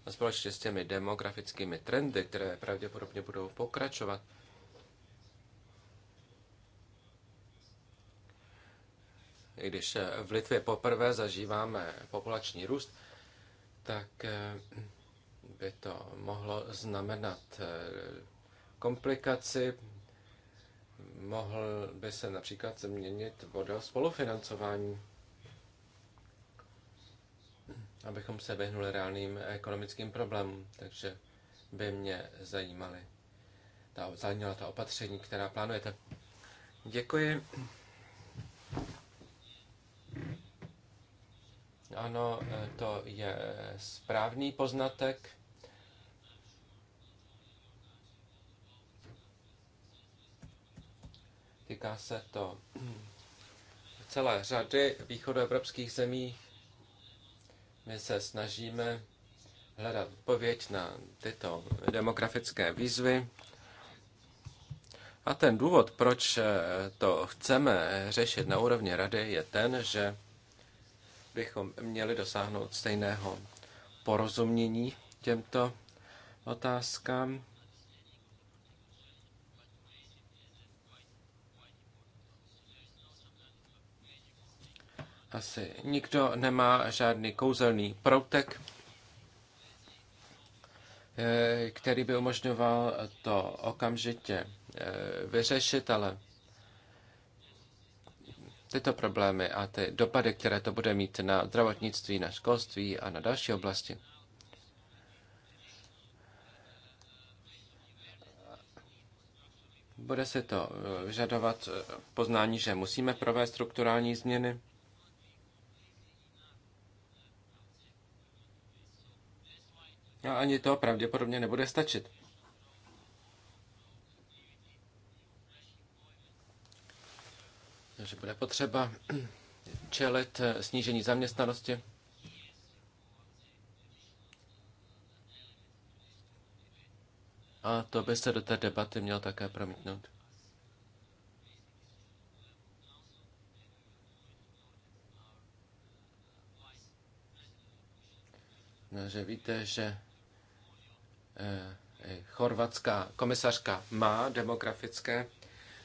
a společně s těmi demografickými trendy, které pravděpodobně budou pokračovat, i když eh, v Litvě poprvé zažíváme populační růst, tak eh, by to mohlo znamenat eh, komplikaci. Mohl by se například změnit model spolufinancování, abychom se vyhnuli reálným ekonomickým problémům. Takže by mě zajímaly ta, zajímala ta opatření, která plánujete. Děkuji. Ano, e, to je správný poznatek. Týká se to celé řady východoevropských zemí. My se snažíme hledat odpověď na tyto demografické výzvy. A ten důvod, proč to chceme řešit na úrovni rady, je ten, že bychom měli dosáhnout stejného porozumění těmto otázkám. Asi nikdo nemá žádný kouzelný proutek, eh, který by umožňoval to okamžitě eh, vyřešit, ale tyto problémy a ty dopady, které to bude mít na zdravotnictví, na školství a na další oblasti. Bude se to eh, vyžadovat eh, poznání, že musíme provést strukturální změny. A ani to pravděpodobně nebude stačit. že bude potřeba čelit snížení zaměstnanosti. A to by se do té debaty měl také promítnout. No, že víte, že eh, chorvatská komisařka má demografické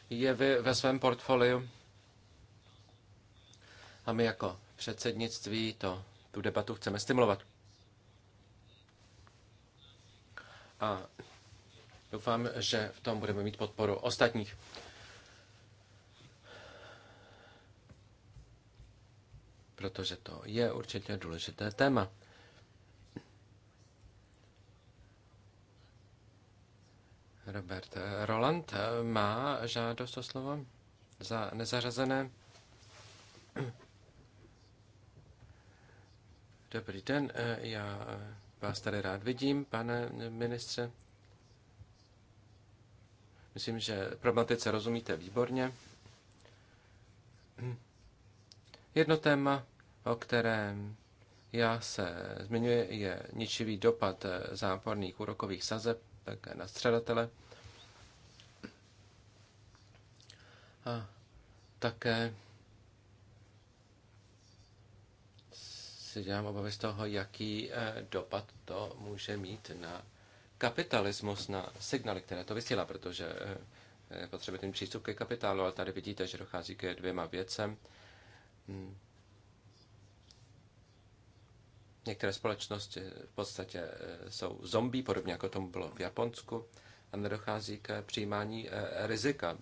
jevy ve svém portfoliu. A my jako předsednictví to, tu debatu chceme stimulovat. A doufám, že v tom budeme mít podporu ostatních. Protože to je určitě důležité téma. Robert Roland má žádost o slovo za nezařazené. Dobrý den, eh, já eh, vás tady rád vidím, pane ministře. Myslím, že problematice rozumíte výborně. Jedno téma, o kterém já se zmiňuji, je ničivý dopad eh, záporných úrokových sazeb také na středatele A také si dělám obavy z toho, jaký eh, dopad to může mít na kapitalismus, na signály, které to vysílá, protože eh, potřebuje ten přístup ke kapitálu, ale tady vidíte, že dochází ke dvěma věcem. Hmm. Některé společnosti v podstatě eh, jsou zombie, podobně jako tomu bylo v Japonsku, a nedochází k přijímání rizika.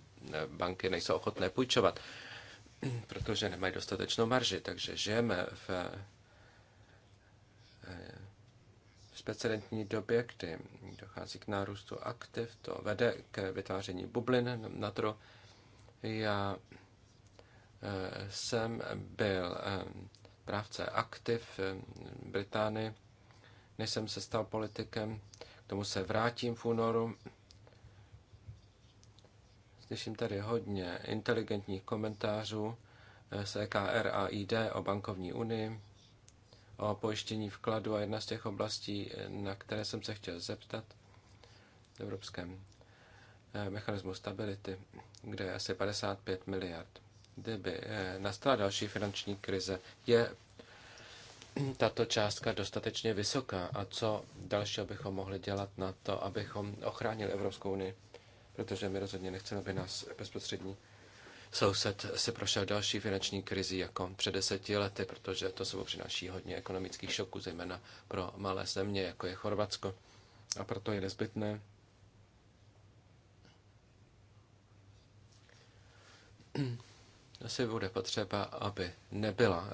Banky nejsou ochotné půjčovat, protože nemají dostatečnou marži, takže žijeme v v precedentní době, kdy dochází k nárůstu aktiv, to vede k vytváření bublin na trhu. Já eh, jsem byl eh, právce aktiv eh, v Británii, než jsem se stal politikem. K tomu se vrátím v únoru. Slyším tady hodně inteligentních komentářů z EKR a ID o bankovní unii o pojištění vkladu a jedna z těch oblastí, na které jsem se chtěl zeptat v Evropském eh, mechanismu stability, kde je asi 55 miliard. Kdyby eh, nastala další finanční krize, je tato částka dostatečně vysoká a co dalšího bychom mohli dělat na to, abychom ochránili Evropskou unii? Protože my rozhodně nechceme, aby nás bezprostřední soused si prošel další finanční krizi jako před deseti lety, protože to sebou přináší hodně ekonomických šoků, zejména pro malé země, jako je Chorvatsko. A proto je nezbytné asi bude potřeba, aby nebyla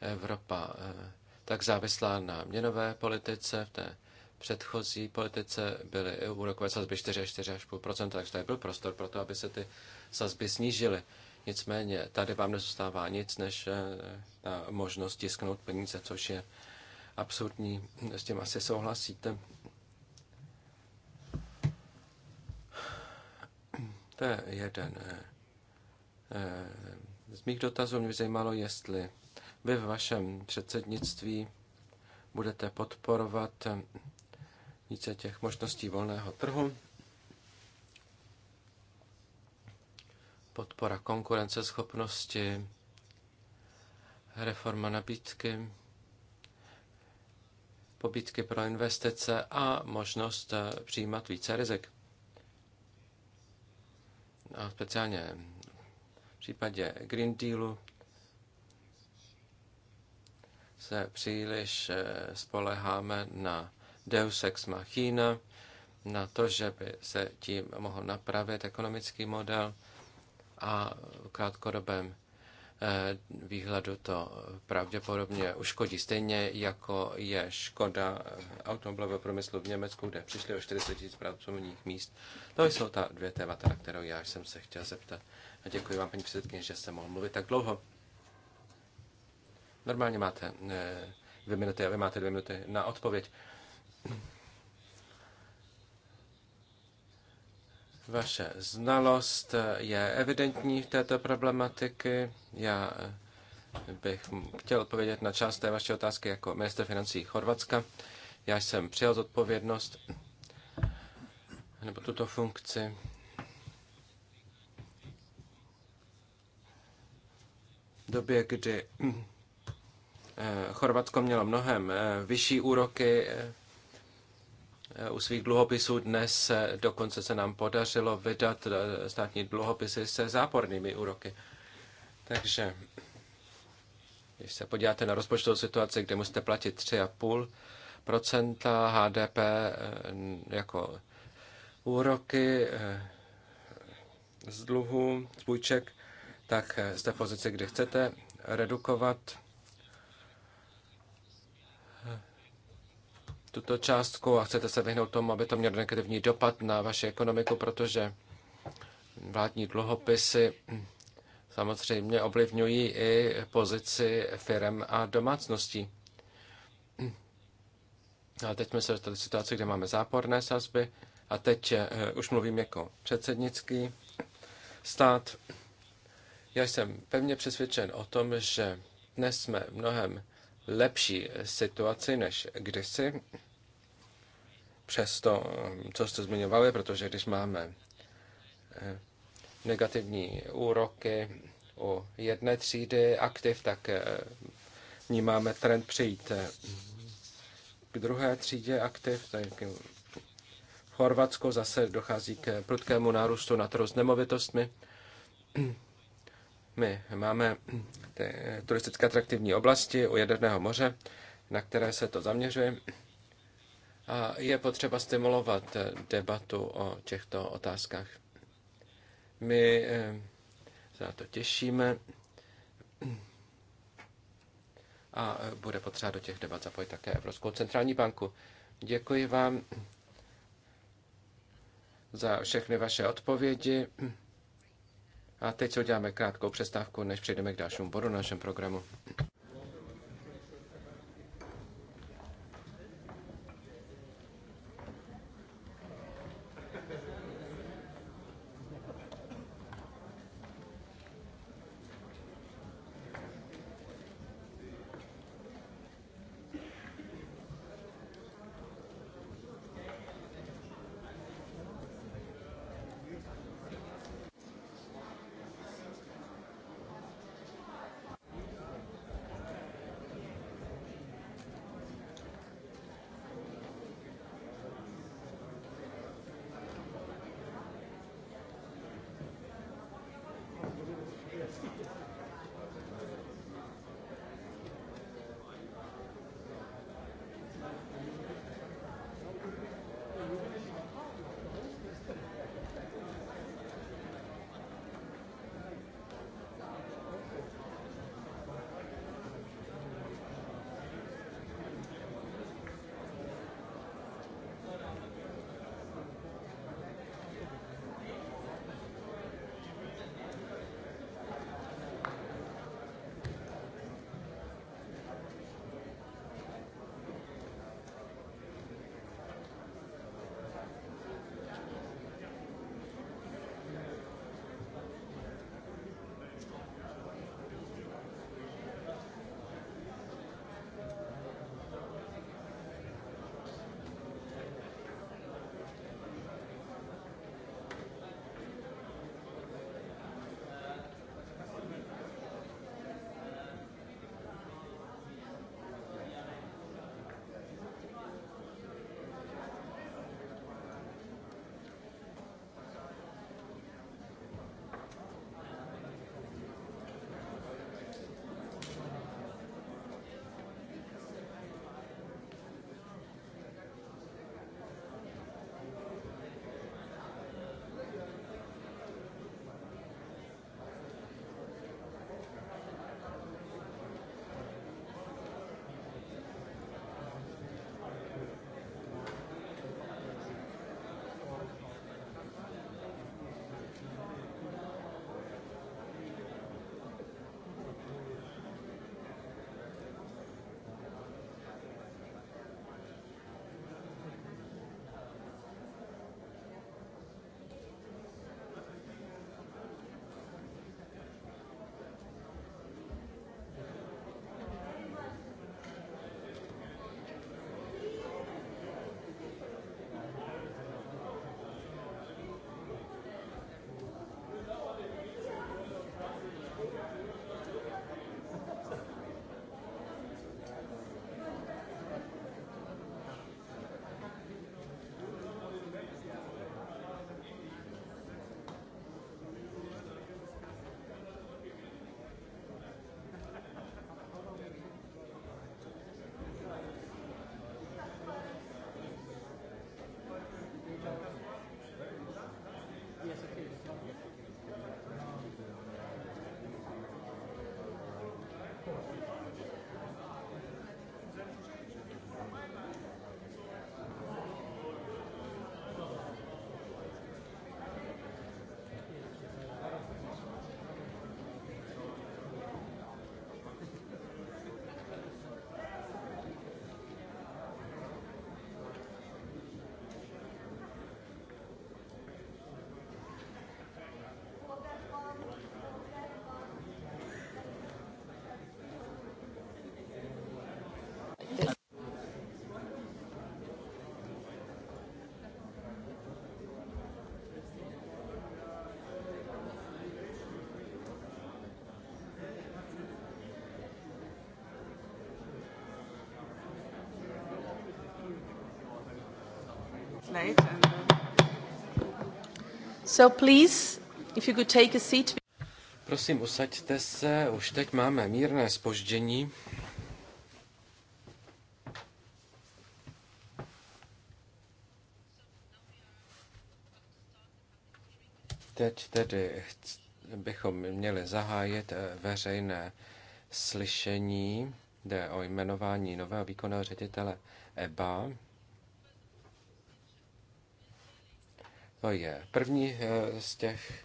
eh, Evropa eh, tak závislá na měnové politice v té předchozí politice byly úrokové sazby 4 až 5%, takže tady byl prostor pro to, aby se ty sazby snížily. Nicméně tady vám nezůstává nic, než eh, ta možnost tisknout peníze, což je absurdní. S tím asi souhlasíte. To je jeden eh, eh, z mých dotazů. Mě zajímalo, jestli vy v vašem předsednictví budete podporovat více těch možností volného trhu, podpora konkurenceschopnosti, reforma nabídky, pobídky pro investice a možnost eh, přijímat více rizik. A speciálně v případě Green Dealu se příliš eh, spoleháme na Deus ex machina, na to, že by se tím mohl napravit ekonomický model a v krátkodobém eh, výhledu to pravděpodobně uškodí stejně, jako je škoda eh, automobilového průmyslu v Německu, kde přišli o 40 tisíc pracovních míst. To jsou ta dvě témata, na kterou já jsem se chtěl zeptat. A děkuji vám, paní předsedkyně, že jste mohl mluvit tak dlouho. Normálně máte eh, dvě minuty a vy máte dvě minuty na odpověď. Vaše znalost je evidentní v této problematiky. Já bych chtěl odpovědět na část té vaší otázky jako minister financí Chorvatska. Já jsem přijal zodpovědnost nebo tuto funkci. V době, kdy eh, Chorvatsko mělo mnohem eh, vyšší úroky eh, u svých dluhopisů. Dnes dokonce se nám podařilo vydat eh, státní dluhopisy se zápornými úroky. Takže když se podíváte na rozpočtovou situaci, kde musíte platit 3,5 HDP eh, jako úroky eh, z dluhu, z půjček, tak jste v pozici, kdy chcete redukovat tuto částku a chcete se vyhnout tomu, aby to mělo negativní dopad na vaši ekonomiku, protože vládní dluhopisy samozřejmě ovlivňují i pozici firm a domácností. A teď jsme se dostali situace, kde máme záporné sazby a teď eh, už mluvím jako předsednický stát. Já jsem pevně přesvědčen o tom, že dnes jsme mnohem lepší situaci než kdysi. Přesto, co jste zmiňovali, protože když máme eh, negativní úroky u jedné třídy aktiv, tak eh, vnímáme trend přijít eh, k druhé třídě aktiv. Tak v Chorvatsku zase dochází k prudkému nárůstu na trhu s nemovitostmi. My máme ty turistické atraktivní oblasti u Jaderného moře, na které se to zaměřuje. A je potřeba stimulovat debatu o těchto otázkách. My eh, se na to těšíme a bude potřeba do těch debat zapojit také Evropskou centrální banku. Děkuji vám za všechny vaše odpovědi. A teď si uděláme krátkou přestávku, než přejdeme k dalšímu bodu na našem programu. late. And, uh, So please, if you could take a seat. Prosím, usaďte se, už teď máme mírné spoždění. Teď tedy bychom měli zahájit eh, veřejné slyšení, jde o jmenování nového výkonného ředitele EBA. To je první eh, z těch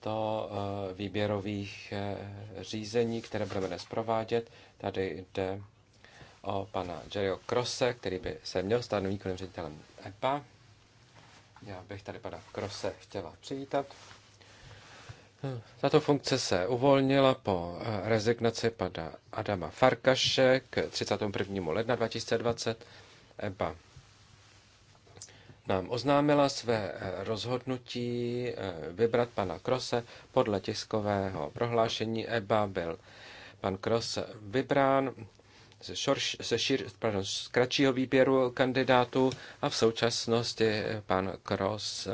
to eh, výběrových eh, řízení, které budeme dnes provádět. Tady jde o pana Jerryho Krose, který by se měl stát výkonným ředitelem EPA. Já bych tady pana Krose chtěla přivítat. Tato funkce se uvolnila po rezignaci pana Adama Farkaše k 31. ledna 2020. EPA nám oznámila své eh, rozhodnutí eh, vybrat pana Krose. Podle tiskového prohlášení EBA byl pan Kros vybrán ze, šorš, ze šir, pardon, z kratšího výběru kandidátů a v současnosti eh, pan Kros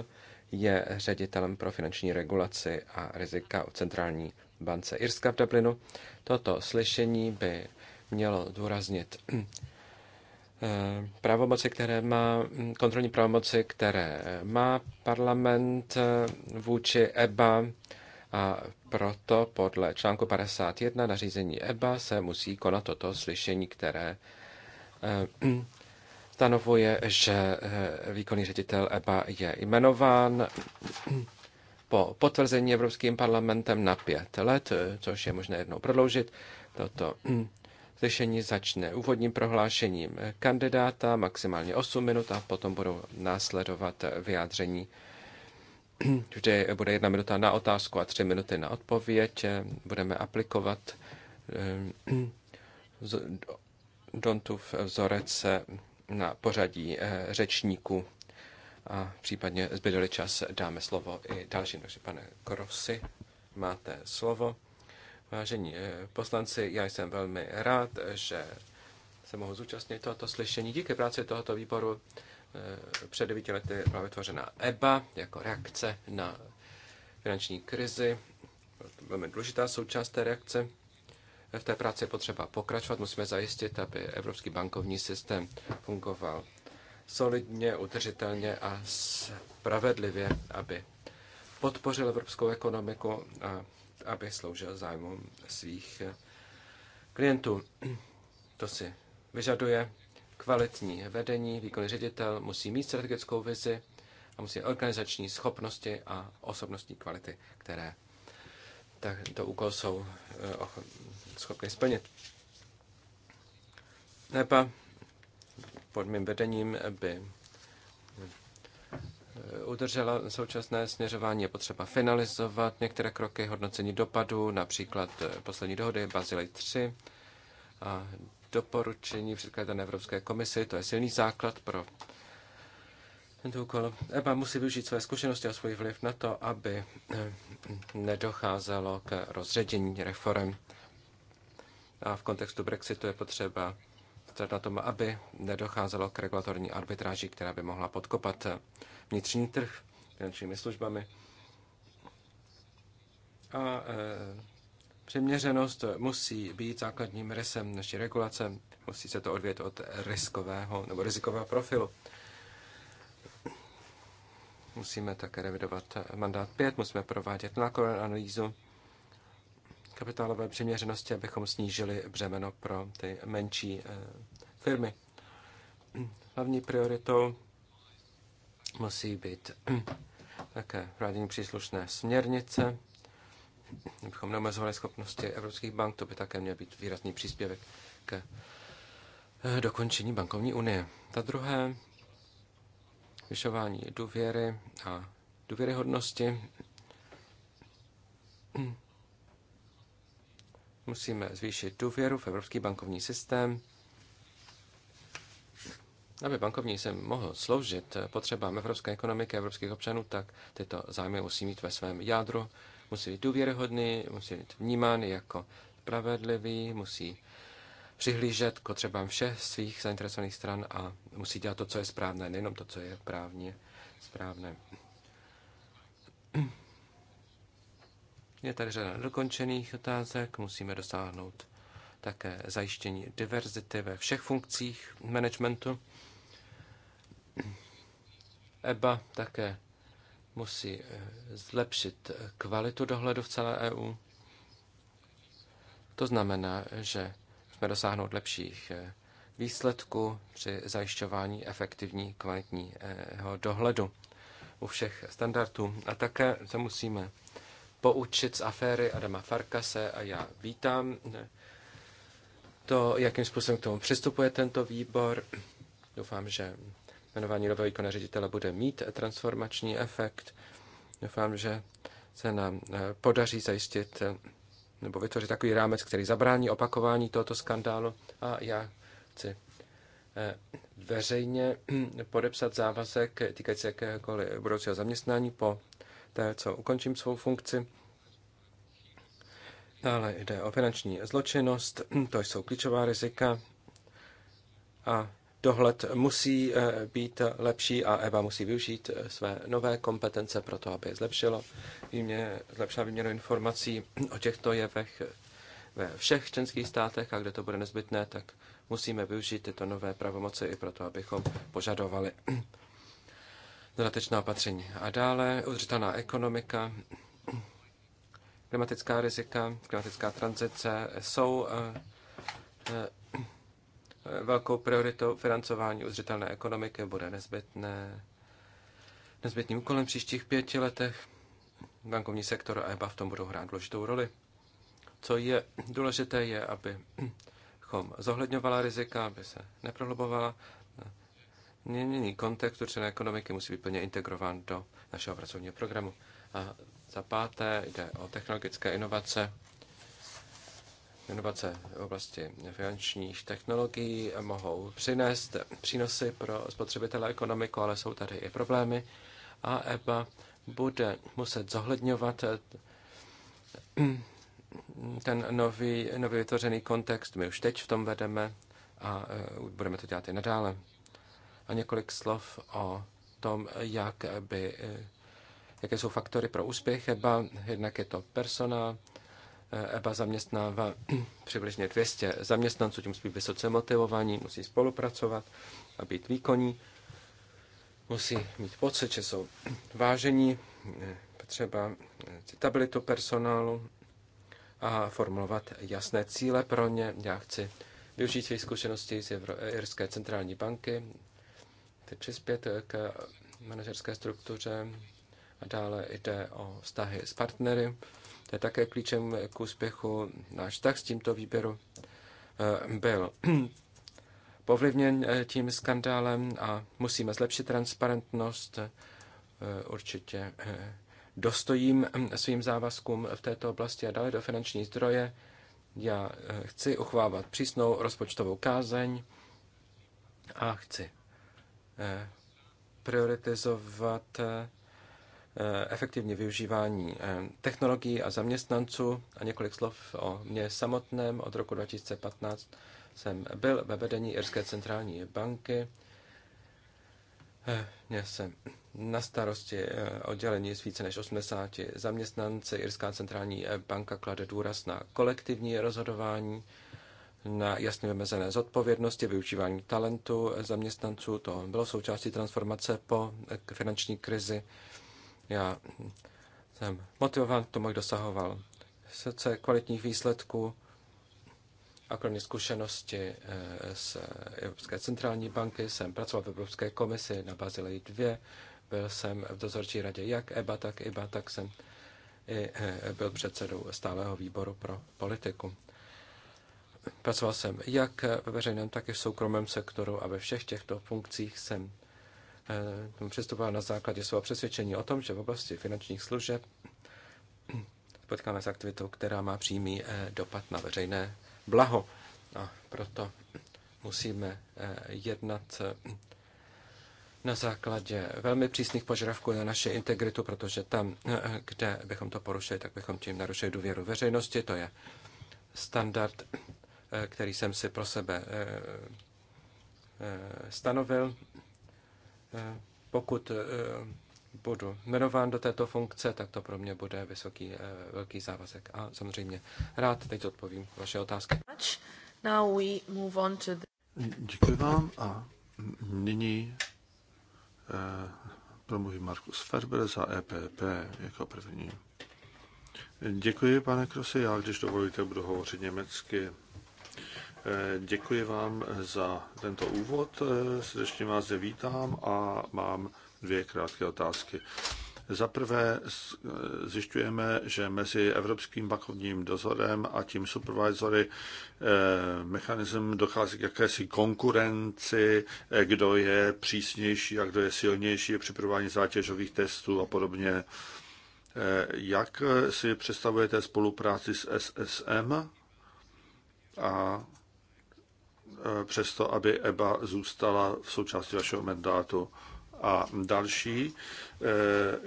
je ředitelem pro finanční regulaci a rizika u Centrální bance Irska v Dublinu. Toto slyšení by mělo důraznit hm, Eh, pravomoci, které má, hm, kontrolní pravomoci, které eh, má parlament eh, vůči EBA a proto podle článku 51 nařízení EBA se musí konat toto slyšení, které stanovuje, že výkonný ředitel EBA je jmenován po potvrzení Evropským parlamentem na pět let, což je možné jednou prodloužit. Toto hm, Slyšení začne úvodním prohlášením kandidáta, maximálně 8 minut a potom budou následovat vyjádření. Vždy bude jedna minuta na otázku a tři minuty na odpověď. Budeme aplikovat eh, Dontův vzorec na pořadí eh, řečníků a případně zbydeli čas dáme slovo i dalším. Takže pane Korosi, máte slovo. Vážení eh, poslanci, já jsem velmi rád, že se mohu zúčastnit tohoto slyšení. Díky práci tohoto výboru eh, před devíti lety byla vytvořena EBA jako reakce na finanční krizi. Velmi důležitá součást té reakce. V té práci je potřeba pokračovat. Musíme zajistit, aby evropský bankovní systém fungoval solidně, udržitelně a spravedlivě, aby podpořil evropskou ekonomiku a aby sloužil zájmům svých eh, klientů. To si vyžaduje kvalitní vedení, výkonný ředitel musí mít strategickou vizi a musí organizační schopnosti a osobnostní kvality, které to úkol jsou eh, schopni splnit. Nebo pod mým vedením by udržela současné směřování, je potřeba finalizovat některé kroky hodnocení dopadu, například eh, poslední dohody Bazilej 3 a doporučení předkladané Evropské komisi. To je silný základ pro tento úkol. EBA musí využít své zkušenosti a svůj vliv na to, aby eh, nedocházelo k rozředění reform. A v kontextu Brexitu je potřeba na tom, aby nedocházelo k regulatorní arbitráži, která by mohla podkopat eh, vnitřní trh finančními službami. A e, Přiměřenost musí být základním rysem naší regulace, musí se to odvět od riskového nebo rizikového profilu. Musíme také revidovat mandát 5, musíme provádět nákladovou analýzu kapitálové přiměřenosti, abychom snížili břemeno pro ty menší e, firmy. Hlavní prioritou Musí být také hradění příslušné směrnice, abychom neomezovali schopnosti evropských bank, to by také měl být výrazný příspěvek k eh, dokončení bankovní unie. Ta druhé, vyšování důvěry a důvěryhodnosti. Musíme zvýšit důvěru v evropský bankovní systém aby bankovní se mohl sloužit potřebám evropské ekonomiky, evropských občanů, tak tyto zájmy musí mít ve svém jádru, musí být důvěryhodný, musí být vnímán jako spravedlivý, musí přihlížet k potřebám všech svých zainteresovaných stran a musí dělat to, co je správné, nejenom to, co je právně správné. Je tady řada dokončených otázek, musíme dosáhnout také zajištění diverzity ve všech funkcích managementu. EBA také musí eh, zlepšit kvalitu dohledu v celé EU. To znamená, že jsme dosáhnout lepších eh, výsledků při zajišťování efektivní kvalitního dohledu u všech standardů. A také se musíme poučit z aféry Adama Farkase a já vítám eh, to, jakým způsobem k tomu přistupuje tento výbor. Doufám, že jmenování nového výkona ředitele bude mít transformační efekt. Doufám, že se nám eh, podaří zajistit eh, nebo vytvořit takový rámec, který zabrání opakování tohoto skandálu. A já chci eh, veřejně podepsat závazek týkající jakéhokoliv budoucího zaměstnání po té, co ukončím svou funkci. Dále jde o finanční zločinnost, to jsou klíčová rizika a dohled musí eh, být lepší a EBA musí využít eh, své nové kompetence pro to, aby je zlepšilo. Výměně zlepšila výměnu informací o těchto jevech eh, ve všech členských státech a kde to bude nezbytné, tak musíme využít tyto nové pravomoci i proto, abychom požadovali dodatečná opatření. A dále udržitelná ekonomika, klimatická rizika, klimatická tranzice jsou velkou prioritou financování uzřitelné ekonomiky bude nezbytné, nezbytným úkolem v příštích pěti letech. Bankovní sektor a EBA v tom budou hrát důležitou roli. Co je důležité, je, abychom zohledňovala rizika, aby se neprohlubovala. Měněný kontext určené ekonomiky musí být plně integrován do našeho pracovního programu. A za páté jde o technologické inovace. Inovace v oblasti finančních technologií mohou přinést přínosy pro spotřebitele ekonomiku, ale jsou tady i problémy. A EBA bude muset zohledňovat eh, ten nový, nový vytvořený kontext. My už teď v tom vedeme a eh, budeme to dělat i nadále. A několik slov o tom, jak by, eh, jaké jsou faktory pro úspěch EBA. Jednak je to persona, EBA zaměstnává přibližně 200 zaměstnanců, tím musí být vysoce motivovaní, musí spolupracovat a být výkonní, musí mít pocit, že jsou vážení, třeba citabilitu personálu a formulovat jasné cíle pro ně. Já chci využít své zkušenosti z Jirské centrální banky, ty přispět k manažerské struktuře a dále jde o vztahy s partnery. To je také klíčem k úspěchu. Náš tak s tímto výběru eh, byl povlivněn eh, tím skandálem a musíme zlepšit transparentnost. Eh, určitě dostojím svým závazkům v této oblasti a dále do finanční zdroje. Já chci uchvávat přísnou rozpočtovou kázeň a chci prioritizovat Eh, efektivní využívání eh, technologií a zaměstnanců a několik slov o mě samotném. Od roku 2015 jsem byl ve vedení Irské centrální banky. Eh, měl jsem na starosti oddělení s více než 80 zaměstnanci. Irská centrální banka klade důraz na kolektivní rozhodování, na jasně vymezené zodpovědnosti, využívání talentu zaměstnanců. To bylo součástí transformace po finanční krizi. Já jsem motivován k tomu, jak dosahoval sice kvalitních výsledků a kromě zkušenosti z eh, Evropské centrální banky jsem pracoval v Evropské komisi na Bazileji 2, byl jsem v dozorčí radě jak EBA, tak IBA, tak jsem i eh, byl předsedou stáleho výboru pro politiku. Pracoval jsem jak ve veřejném, tak i v soukromém sektoru a ve všech těchto funkcích jsem Eh, přistupoval tomu na základě svého přesvědčení o tom, že v oblasti finančních služeb potkáme s aktivitou, která má přímý eh, dopad na veřejné blaho. A proto musíme eh, jednat na základě velmi přísných požadavků na naše integritu, protože tam, kde bychom to porušili, tak bychom tím narušili důvěru veřejnosti. To je standard, který jsem si pro sebe stanovil Eh, pokud eh, budu jmenován do této funkce, tak to pro mě bude vysoký, eh, velký závazek. A samozřejmě rád teď odpovím vaše otázky. Děkuji vám a nyní eh, promluví Markus Ferber za EPP jako první. Děkuji, pane Krosi, Já, když dovolíte, budu hovořit německy. Eh, děkuji vám eh, za tento úvod. Eh, srdečně vás zde vítám a mám dvě krátké otázky. Za prvé zjišťujeme, že mezi Evropským bankovním dozorem a tím supervisory mechanismem dochází k jakési konkurenci, kdo je přísnější a kdo je silnější při provádění zátěžových testů a podobně. Jak si představujete spolupráci s SSM a Eh, přesto, aby EBA zůstala v součástí vašeho mandátu. A další, eh,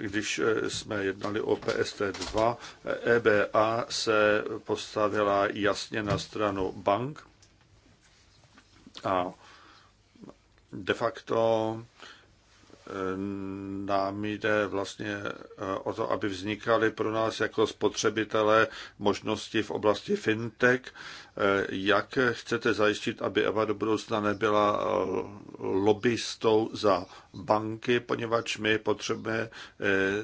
když eh, jsme jednali o PST2, EBA e se postavila jasně na stranu bank a de facto E, nám jde vlastně e, o to, aby vznikaly pro nás jako spotřebitelé možnosti v oblasti fintech. E, jak chcete zajistit, aby Eva do budoucna nebyla lobbystou za banky, poněvadž my potřebujeme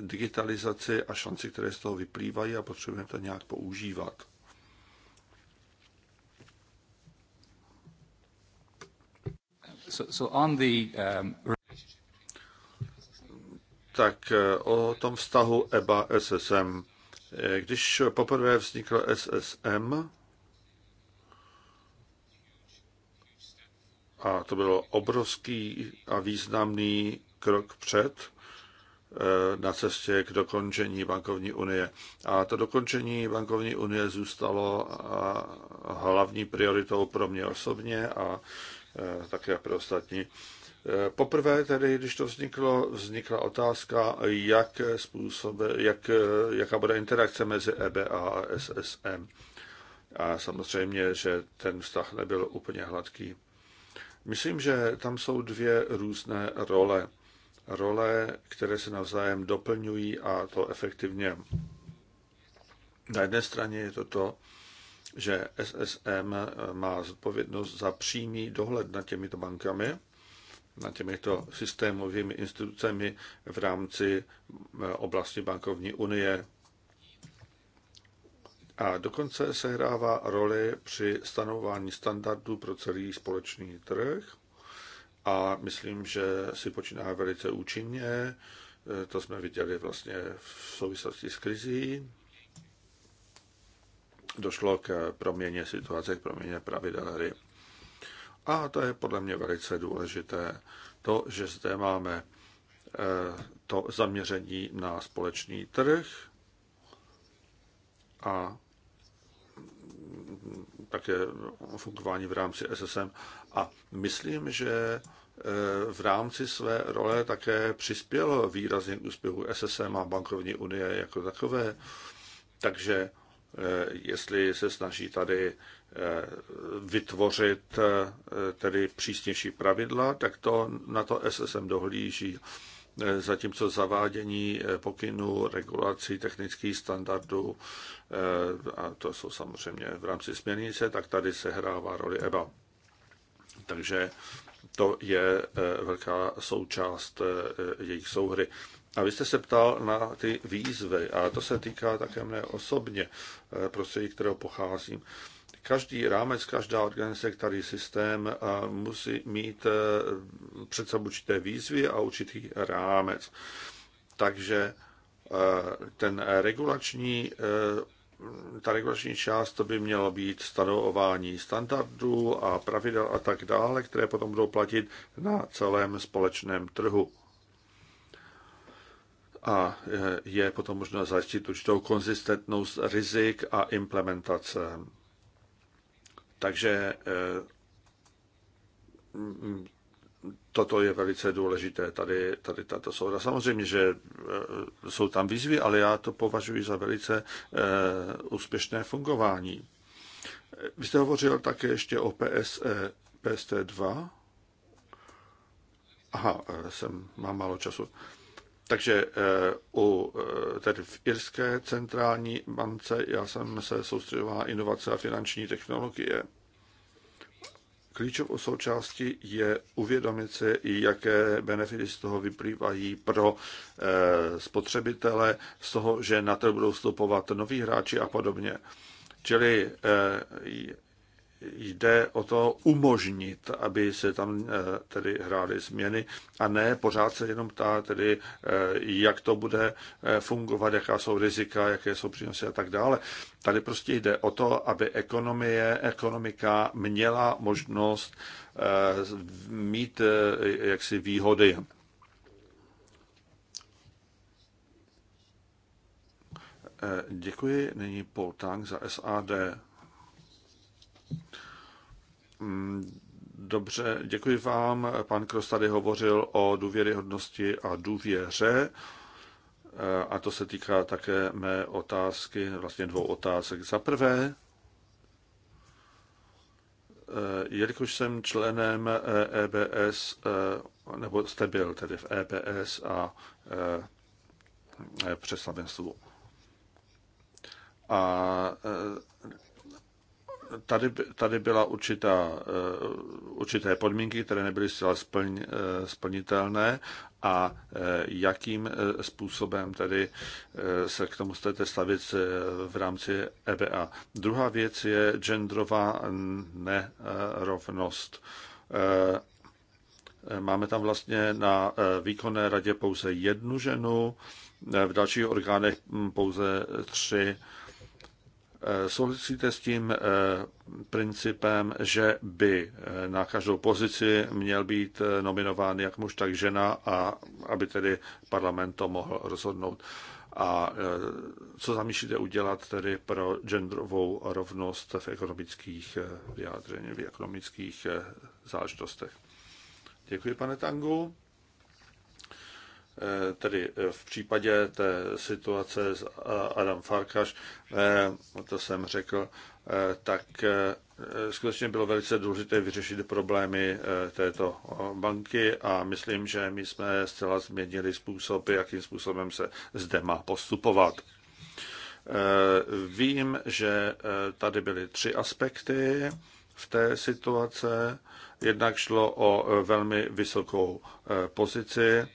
digitalizaci a šanci, které z toho vyplývají a potřebujeme to nějak používat. So, so on the, um tak eh, o tom vztahu EBA-SSM. Eh, když poprvé vzniklo SSM, a to bylo obrovský a významný krok před eh, na cestě k dokončení bankovní unie. A to dokončení bankovní unie zůstalo hlavní prioritou pro mě osobně a také pro ostatní. Poprvé tedy, když to vzniklo, vznikla otázka, jak způsob, jak, jaká bude interakce mezi EBA a SSM. A samozřejmě, že ten vztah nebyl úplně hladký. Myslím, že tam jsou dvě různé role. Role, které se navzájem doplňují a to efektivně. Na jedné straně je to to, že SSM má zodpovědnost za přímý dohled nad těmito bankami, na těmito systémovými institucemi v rámci eh, oblasti bankovní unie. A dokonce sehrává roli při stanování standardů pro celý společný trh. A myslím, že si počíná velice účinně. Eh, to jsme viděli vlastně v souvislosti s krizí. Došlo k proměně situace, k proměně pravidel hry. A to je podle mě velice důležité, to, že zde máme eh, to zaměření na společný trh a také fungování v rámci SSM. A myslím, že eh, v rámci své role také přispělo výrazně k úspěchu SSM a bankovní unie jako takové. Takže eh, jestli se snaží tady vytvořit eh, tedy přísnější pravidla, tak to na to SSM dohlíží. Eh, zatímco zavádění eh, pokynů, regulací, technických standardů, a to jsou samozřejmě v rámci směrnice, tak tady se hrává roli EBA. Takže to je velká součást jejich souhry. A vy jste se ptal na ty výzvy, a to se týká také mne osobně, prostředí, kterého pocházím. Každý rámec, každá organizace, který systém eh, musí mít eh, před sebou určité výzvy a určitý rámec. Takže eh, ten regulační ta regulační část to by mělo být stanovování standardů a pravidel a tak dále, které potom budou platit na celém společném trhu. A je potom možno zajistit určitou konzistentnost rizik a implementace. Takže eh, toto je velice důležité, tady, tady tato souhra. Samozřejmě, že eh, jsou tam výzvy, ale já to považuji za velice eh, úspěšné fungování. Vy jste hovořil také ještě o PSE, PST2. Aha, jsem, mám málo času. Takže eh, u eh, tedy v Irské centrální bance já jsem se soustředoval na inovace a finanční technologie. Klíčovou součástí je uvědomit si, jaké benefity z toho vyplývají pro eh, spotřebitele, z toho, že na to budou vstupovat noví hráči a podobně. Čili jde o to umožnit, aby se tam eh, tedy hrály změny a ne pořád se jenom ptá, tedy, eh, jak to bude eh, fungovat, jaká jsou rizika, jaké jsou přínosy a tak dále. Tady prostě jde o to, aby ekonomie, ekonomika měla možnost mít jaksi výhody. Děkuji. Nyní Paul Tang za SAD. Mm, dobře, děkuji vám. Pan Kros tady hovořil o důvěryhodnosti a důvěře. Eh, a to se týká také mé otázky, vlastně dvou otázek. Za prvé, eh, jelikož jsem členem EBS, eh, e nebo jste byl tedy v EBS a představenstvu. A tady, tady byla určitá, eh, určité podmínky, které nebyly zcela splň, eh, splnitelné a eh, jakým způsobem tedy se k tomu chcete stavit v rámci EBA. Druhá věc je genderová nerovnost. Máme tam vlastně na výkonné radě pouze jednu ženu, v dalších orgánech hm, pouze tři Eh, souhlasíte s tím eh, principem, že by eh, na každou pozici měl být nominován jak muž, tak žena a aby tedy parlament to mohl rozhodnout. A co zamýšlíte udělat tedy pro genderovou rovnost v ekonomických vyjádřeních, v ekonomických záležitostech? Děkuji, pane Tangu. Eh, tedy eh, v případě té situace s Adam Farkaš, eh, to jsem řekl, tak skutečně bylo velice důležité vyřešit problémy této banky a myslím, že my jsme zcela změnili způsoby, jakým způsobem se zde má postupovat. Vím, že tady byly tři aspekty v té situace. Jednak šlo o velmi vysokou pozici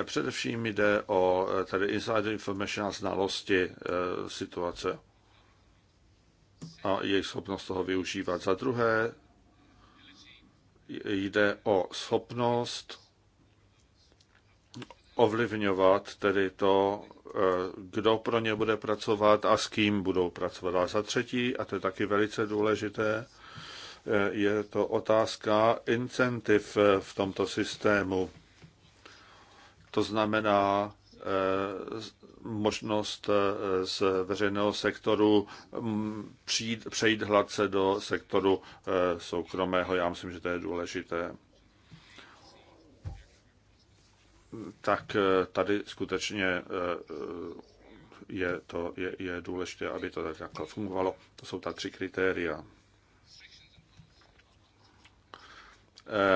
Eh, především jde o eh, tady insider information a znalosti eh, situace a jejich schopnost toho využívat. Za druhé jde o schopnost ovlivňovat tedy to, kdo pro ně bude pracovat a s kým budou pracovat. A za třetí, a to je taky velice důležité, je to otázka incentiv v tomto systému. To znamená eh, možnost eh, z veřejného sektoru mm, přijít, přejít hladce do sektoru eh, soukromého. Já myslím, že to je důležité. Tak tady skutečně je, to, je, je důležité, aby to tak fungovalo. To jsou ta tři kritéria.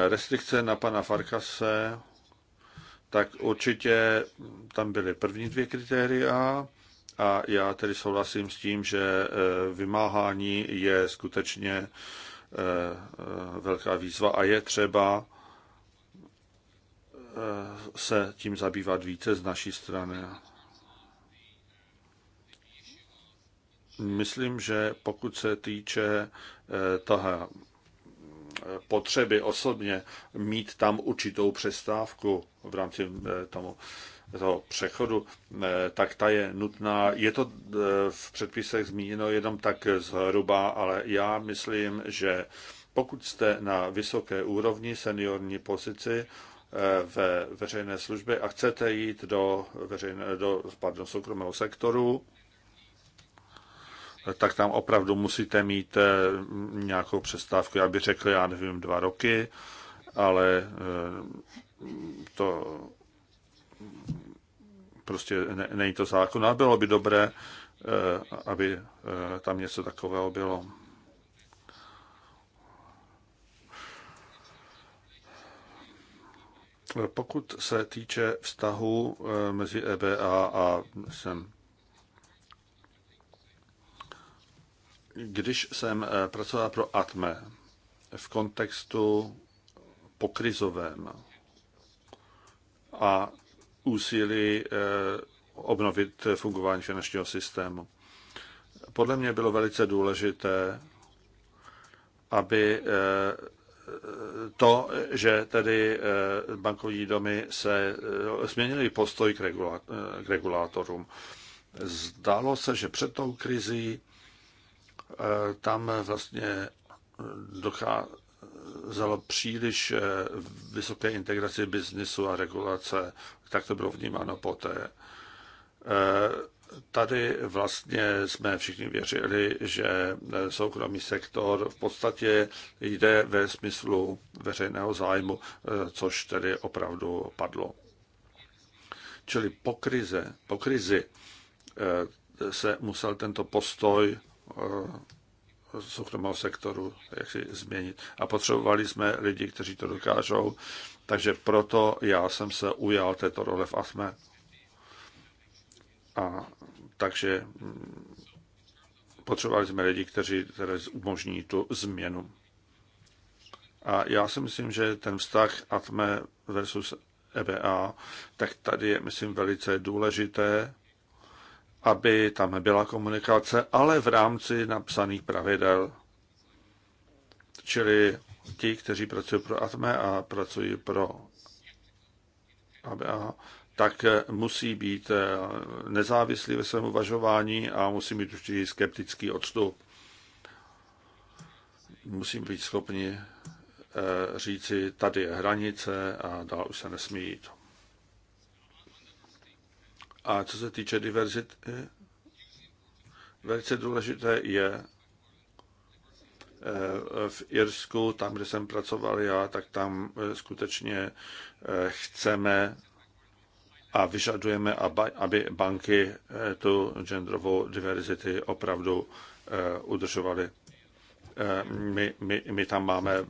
Restrikce na pana Farkase tak určitě tam byly první dvě kritéria a já tedy souhlasím s tím, že e, vymáhání je skutečně e, e, velká výzva a je třeba se tím zabývat více z naší strany. Myslím, že pokud se týče toho potřeby osobně mít tam určitou přestávku v rámci eh, tomu toho přechodu, eh, tak ta je nutná. Je to eh, v předpisech zmíněno jenom tak zhruba, ale já myslím, že pokud jste na vysoké úrovni seniorní pozici ve veřejné službě a chcete jít do, veřejné, do pardon, soukromého sektoru, tak tam opravdu musíte mít eh, nějakou přestávku. Já bych řekl, já nevím, dva roky, ale eh, to prostě není to zákon. A bylo by dobré, eh, aby tam něco takového bylo. Pokud se týče vztahu mezi EBA a jsem když jsem eh, pracoval pro ATME v kontextu pokrizovém a úsilí eh, obnovit fungování finančního systému. Podle mě bylo velice důležité, aby eh, to, že tedy bankovní domy se změnili postoj k regulátorům. Zdálo se, že před tou krizí Eh, tam vlastně docházelo příliš eh, vysoké integraci biznisu a regulace, tak to bylo vnímáno poté. Eh, tady vlastně jsme všichni věřili, že soukromý sektor v podstatě jde ve smyslu veřejného zájmu, což tedy opravdu padlo. Čili po, krizi, po krizi se musel tento postoj Eh, soukromého sektoru jak si změnit. A potřebovali jsme lidi, kteří to dokážou, takže proto já jsem se ujal této role v ASME. A takže mm, potřebovali jsme lidi, kteří které umožní tu změnu. A já si myslím, že ten vztah ATME versus EBA, tak tady je, myslím, velice důležité, aby tam byla komunikace, ale v rámci napsaných pravidel. Čili ti, kteří pracují pro ATME a pracují pro ABA, tak musí být eh, nezávislí ve svém uvažování a musí mít určitý skeptický odstup. Musí být schopni eh, říci, tady je hranice a dál už se nesmí jít. A co se týče diverzity, eh, velice důležité je eh, v Irsku, tam, kde jsem pracoval já, tak tam eh, skutečně chceme a vyžadujeme, aby banky tu genderovou diverzity opravdu udržovaly. My, my, my tam máme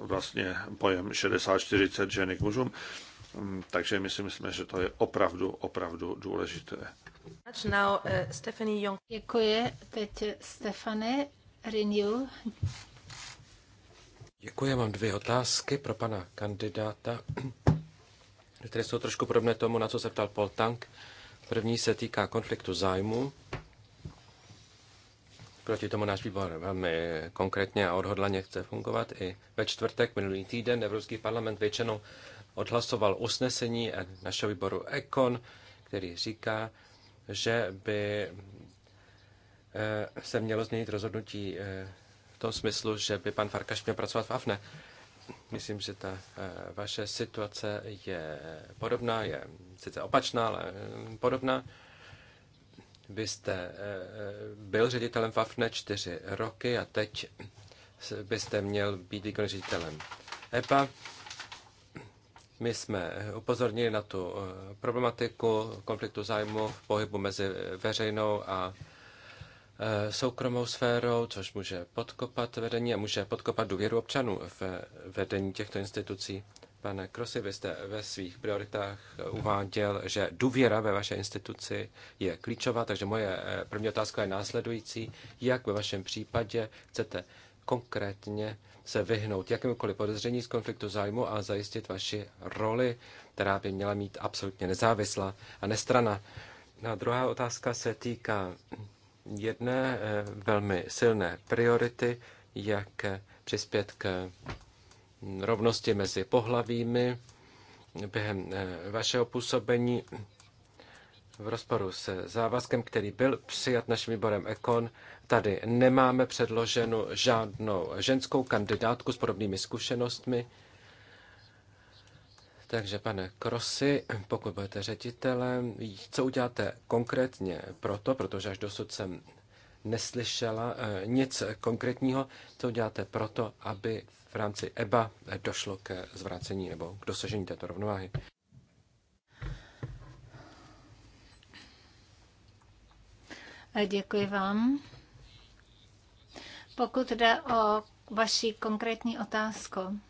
vlastně pojem 60-40 ženy k mužům Mm, takže my si myslíme, že to je opravdu, opravdu důležité. Eh, Děkuji. Teď Stefany Renew. Děkuji. Mám dvě otázky pro pana kandidáta, které jsou trošku podobné tomu, na co se ptal Paul Tank. První se týká konfliktu zájmu. Proti tomu náš výbor velmi konkrétně a odhodlaně chce fungovat. I ve čtvrtek minulý týden Evropský parlament většinou odhlasoval usnesení našeho výboru Ekon, který říká, že by eh, se mělo změnit rozhodnutí eh, v tom smyslu, že by pan Farkaš měl pracovat v AFNE. Myslím, že ta eh, vaše situace je podobná, je sice opačná, ale podobná. Vy jste byl ředitelem v AFNE čtyři roky a teď byste měl být výkonným ředitelem EPA. My jsme upozornili na tu eh, problematiku konfliktu zájmu v pohybu mezi veřejnou a eh, soukromou sférou, což může podkopat vedení a může podkopat důvěru občanů v eh, vedení těchto institucí. Pane Krosy, vy jste ve svých prioritách uváděl, že důvěra ve vaše instituci je klíčová, takže moje první otázka je následující. Jak ve vašem případě chcete konkrétně se vyhnout jakémukoliv podezření z konfliktu zájmu a zajistit vaši roli, která by měla mít absolutně nezávislá a nestrana. A druhá otázka se týká jedné eh, velmi silné priority, jak eh, přispět k mm, rovnosti mezi pohlavími během eh, vašeho působení v rozporu se závazkem, který byl přijat naším výborem Ekon. Tady nemáme předloženu žádnou ženskou kandidátku s podobnými zkušenostmi. Takže, pane Krosy, pokud budete ředitelem, co uděláte konkrétně proto, protože až dosud jsem neslyšela eh, nic konkrétního, co uděláte proto, aby v rámci EBA došlo ke zvrácení nebo k dosažení této rovnováhy? Děkuji vám. Pokud jde o vaši konkrétní otázku,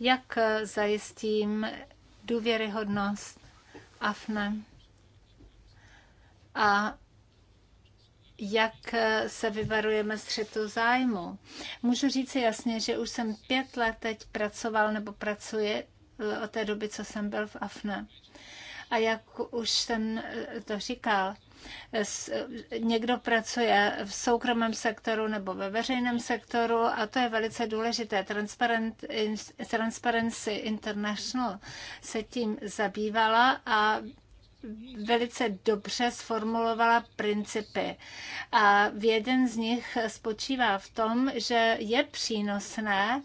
jak zajistím důvěryhodnost AFNE a jak se vyvarujeme střetu zájmu. Můžu říct jasně, že už jsem pět let teď pracoval nebo pracuji eh, od té doby, co jsem byl v AFNE. A jak už jsem eh, to říkal, někdo pracuje v soukromém sektoru nebo ve veřejném sektoru a to je velice důležité. Transparent, Transparency International se tím zabývala a velice dobře sformulovala principy. A v jeden z nich spočívá v tom, že je přínosné,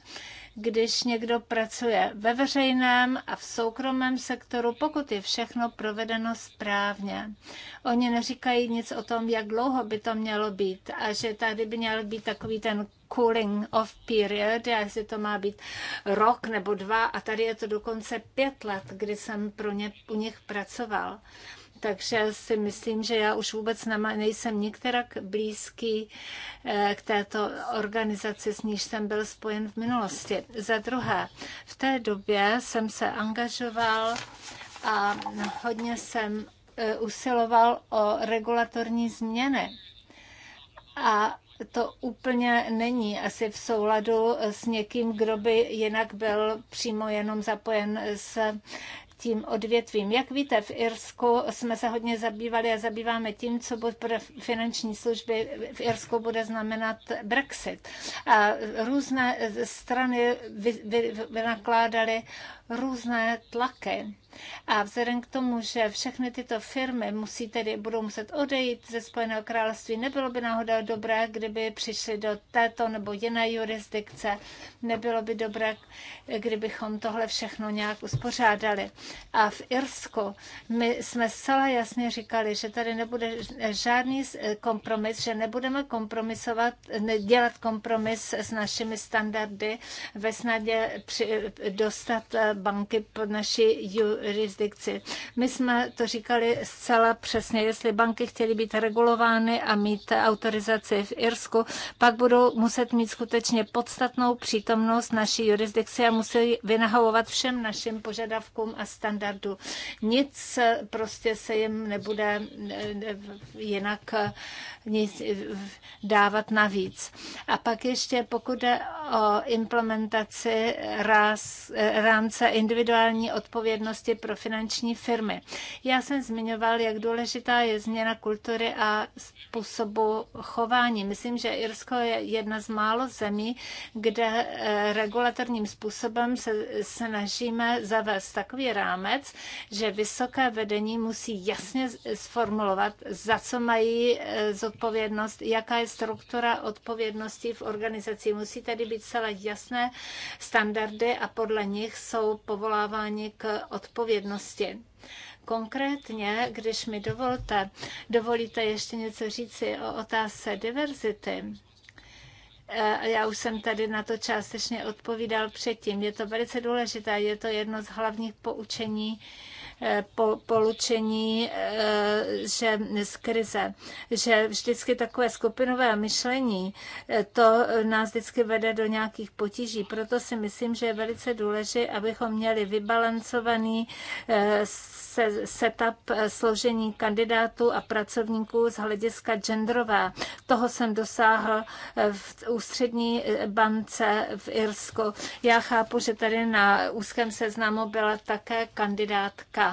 když někdo pracuje ve veřejném a v soukromém sektoru, pokud je všechno provedeno správně. Oni neříkají nic o tom, jak dlouho by to mělo být a že tady by měl být takový ten cooling off period, jestli to má být rok nebo dva a tady je to dokonce pět let, kdy jsem pro ně, u nich pracoval takže si myslím, že já už vůbec nejsem nikterak blízký eh, k této organizaci, s níž jsem byl spojen v minulosti. Za druhé, v té době jsem se angažoval a hodně jsem eh, usiloval o regulatorní změny. A to úplně není asi v souladu s někým, kdo by jinak byl přímo jenom zapojen s tím odvětvím. Jak víte, v Irsku jsme se hodně zabývali a zabýváme tím, co bude pro finanční služby v Irsku bude znamenat Brexit. A různé strany vynakládaly vy, vy, vy různé tlaky. A vzhledem k tomu, že všechny tyto firmy musí tedy, budou muset odejít ze Spojeného království, nebylo by náhoda dobré, kdyby přišli do této nebo jiné jurisdikce. Nebylo by dobré, kdybychom tohle všechno nějak uspořádali. A v Irsku my jsme zcela jasně říkali, že tady nebude žádný kompromis, že nebudeme kompromisovat, dělat kompromis s našimi standardy ve snadě při, dostat eh, banky pod naší jurisdikci. My jsme to říkali zcela přesně. Jestli banky chtěly být regulovány a mít autorizaci v Irsku, pak budou muset mít skutečně podstatnou přítomnost naší jurisdikce a musí vynahovovat všem našim požadavkům a standardu. Nic prostě se jim nebude jinak eh, nic eh, dávat navíc. A pak ještě, pokud jde o implementaci eh, rámce se individuální odpovědnosti pro finanční firmy. Já jsem zmiňoval, jak důležitá je změna kultury a způsobu chování. Myslím, že Irsko je jedna z málo zemí, kde eh, regulatorním způsobem se snažíme zavést takový rámec, že vysoké vedení musí jasně sformulovat, za co mají eh, zodpovědnost, jaká je struktura odpovědnosti v organizaci. Musí tady být celé jasné standardy a podle nich jsou jsou povoláváni k odpovědnosti. Konkrétně, když mi dovolte, dovolíte ještě něco říci o otázce diverzity. Eh, já už jsem tady na to částečně odpovídal předtím. Je to velice důležité, je to jedno z hlavních poučení Eh, po, polučení eh, že z krize, že vždycky takové skupinové myšlení, eh, to nás vždycky vede do nějakých potíží. Proto si myslím, že je velice důležité, abychom měli vybalancovaný setup složení kandidátů a pracovníků z hlediska genderové. Toho jsem dosáhl v ústřední bance v Irsku. Já chápu, že tady na úzkém seznamu byla také kandidátka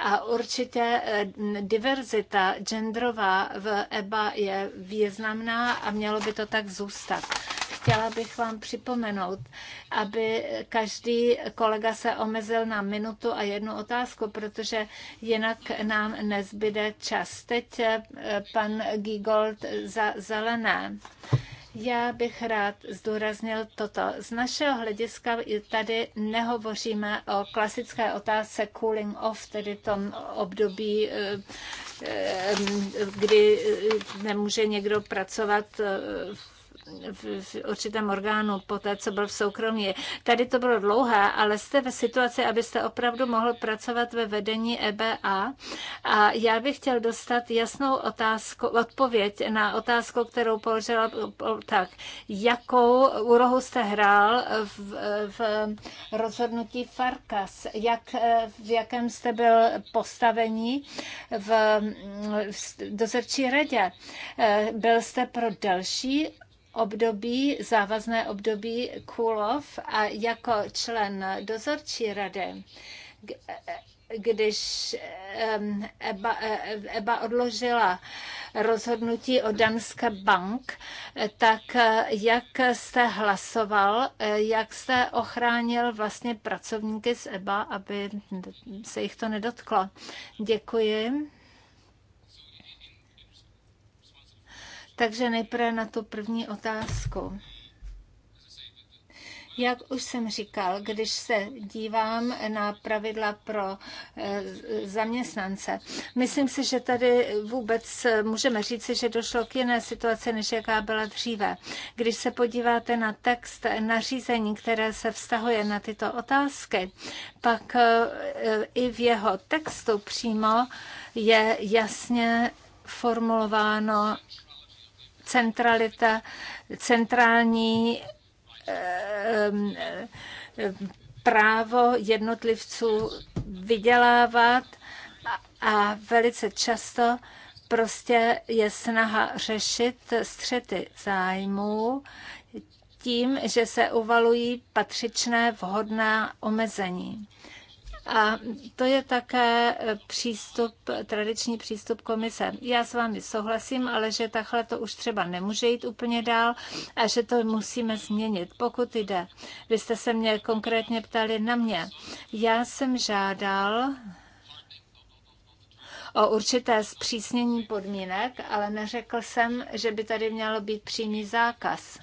a určitě eh, diverzita genderová v EBA je významná a mělo by to tak zůstat chtěla bych vám připomenout, aby každý kolega se omezil na minutu a jednu otázku, protože jinak nám nezbyde čas. Teď eh, pan Gigold za zelené. Já bych rád zdůraznil toto. Z našeho hlediska tady nehovoříme o klasické otázce cooling off, tedy tom období, eh, eh, kdy nemůže někdo pracovat v eh, v určitém orgánu po té, co byl v soukromí. Tady to bylo dlouhé, ale jste ve situaci, abyste opravdu mohl pracovat ve vedení EBA a já bych chtěl dostat jasnou otázku, odpověď na otázku, kterou položila tak, jakou úrohu jste hrál v, v rozhodnutí Farkas, jak, v jakém jste byl postavení v, v dozorčí radě. Byl jste pro další období, závazné období Kulov a jako člen dozorčí rady když EBA, EBA odložila rozhodnutí o Danske Bank, tak jak jste hlasoval, jak jste ochránil vlastně pracovníky z EBA, aby se jich to nedotklo? Děkuji. Takže nejprve na tu první otázku. Jak už jsem říkal, když se dívám na pravidla pro eh, zaměstnance, myslím si, že tady vůbec můžeme říci, že došlo k jiné situaci, než jaká byla dříve. Když se podíváte na text nařízení, které se vztahuje na tyto otázky, pak eh, i v jeho textu přímo je jasně formulováno centralita, centrální eh, eh, právo jednotlivců vydělávat a velice často prostě je snaha řešit střety zájmů tím, že se uvalují patřičné vhodná omezení. A to je také eh, přístup, tradiční přístup komise. Já s vámi souhlasím, ale že takhle to už třeba nemůže jít úplně dál a že to musíme změnit, pokud jde. Vy jste se mě konkrétně ptali na mě. Já jsem žádal o určité zpřísnění podmínek, ale neřekl jsem, že by tady mělo být přímý zákaz.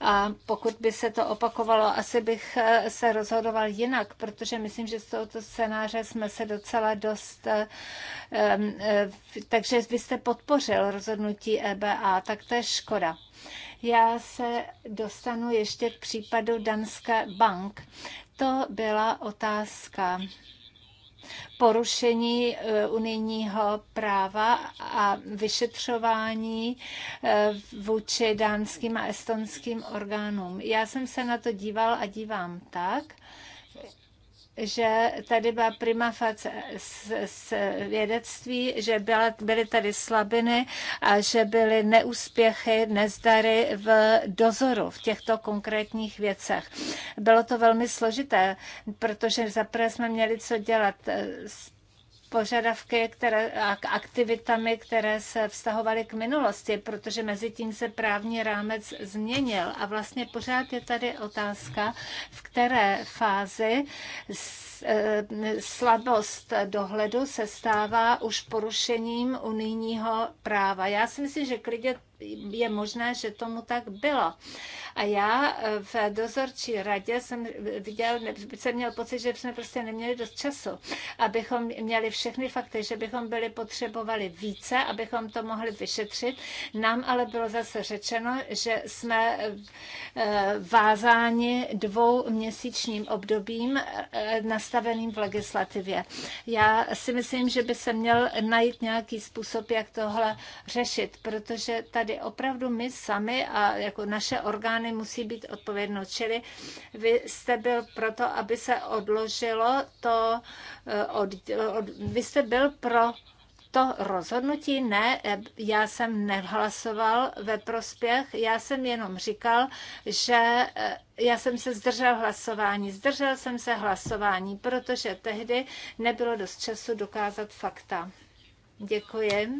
A pokud by se to opakovalo, asi bych eh, se rozhodoval jinak, protože myslím, že z tohoto scénáře jsme se docela dost. Eh, eh, takže byste podpořil rozhodnutí EBA, tak to je škoda. Já se dostanu ještě k případu Danske bank. To byla otázka porušení eh, unijního práva a vyšetřování eh, vůči dánským a estonským orgánům. Já jsem se na to díval a dívám tak, že tady byla prima facie z, vědectví, že byla, byly tady slabiny a že byly neúspěchy, nezdary v dozoru v těchto konkrétních věcech. Bylo to velmi složité, protože zaprvé jsme měli co dělat s požadavky které, a k aktivitami, které se vztahovaly k minulosti, protože mezi tím se právní rámec změnil. A vlastně pořád je tady otázka, v které fázi eh, slabost dohledu se stává už porušením unijního práva. Já si myslím, že klidně je možné, že tomu tak bylo. A já eh, v dozorčí radě jsem viděl, jsem měl pocit, že jsme prostě neměli dost času, abychom měli všechny fakty, že bychom byli potřebovali více, abychom to mohli vyšetřit. Nám ale bylo zase řečeno, že jsme eh, vázáni dvouměsíčním obdobím eh, nastaveným v legislativě. Já si myslím, že by se měl najít nějaký způsob, jak tohle řešit, protože tady tady opravdu my sami a jako naše orgány musí být odpovědno. Čili vy jste byl proto, aby se odložilo to, eh, od, od, vy jste byl pro to rozhodnutí ne, eh, já jsem nehlasoval ve prospěch, já jsem jenom říkal, že eh, já jsem se zdržel hlasování. Zdržel jsem se hlasování, protože tehdy nebylo dost času dokázat fakta. Děkuji.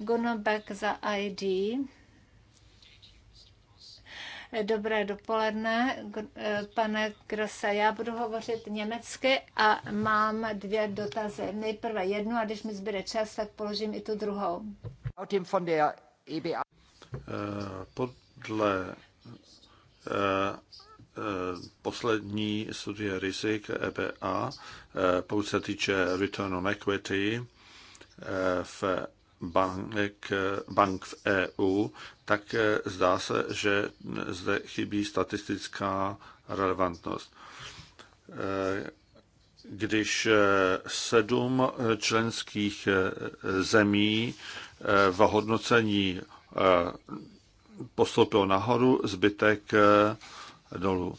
Gunobek za ID. Dobré dopoledne, eh, pane Grosse. Já budu hovořit německy a mám dvě dotazy. Nejprve jednu a když mi zbyde čas, tak položím i tu druhou. E eh, podle eh, poslední studie rizik EBA, pokud se týče return on equity, v bank, bank v EU, tak eh, zdá se, že zde chybí statistická relevantnost. Eh, když eh, sedm členských zemí v hodnocení postoupilo nahoru, zbytek dolů.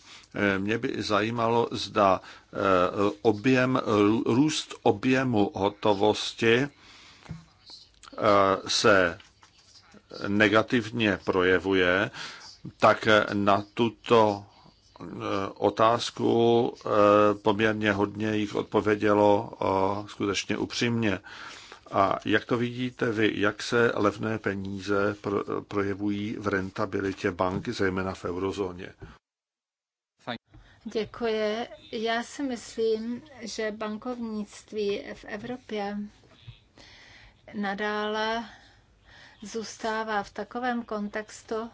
Mě by zajímalo, zda objem, růst objemu hotovosti Eh, se negativně projevuje, tak na tuto eh, otázku eh, poměrně hodně jich odpovědělo skutečně upřímně. A jak to vidíte vy, jak se levné peníze projevují v rentabilitě bank, zejména v eurozóně? Děkuji. Já si myslím, že bankovnictví v Evropě nadále zůstává v takovém kontextu,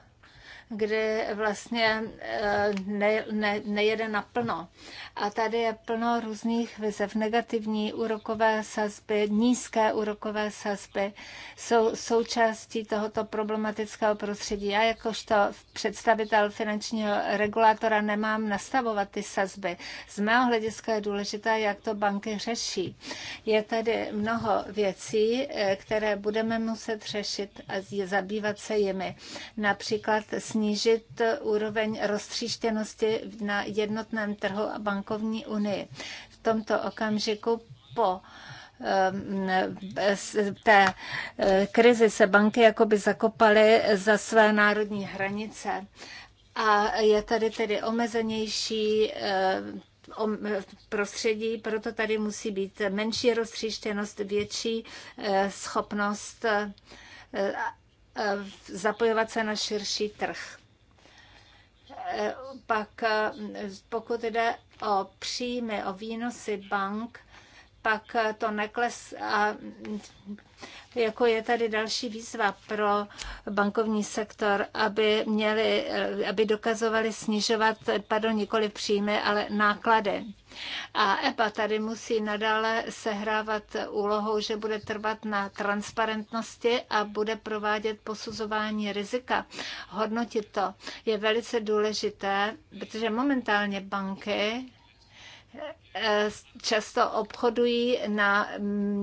kdy vlastně eh, ne, ne, nejede naplno. A tady je plno různých vizev. Negativní úrokové sazby, nízké úrokové sazby jsou součástí tohoto problematického prostředí. Já jakožto představitel finančního regulátora nemám nastavovat ty sazby. Z mého hlediska je důležité, jak to banky řeší. Je tady mnoho věcí, eh, které budeme muset řešit a zabývat se jimi. Například s snížit úroveň roztříštěnosti na jednotném trhu a bankovní unii. V tomto okamžiku po eh, té eh, krizi se banky jakoby zakopaly za své národní hranice a je tady tedy omezenější eh, prostředí, proto tady musí být menší roztříštěnost, větší schopnost zapojovat se na širší trh. E, pak e, pokud jde o příjmy, o výnosy bank, pak e, to nekles a jako je tady další výzva pro bankovní sektor, aby, měli, aby dokazovali snižovat, pardon, nikoli příjmy, ale náklady. A EPA tady musí nadále sehrávat úlohou, že bude trvat na transparentnosti a bude provádět posuzování rizika. Hodnotit to je velice důležité, protože momentálně banky eh, často obchodují na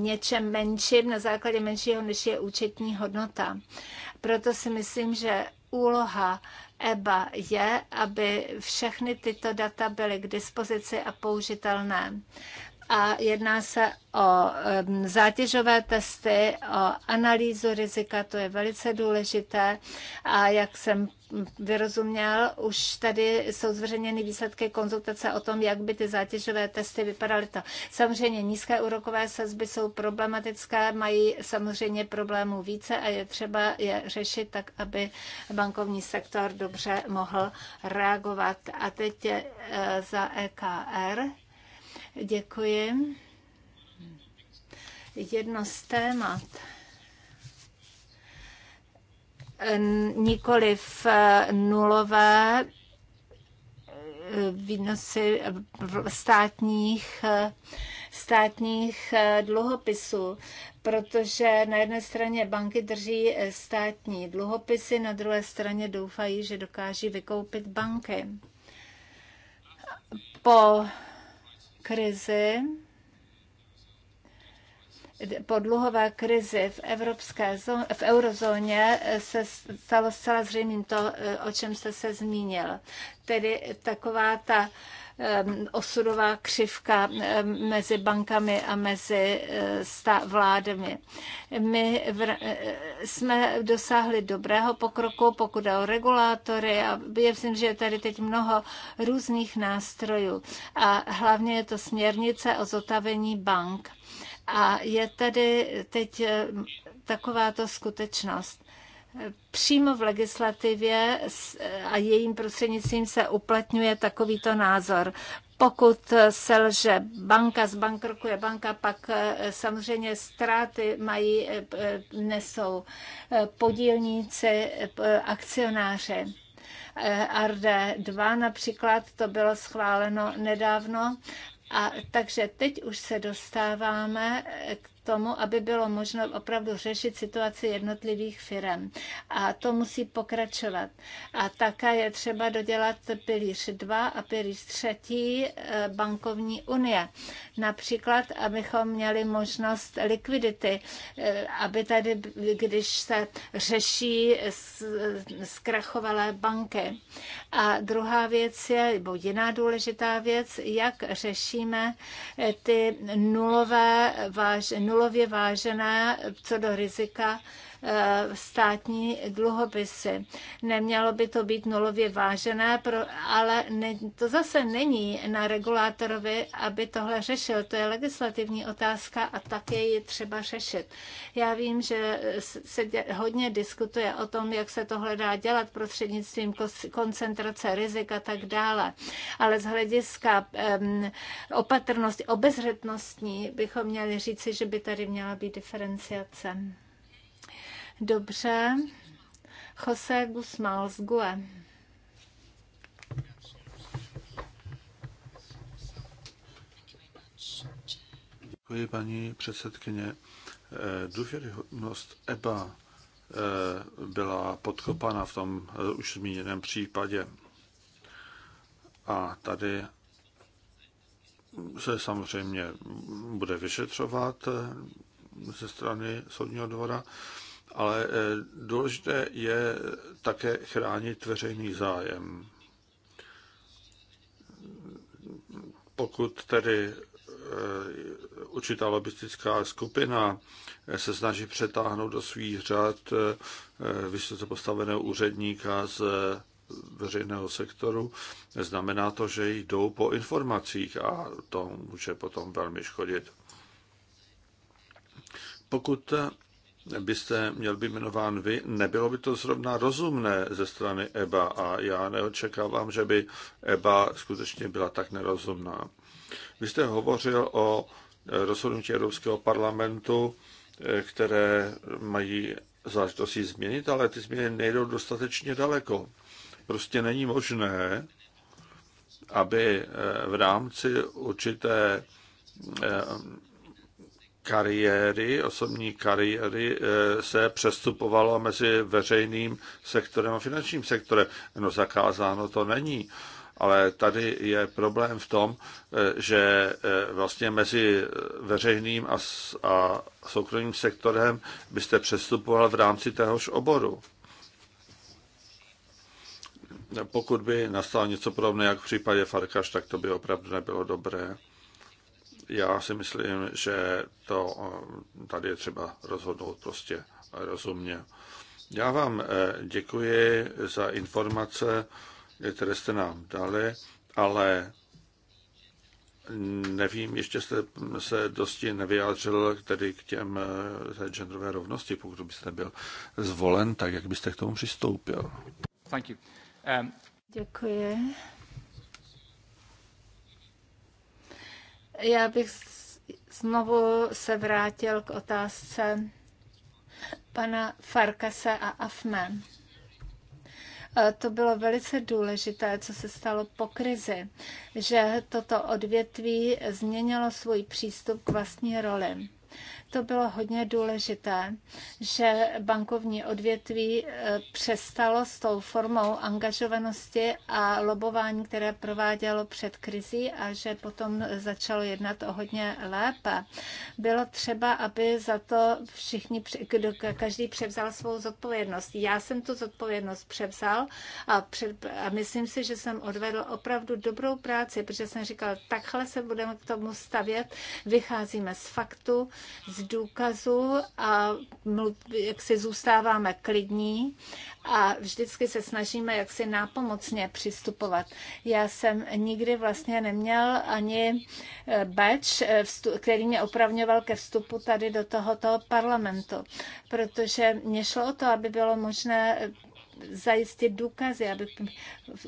něčem menším, na základě menšího, než je účetní hodnota. Proto si myslím, že úloha EBA je, aby všechny tyto data byly k dispozici a použitelné a jedná se o zátěžové testy, o analýzu rizika, to je velice důležité a jak jsem vyrozuměl, už tady jsou zveřejněny výsledky konzultace o tom, jak by ty zátěžové testy vypadaly. To samozřejmě nízké úrokové sazby jsou problematické, mají samozřejmě problémů více a je třeba je řešit tak, aby bankovní sektor dobře mohl reagovat. A teď e, za EKR. Děkuji. Jedno z témat nikoliv eh, nulové eh, výnosy eh, státních, státních dluhopisů, protože na jedné straně banky drží státní dluhopisy, na druhé straně doufají, že dokáží vykoupit banky. Po krizi po dluhové krizi v, evropské zóně, v eurozóně se stalo zcela zřejmým to, e, o čem jste se zmínil. Tedy taková ta osudová křivka mezi bankami a mezi e, vládami. My e, jsme dosáhli dobrého pokroku, pokud o regulátory a myslím, že je tady teď mnoho různých nástrojů a hlavně je to směrnice o zotavení bank a je tady teď eh, takováto skutečnost přímo v legislativě eh, a jejím prostřednictvím se uplatňuje takovýto názor. Pokud eh, selže banka, zbankrokuje banka, pak samozřejmě ztráty mají, nesou podílníci, akcionáři. RD2 například, to bylo schváleno nedávno a takže teď už se dostáváme k tomu, aby bylo možno opravdu řešit situaci jednotlivých firm. A to musí pokračovat. A také je třeba dodělat pilíř 2 a pilíř 3 eh, bankovní unie. Například, abychom měli možnost likvidity, eh, aby tady, když se řeší zkrachovalé banky. A druhá věc je, nebo jiná důležitá věc, jak řešíme eh, ty nulové váž, nulové nulově vážené co do rizika Eh, státní dluhopisy. Nemělo by to být nulově vážené, ale to zase není na regulátorovi, aby tohle řešil. To je legislativní otázka a také ji třeba řešit. Já vím, že se hodně diskutuje o tom, jak se tohle dá dělat prostřednictvím koncentrace rizik a tak dále. Ale z hlediska opatrnosti, obezřetnostní bychom měli říci, že by tady měla být diferenciace. Dobře. Jose Gusmal z GUE. Děkuji, paní předsedkyně. Eh, důvěryhodnost EBA eh, byla podkopána v tom eh, už zmíněném případě. A tady se samozřejmě bude vyšetřovat ze strany soudního dvora ale eh, důležité je také chránit veřejný zájem. Pokud tedy eh, určitá lobistická skupina eh, se snaží přetáhnout do svých řad vysoce postaveného úředníka z veřejného sektoru, znamená to, že jdou po informacích a to může potom velmi škodit. Pokud byste měl být jmenován vy, nebylo by to zrovna rozumné ze strany EBA a já neočekávám, že by EBA skutečně byla tak nerozumná. Vy jste hovořil o rozhodnutí Evropského parlamentu, eh, které mají záležitosti změnit, ale ty změny nejdou dostatečně daleko. Prostě není možné, aby eh, v rámci určité eh, kariéry, osobní kariéry eh, se přestupovalo mezi veřejným sektorem a finančním sektorem. No zakázáno to není, ale tady je problém v tom, eh, že eh, vlastně mezi veřejným a, a soukromým sektorem byste přestupoval v rámci téhož oboru. Pokud by nastalo něco podobné, jak v případě Farkaš, tak to by opravdu nebylo dobré já si myslím, že to eh, tady je třeba rozhodnout prostě rozumně. Já vám eh, děkuji za informace, které jste nám dali, ale nevím, ještě jste se dosti nevyjádřil tedy k těm eh, té genderové rovnosti, pokud byste byl zvolen, tak jak byste k tomu přistoupil. Thank you. Um... Děkuji. Já bych znovu se vrátil k otázce pana Farkase a Afme. E, to bylo velice důležité, co se stalo po krizi, že toto odvětví změnilo svůj přístup k vlastní roli. To bylo hodně důležité, že bankovní odvětví eh, přestalo s tou formou angažovanosti a lobování, které provádělo před krizí a že potom začalo jednat o hodně lépe. Bylo třeba, aby za to všichni, každý převzal svou zodpovědnost. Já jsem tu zodpovědnost převzal a, před, a myslím si, že jsem odvedl opravdu dobrou práci, protože jsem říkal, takhle se budeme k tomu stavět, vycházíme z faktu, z důkazů a jak si zůstáváme klidní a vždycky se snažíme jaksi nápomocně přistupovat. Já jsem nikdy vlastně neměl ani eh, beč, eh, který mě opravňoval ke vstupu tady do tohoto parlamentu, protože mě šlo o to, aby bylo možné zajistit důkazy, aby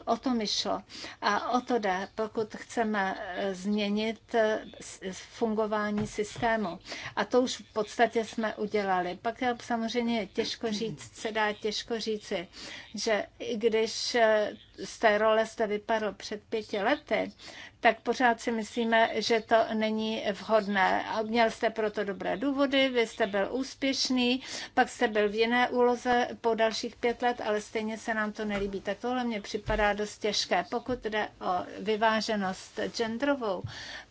o to mi šlo. A o to jde, pokud chceme eh, změnit eh, fungování systému. A to už v podstatě jsme udělali. Pak samozřejmě je těžko říct, se dá těžko říci, že i když eh, z té role jste vypadl před pěti lety, tak pořád si myslíme, že to není vhodné. A měl jste proto dobré důvody, vy jste byl úspěšný, pak jste byl v jiné úloze po dalších pět let, ale stejně se nám to nelíbí. Tak tohle mně připadá dost těžké. Pokud jde o vyváženost genderovou,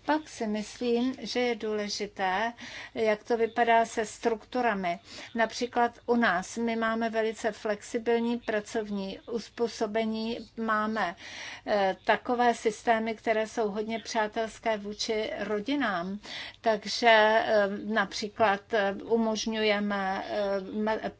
pak si myslím, že je důležité, jak to vypadá se strukturami. Například u nás my máme velice flexibilní pracovní uspůsobení, máme eh, takové systémy, které jsou hodně přátelské vůči rodinám, takže eh, například eh, umožňujeme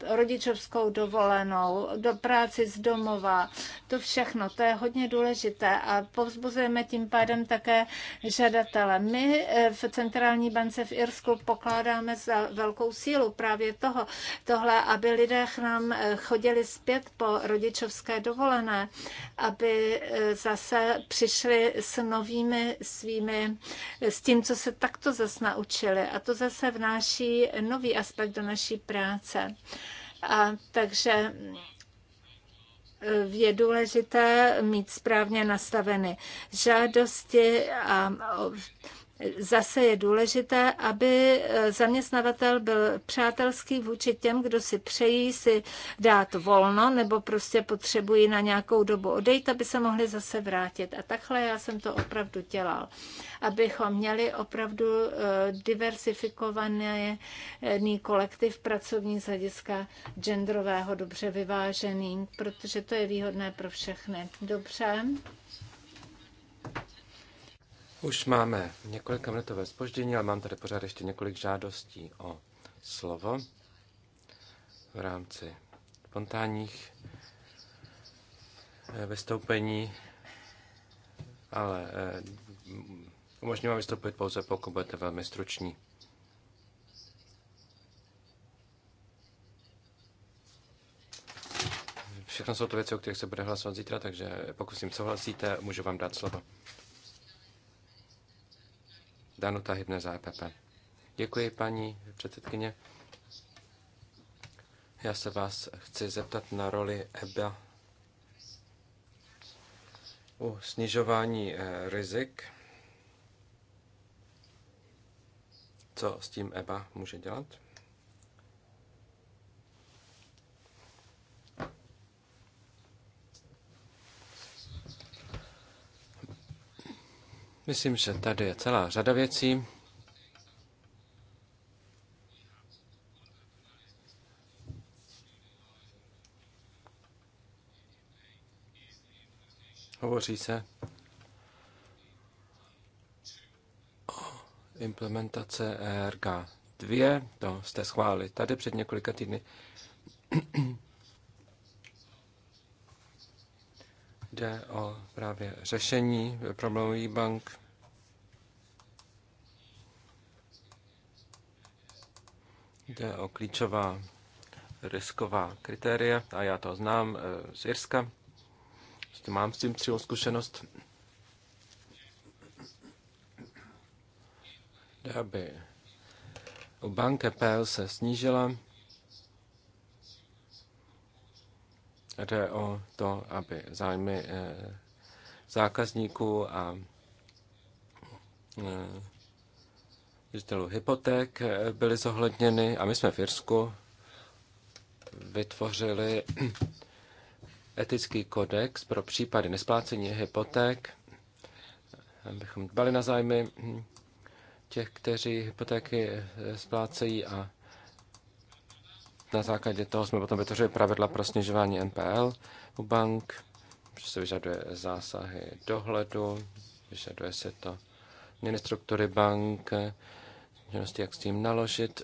rodičovskou dovolenou, do práci z domova, to všechno, to je hodně důležité a povzbuzujeme tím pádem také žadat podnikatele. My eh, v Centrální bance v Irsku pokládáme za velkou sílu právě toho, tohle, aby lidé k nám eh, chodili zpět po rodičovské dovolené, aby eh, zase přišli s novými svými, s tím, co se takto zase naučili. A to zase vnáší nový aspekt do naší práce. A takže je důležité mít správně nastaveny žádosti a Zase je důležité, aby eh, zaměstnavatel byl přátelský vůči těm, kdo si přejí si dát volno nebo prostě potřebují na nějakou dobu odejít, aby se mohli zase vrátit. A takhle já jsem to opravdu dělal, abychom měli opravdu eh, diversifikovaný eh, kolektiv pracovní z hlediska genderového dobře vyvážený, protože to je výhodné pro všechny. Dobře. Už máme několika minutové spoždění, ale mám tady pořád ještě několik žádostí o slovo v rámci spontánních eh, vystoupení, ale eh, umožňuji vám vystoupit pouze, pokud budete velmi struční. Všechno jsou to věci, o kterých se bude hlasovat zítra, takže pokud s tím souhlasíte, můžu vám dát slovo. Danuta Hybne za EPP. Děkuji, paní předsedkyně. Já se vás chci zeptat na roli EBA u snižování eh, rizik. Co s tím EBA může dělat? Myslím, že tady je celá řada věcí. Hovoří se implementace ERK 2, to jste schválili tady před několika týdny. Jde o právě řešení problémových bank. Jde o klíčová risková kritéria a já to znám eh, z Irska. Prostě mám s tím přímo zkušenost. Jde, aby u banky PL se snížila Jde o to, aby zájmy eh, zákazníků a držitelů eh, hypoték eh, byly zohledněny a my jsme v Irsku vytvořili etický kodex pro případy nesplácení hypoték, abychom dbali na zájmy těch, kteří hypotéky splácejí a na základě toho jsme potom vytvořili pravidla pro snižování NPL u bank, že se vyžaduje zásahy dohledu, vyžaduje se to měny struktury bank, možnosti, jak s tím naložit,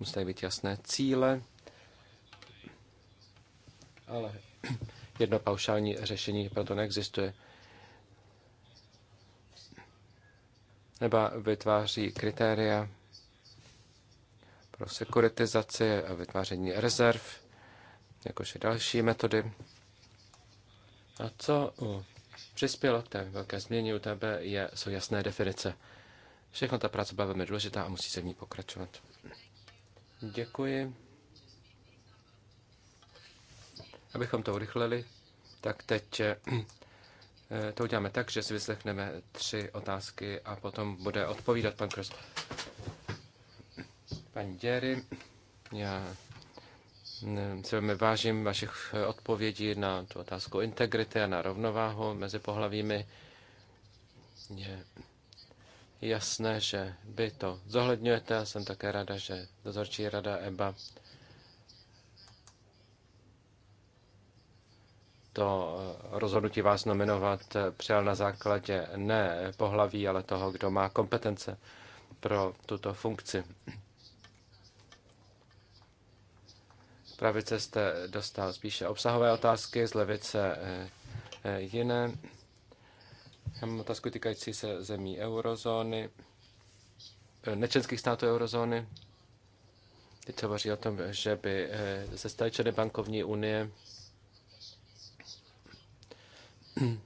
musí být jasné cíle, ale jedno paušální řešení proto neexistuje. Nebo vytváří kritéria pro sekuritizaci a vytváření rezerv, jakož i další metody. A co u přispělo k té velké změně u tebe, je, jsou jasné definice. Všechno ta práce byla velmi důležitá a musí se v ní pokračovat. Děkuji. Abychom to urychlili, tak teď eh, eh, to uděláme tak, že si vyslechneme tři otázky a potom bude odpovídat pan Kros paní Děry. Já se velmi vážím vašich eh, odpovědí na tu otázku integrity a na rovnováhu mezi pohlavími. Je jasné, že vy to zohledňujete a jsem také ráda, že dozorčí rada EBA to eh, rozhodnutí vás nominovat eh, přijal na základě ne pohlaví, ale toho, kdo má kompetence pro tuto funkci. pravice jste dostal spíše obsahové otázky, z levice eh, eh, jiné. Já mám otázku týkající se zemí eurozóny, eh, nečenských států eurozóny. Teď se hovoří o tom, že by se staly členy bankovní unie.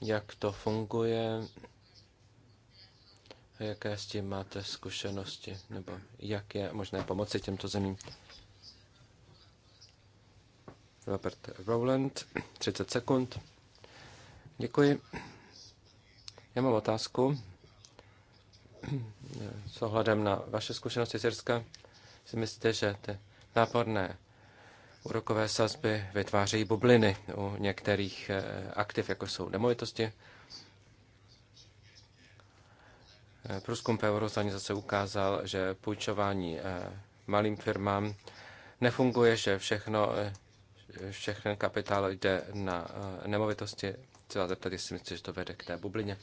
Jak to funguje? A jaké s tím máte zkušenosti? Nebo jak je možné pomoci těmto zemím? Robert Rowland, 30 sekund. Děkuji. Já mám otázku s ohledem na vaše zkušenosti z Jirska. Si myslíte, že ty náporné úrokové sazby vytvářejí bubliny u některých eh, aktiv, jako jsou nemovitosti? Eh, průzkum Eurozaně zase ukázal, že půjčování eh, malým firmám nefunguje, že všechno všechen kapitál jde na eh, nemovitosti. Chci vás zeptat, jestli myslíte, že to vede k té bublině.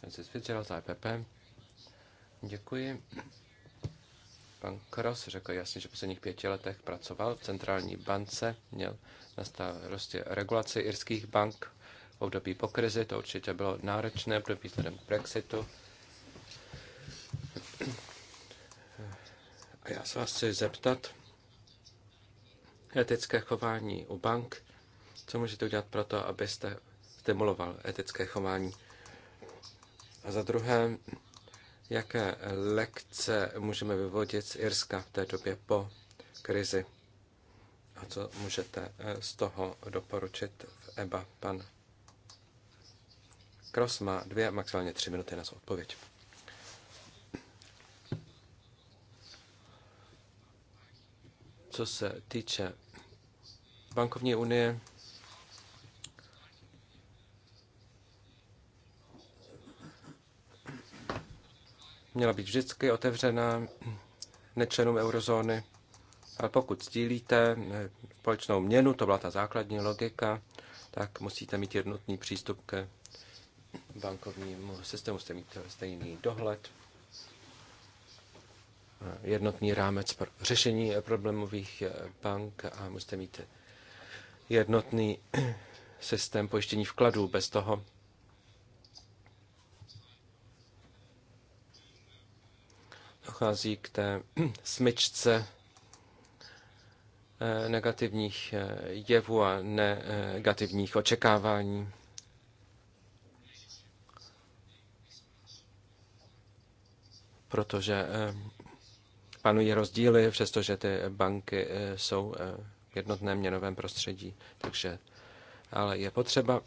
Francis Fitzgerald IPP. Děkuji. Pan Kross řekl jasně, že v posledních pěti letech pracoval v centrální bance, měl na starosti regulaci irských bank v období po krizi, to určitě bylo náročné období vzhledem k Brexitu A já se vás chci zeptat, etické chování u bank, co můžete udělat pro to, abyste stimuloval etické chování? A za druhé, jaké lekce můžeme vyvodit z Irska v té době po krizi? A co můžete eh, z toho doporučit v EBA? Pan Kros má dvě, maximálně tři minuty na odpověď. Co se týče bankovní unie, měla být vždycky otevřená nečlenům eurozóny, ale pokud sdílíte eh, společnou měnu, to byla ta základní logika, tak musíte mít jednotný přístup ke bankovnímu systému, musíte mít stejný dohled. Eh, jednotný rámec pro řešení problémových eh, bank a musíte mít jednotný systém pojištění vkladů. Bez toho dochází k té smyčce eh, negativních jevů a negativních očekávání. Protože panují rozdíly, přestože ty banky eh, jsou eh, v jednotném měnovém prostředí. Takže ale je potřeba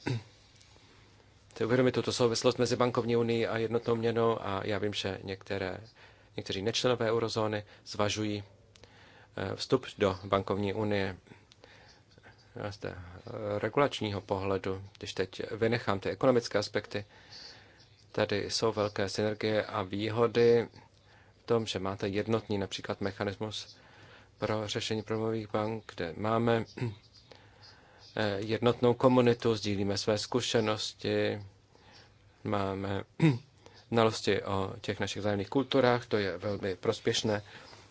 si uvědomit tuto souvislost mezi bankovní unii a jednotnou měnou a já vím, že některé, někteří nečlenové eurozóny zvažují eh, vstup do bankovní unie z té regulačního pohledu, když teď vynechám ty ekonomické aspekty, tady jsou velké synergie a výhody tom, že máte jednotný například mechanismus pro řešení problémových bank, kde máme eh, jednotnou komunitu, sdílíme své zkušenosti, máme znalosti o těch našich zájemných kulturách, to je velmi prospěšné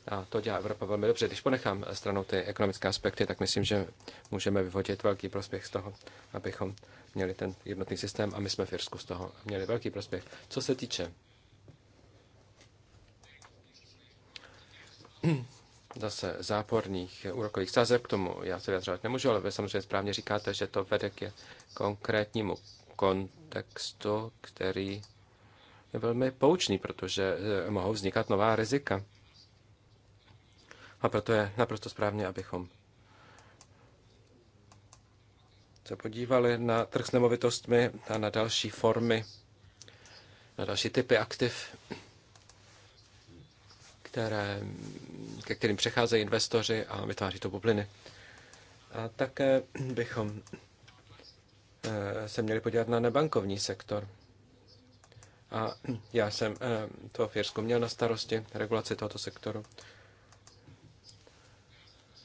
a to dělá Evropa velmi dobře. Když ponechám stranou ty ekonomické aspekty, tak myslím, že můžeme vyvodit velký prospěch z toho, abychom měli ten jednotný systém a my jsme v Irsku z toho měli velký prospěch. Co se týče zase záporných úrokových sazeb, k tomu já se vyjadřovat nemůžu, ale vy samozřejmě správně říkáte, že to vede k konkrétnímu kontextu, který je velmi poučný, protože eh, mohou vznikat nová rizika. A proto je naprosto správně, abychom se podívali na trh s nemovitostmi a na další formy, na další typy aktiv které, ke kterým přecházejí investoři a vytváří to bubliny. A také bychom eh, se měli podívat na nebankovní sektor. A já jsem eh, to v Jirsku měl na starosti, regulaci tohoto sektoru.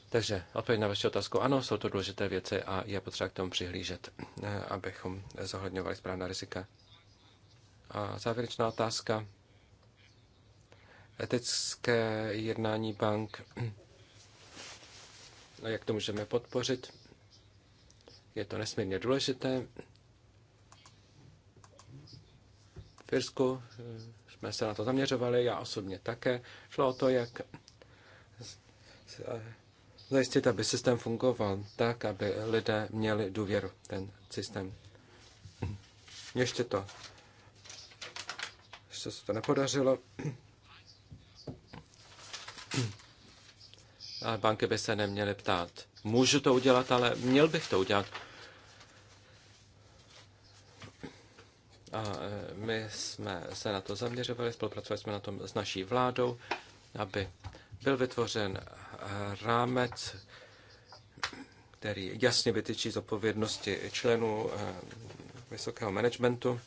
Takže odpověď na vaši otázku. Ano, jsou to důležité věci a je potřeba k tomu přihlížet, eh, abychom zohledňovali správná rizika. A závěrečná otázka etické jednání bank, a no, jak to můžeme podpořit. Je to nesmírně důležité. V Irsku eh, jsme se na to zaměřovali, já osobně také. Šlo o to, jak eh, zajistit, aby systém fungoval tak, aby lidé měli důvěru ten systém. Ještě to, ještě se to nepodařilo. A banky by se neměly ptát, můžu to udělat, ale měl bych to udělat. A e, my jsme se na to zaměřovali, spolupracovali jsme na tom s naší vládou, aby byl vytvořen e, rámec, který jasně vytyčí odpovědnosti členů e, vysokého managementu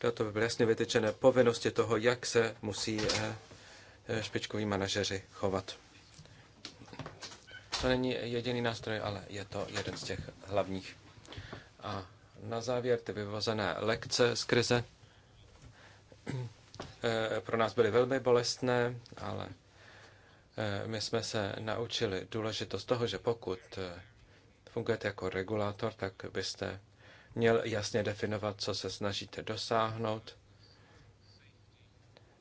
Proto to by byly jasně vytyčené povinnosti toho, jak se musí eh, eh, špičkoví manažeři chovat. To není jediný nástroj, ale je to jeden z těch hlavních. A na závěr ty vyvozené lekce z krize eh, pro nás byly velmi bolestné, ale my jsme se naučili důležitost toho, že pokud fungujete jako regulátor, tak byste měl jasně definovat, co se snažíte dosáhnout.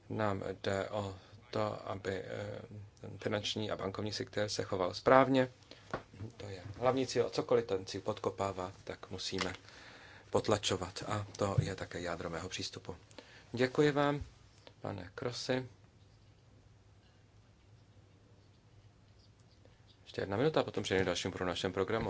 Nám jde o to, aby eh, ten finanční a bankovní sektor se choval správně. To je hlavní cíl. Cokoliv ten cíl podkopává, tak musíme potlačovat. A to je také jádro mého přístupu. Děkuji vám, pane Krosy. Ještě jedna minuta, potom přejdeme dalším pro našem programu.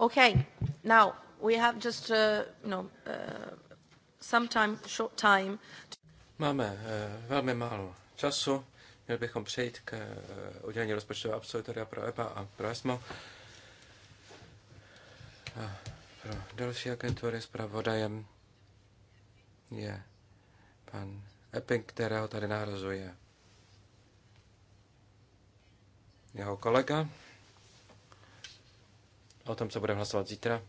Okay, now we have just, uh, you know, uh, some time, short time. Máme uh, velmi málo času. Měli bychom přejít k uh, eh, udělení rozpočtového absolutoria pro EPA a pro ESMO. A pro další agentury s pravodajem je pan Epping, kterého tady nárazuje jeho kolega. O tom co budeme hlasovat zítra,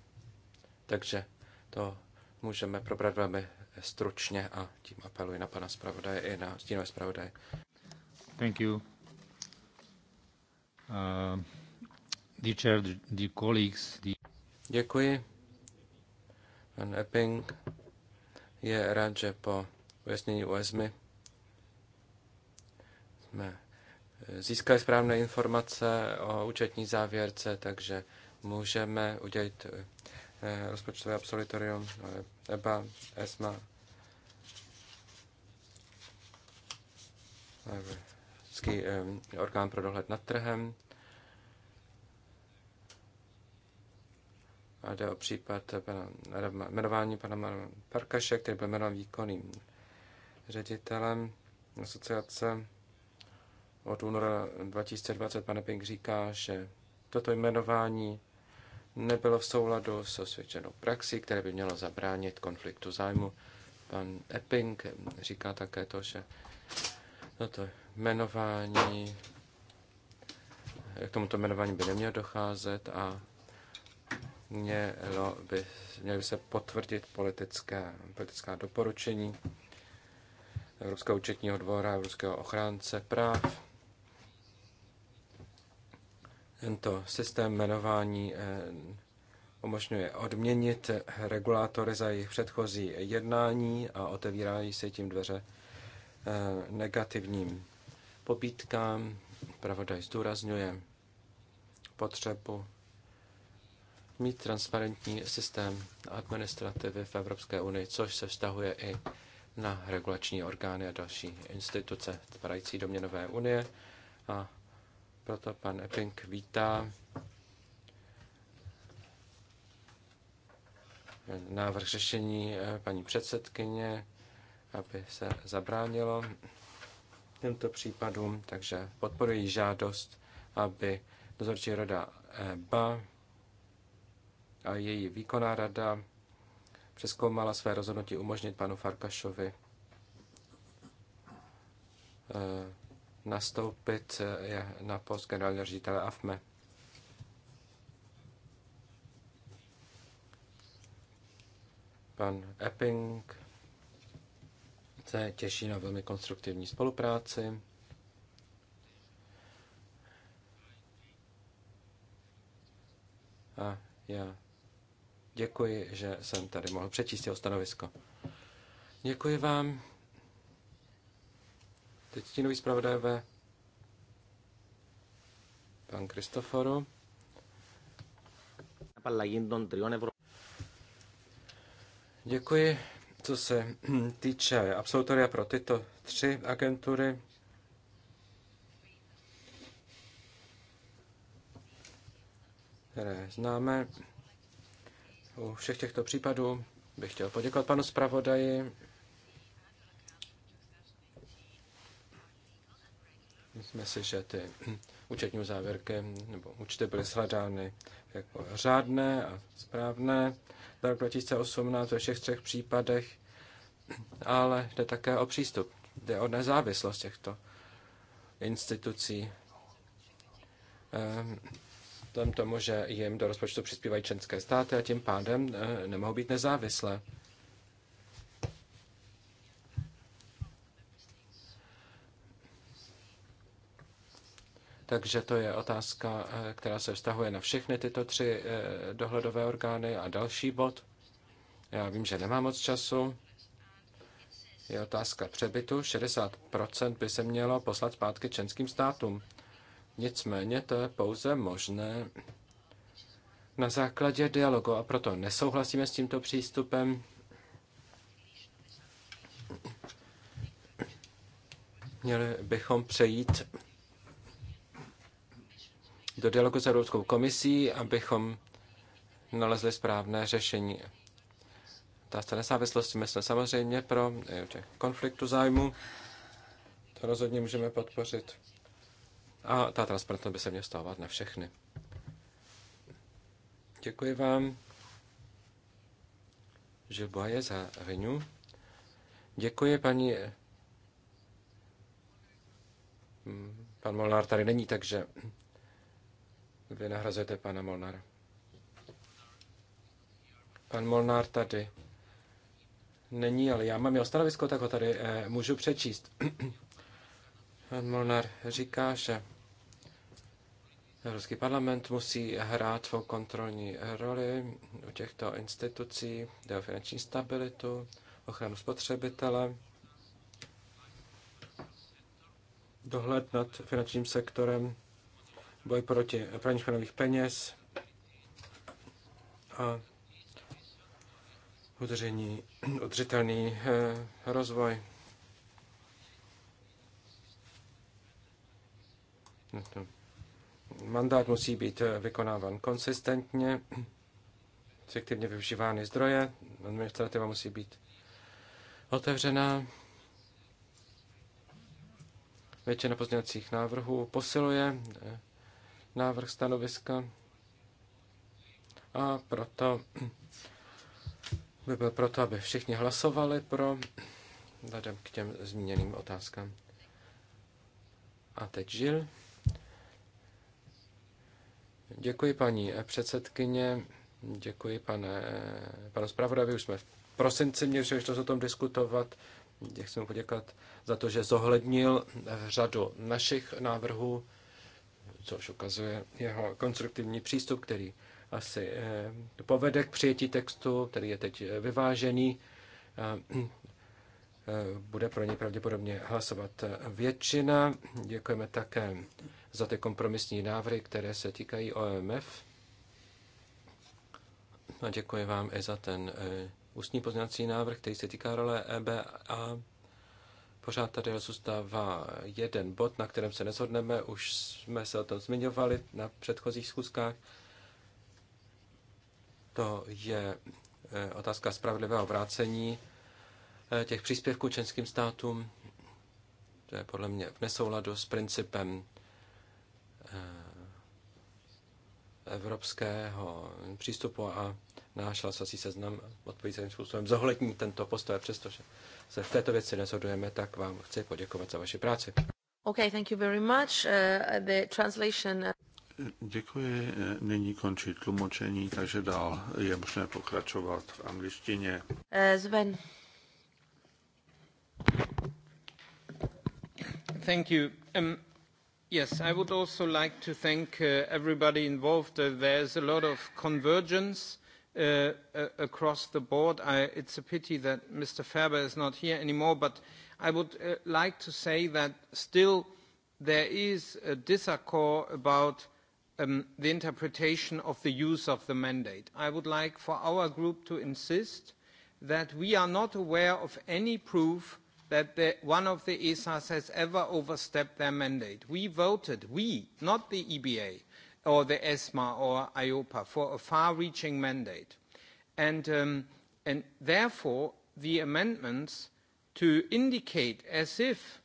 takže to můžeme probrat velmi stručně a tím apeluji na pana zpravodaje i na stínové zpravodaje. Thank you. Uh, the chair, the colleagues, the... Děkuji. Pan Epping je rád, že po ujasnění USMY jsme eh, získali správné informace o účetní závěrce, takže můžeme udělat eh, rozpočtové absolutorium eh, EBA, ESMA, Vždycky eh, orgán pro dohled nad trhem. A jde o případ pana, jmenování pana Parkaše, který byl jmenován výkonným ředitelem asociace od února 2020. Pane Pink říká, že toto jmenování nebylo v souladu s osvědčenou praxí, které by mělo zabránit konfliktu zájmu. Pan Epping říká také to, že toto jmenování, k tomuto jmenování by nemělo docházet a mělo by, měly by se potvrdit politické, politická doporučení Evropského účetního dvora, Evropského ochránce práv tento systém jmenování eh, umožňuje odměnit regulátory za jejich předchozí jednání a otevírají se tím dveře eh, negativním pobítkám. Pravodaj zdůrazňuje potřebu mít transparentní systém administrativy v Evropské unii, což se vztahuje i na regulační orgány a další instituce tvarající do měnové unie a proto pan Epping vítá návrh řešení eh, paní předsedkyně, aby se zabránilo těmto případům, takže podporuji žádost, aby dozorčí rada EBA a její výkonná rada přeskoumala své rozhodnutí umožnit panu Farkašovi eh, nastoupit eh, na post generálního ředitele AFME. Pan Epping se těší na velmi konstruktivní spolupráci. A já děkuji, že jsem tady mohl přečíst jeho stanovisko. Děkuji vám. Teď ti nový zpravodajové pan Kristoforu. Děkuji. Co se týče absolutoria pro tyto tři agentury, které známe, u všech těchto případů bych chtěl poděkovat panu zpravodaji Myslíme si, že ty účetní závěrky nebo účty byly shledány jako řádné a správné za rok 2018 ve všech třech případech, ale jde také o přístup, jde o nezávislost těchto institucí. Ehm, vzhledem tomu, že jim do rozpočtu přispívají členské státy a tím pádem eh, nemohou být nezávislé. Takže to je otázka, eh, která se vztahuje na všechny tyto tři eh, dohledové orgány a další bod. Já vím, že nemám moc času. Je otázka přebytu. 60% by se mělo poslat zpátky členským státům. Nicméně to je pouze možné na základě dialogu a proto nesouhlasíme s tímto přístupem. Měli bychom přejít do dialogu s Evropskou komisí, abychom nalezli správné řešení. Ta nezávislost, my jsme samozřejmě pro konfliktu zájmu. To rozhodně můžeme podpořit. A ta transparentnost by se měla stávat na všechny. Děkuji vám. Žilboje za Renew. Děkuji, paní... Hmm, pan Molnár tady není, takže vy nahrazujete pana Molnara. Pan Molnár tady není, ale já mám jeho stanovisko, tak ho tady eh, můžu přečíst. Pan Molnár říká, že Evropský parlament musí hrát svou kontrolní roli u těchto institucí, jde o finanční stabilitu, ochranu spotřebitele, dohled nad finančním sektorem, boj proti praní špinavých peněz a udržení, udržitelný eh, rozvoj. No mandát musí být eh, vykonáván konsistentně, efektivně využívány zdroje, administrativa musí být otevřená. Většina pozměňovacích návrhů posiluje eh, návrh stanoviska a proto by byl proto, aby všichni hlasovali pro vzhledem k těm zmíněným otázkám. A teď Žil. Děkuji paní předsedkyně, děkuji pane, panu zpravodavi, už jsme v prosinci měli příležitost o tom diskutovat. Chci mu poděkat za to, že zohlednil řadu našich návrhů což ukazuje jeho konstruktivní přístup, který asi eh, povede k přijetí textu, který je teď eh, vyvážený. Eh, bude pro něj pravděpodobně hlasovat většina. Děkujeme také za ty kompromisní návrhy, které se týkají OMF. A děkuji vám i za ten ústní poznací návrh, který se týká role EBA Pořád tady zůstává jeden bod, na kterém se nezhodneme, Už jsme se o tom zmiňovali na předchozích schůzkách. To je eh, otázka spravedlivého vrácení eh, těch příspěvků členským státům. To je podle mě v nesouladu s principem eh, evropského přístupu a náš hlasovací seznam odpovídajícím způsobem zohlední tento postoj, přestože se v této věci nezhodujeme, tak vám chci poděkovat za vaši práci. Okay, thank you very much. Uh, the translation... Uh, Děkuji. Nyní končí tlumočení, takže dál je možné pokračovat v angličtině. Uh, Sven. Thank you. Um, yes, I would also like to thank uh, everybody involved. Uh, there's a lot of convergence Uh, uh, across the board. I, it's a pity that Mr. Ferber is not here anymore, but I would uh, like to say that still there is a disaccord about um, the interpretation of the use of the mandate. I would like for our group to insist that we are not aware of any proof that the, one of the ESAs has ever overstepped their mandate. We voted, we, not the EBA, or the ESMA or IOPA for a far-reaching mandate. And, um, and therefore, the amendments to indicate as if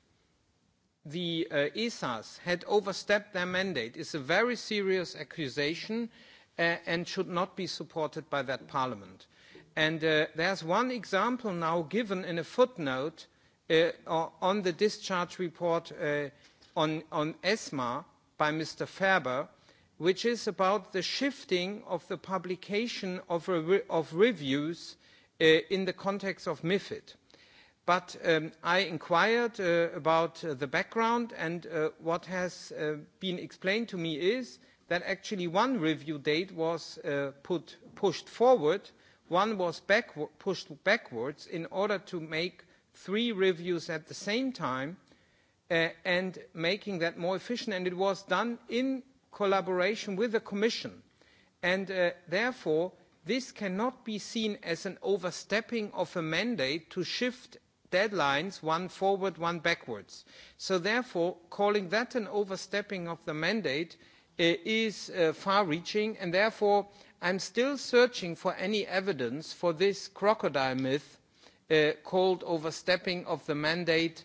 the uh, ESAs had overstepped their mandate is a very serious accusation uh, and should not be supported by that parliament. And uh, there's one example now given in a footnote uh, on the discharge report uh, on, on ESMA by Mr. Ferber, which is about the shifting of the publication of, re of reviews uh, in the context of MIFID. But um, I inquired uh, about uh, the background, and uh, what has uh, been explained to me is that actually one review date was uh, put, pushed forward, one was back, pushed backwards in order to make three reviews at the same time uh, and making that more efficient. And it was done in collaboration with the Commission. And uh, therefore, this cannot be seen as an overstepping of a mandate to shift deadlines, one forward, one backwards. So therefore, calling that an overstepping of the mandate uh, is uh, far-reaching, and therefore I'm still searching for any evidence for this crocodile myth uh, called overstepping of the mandate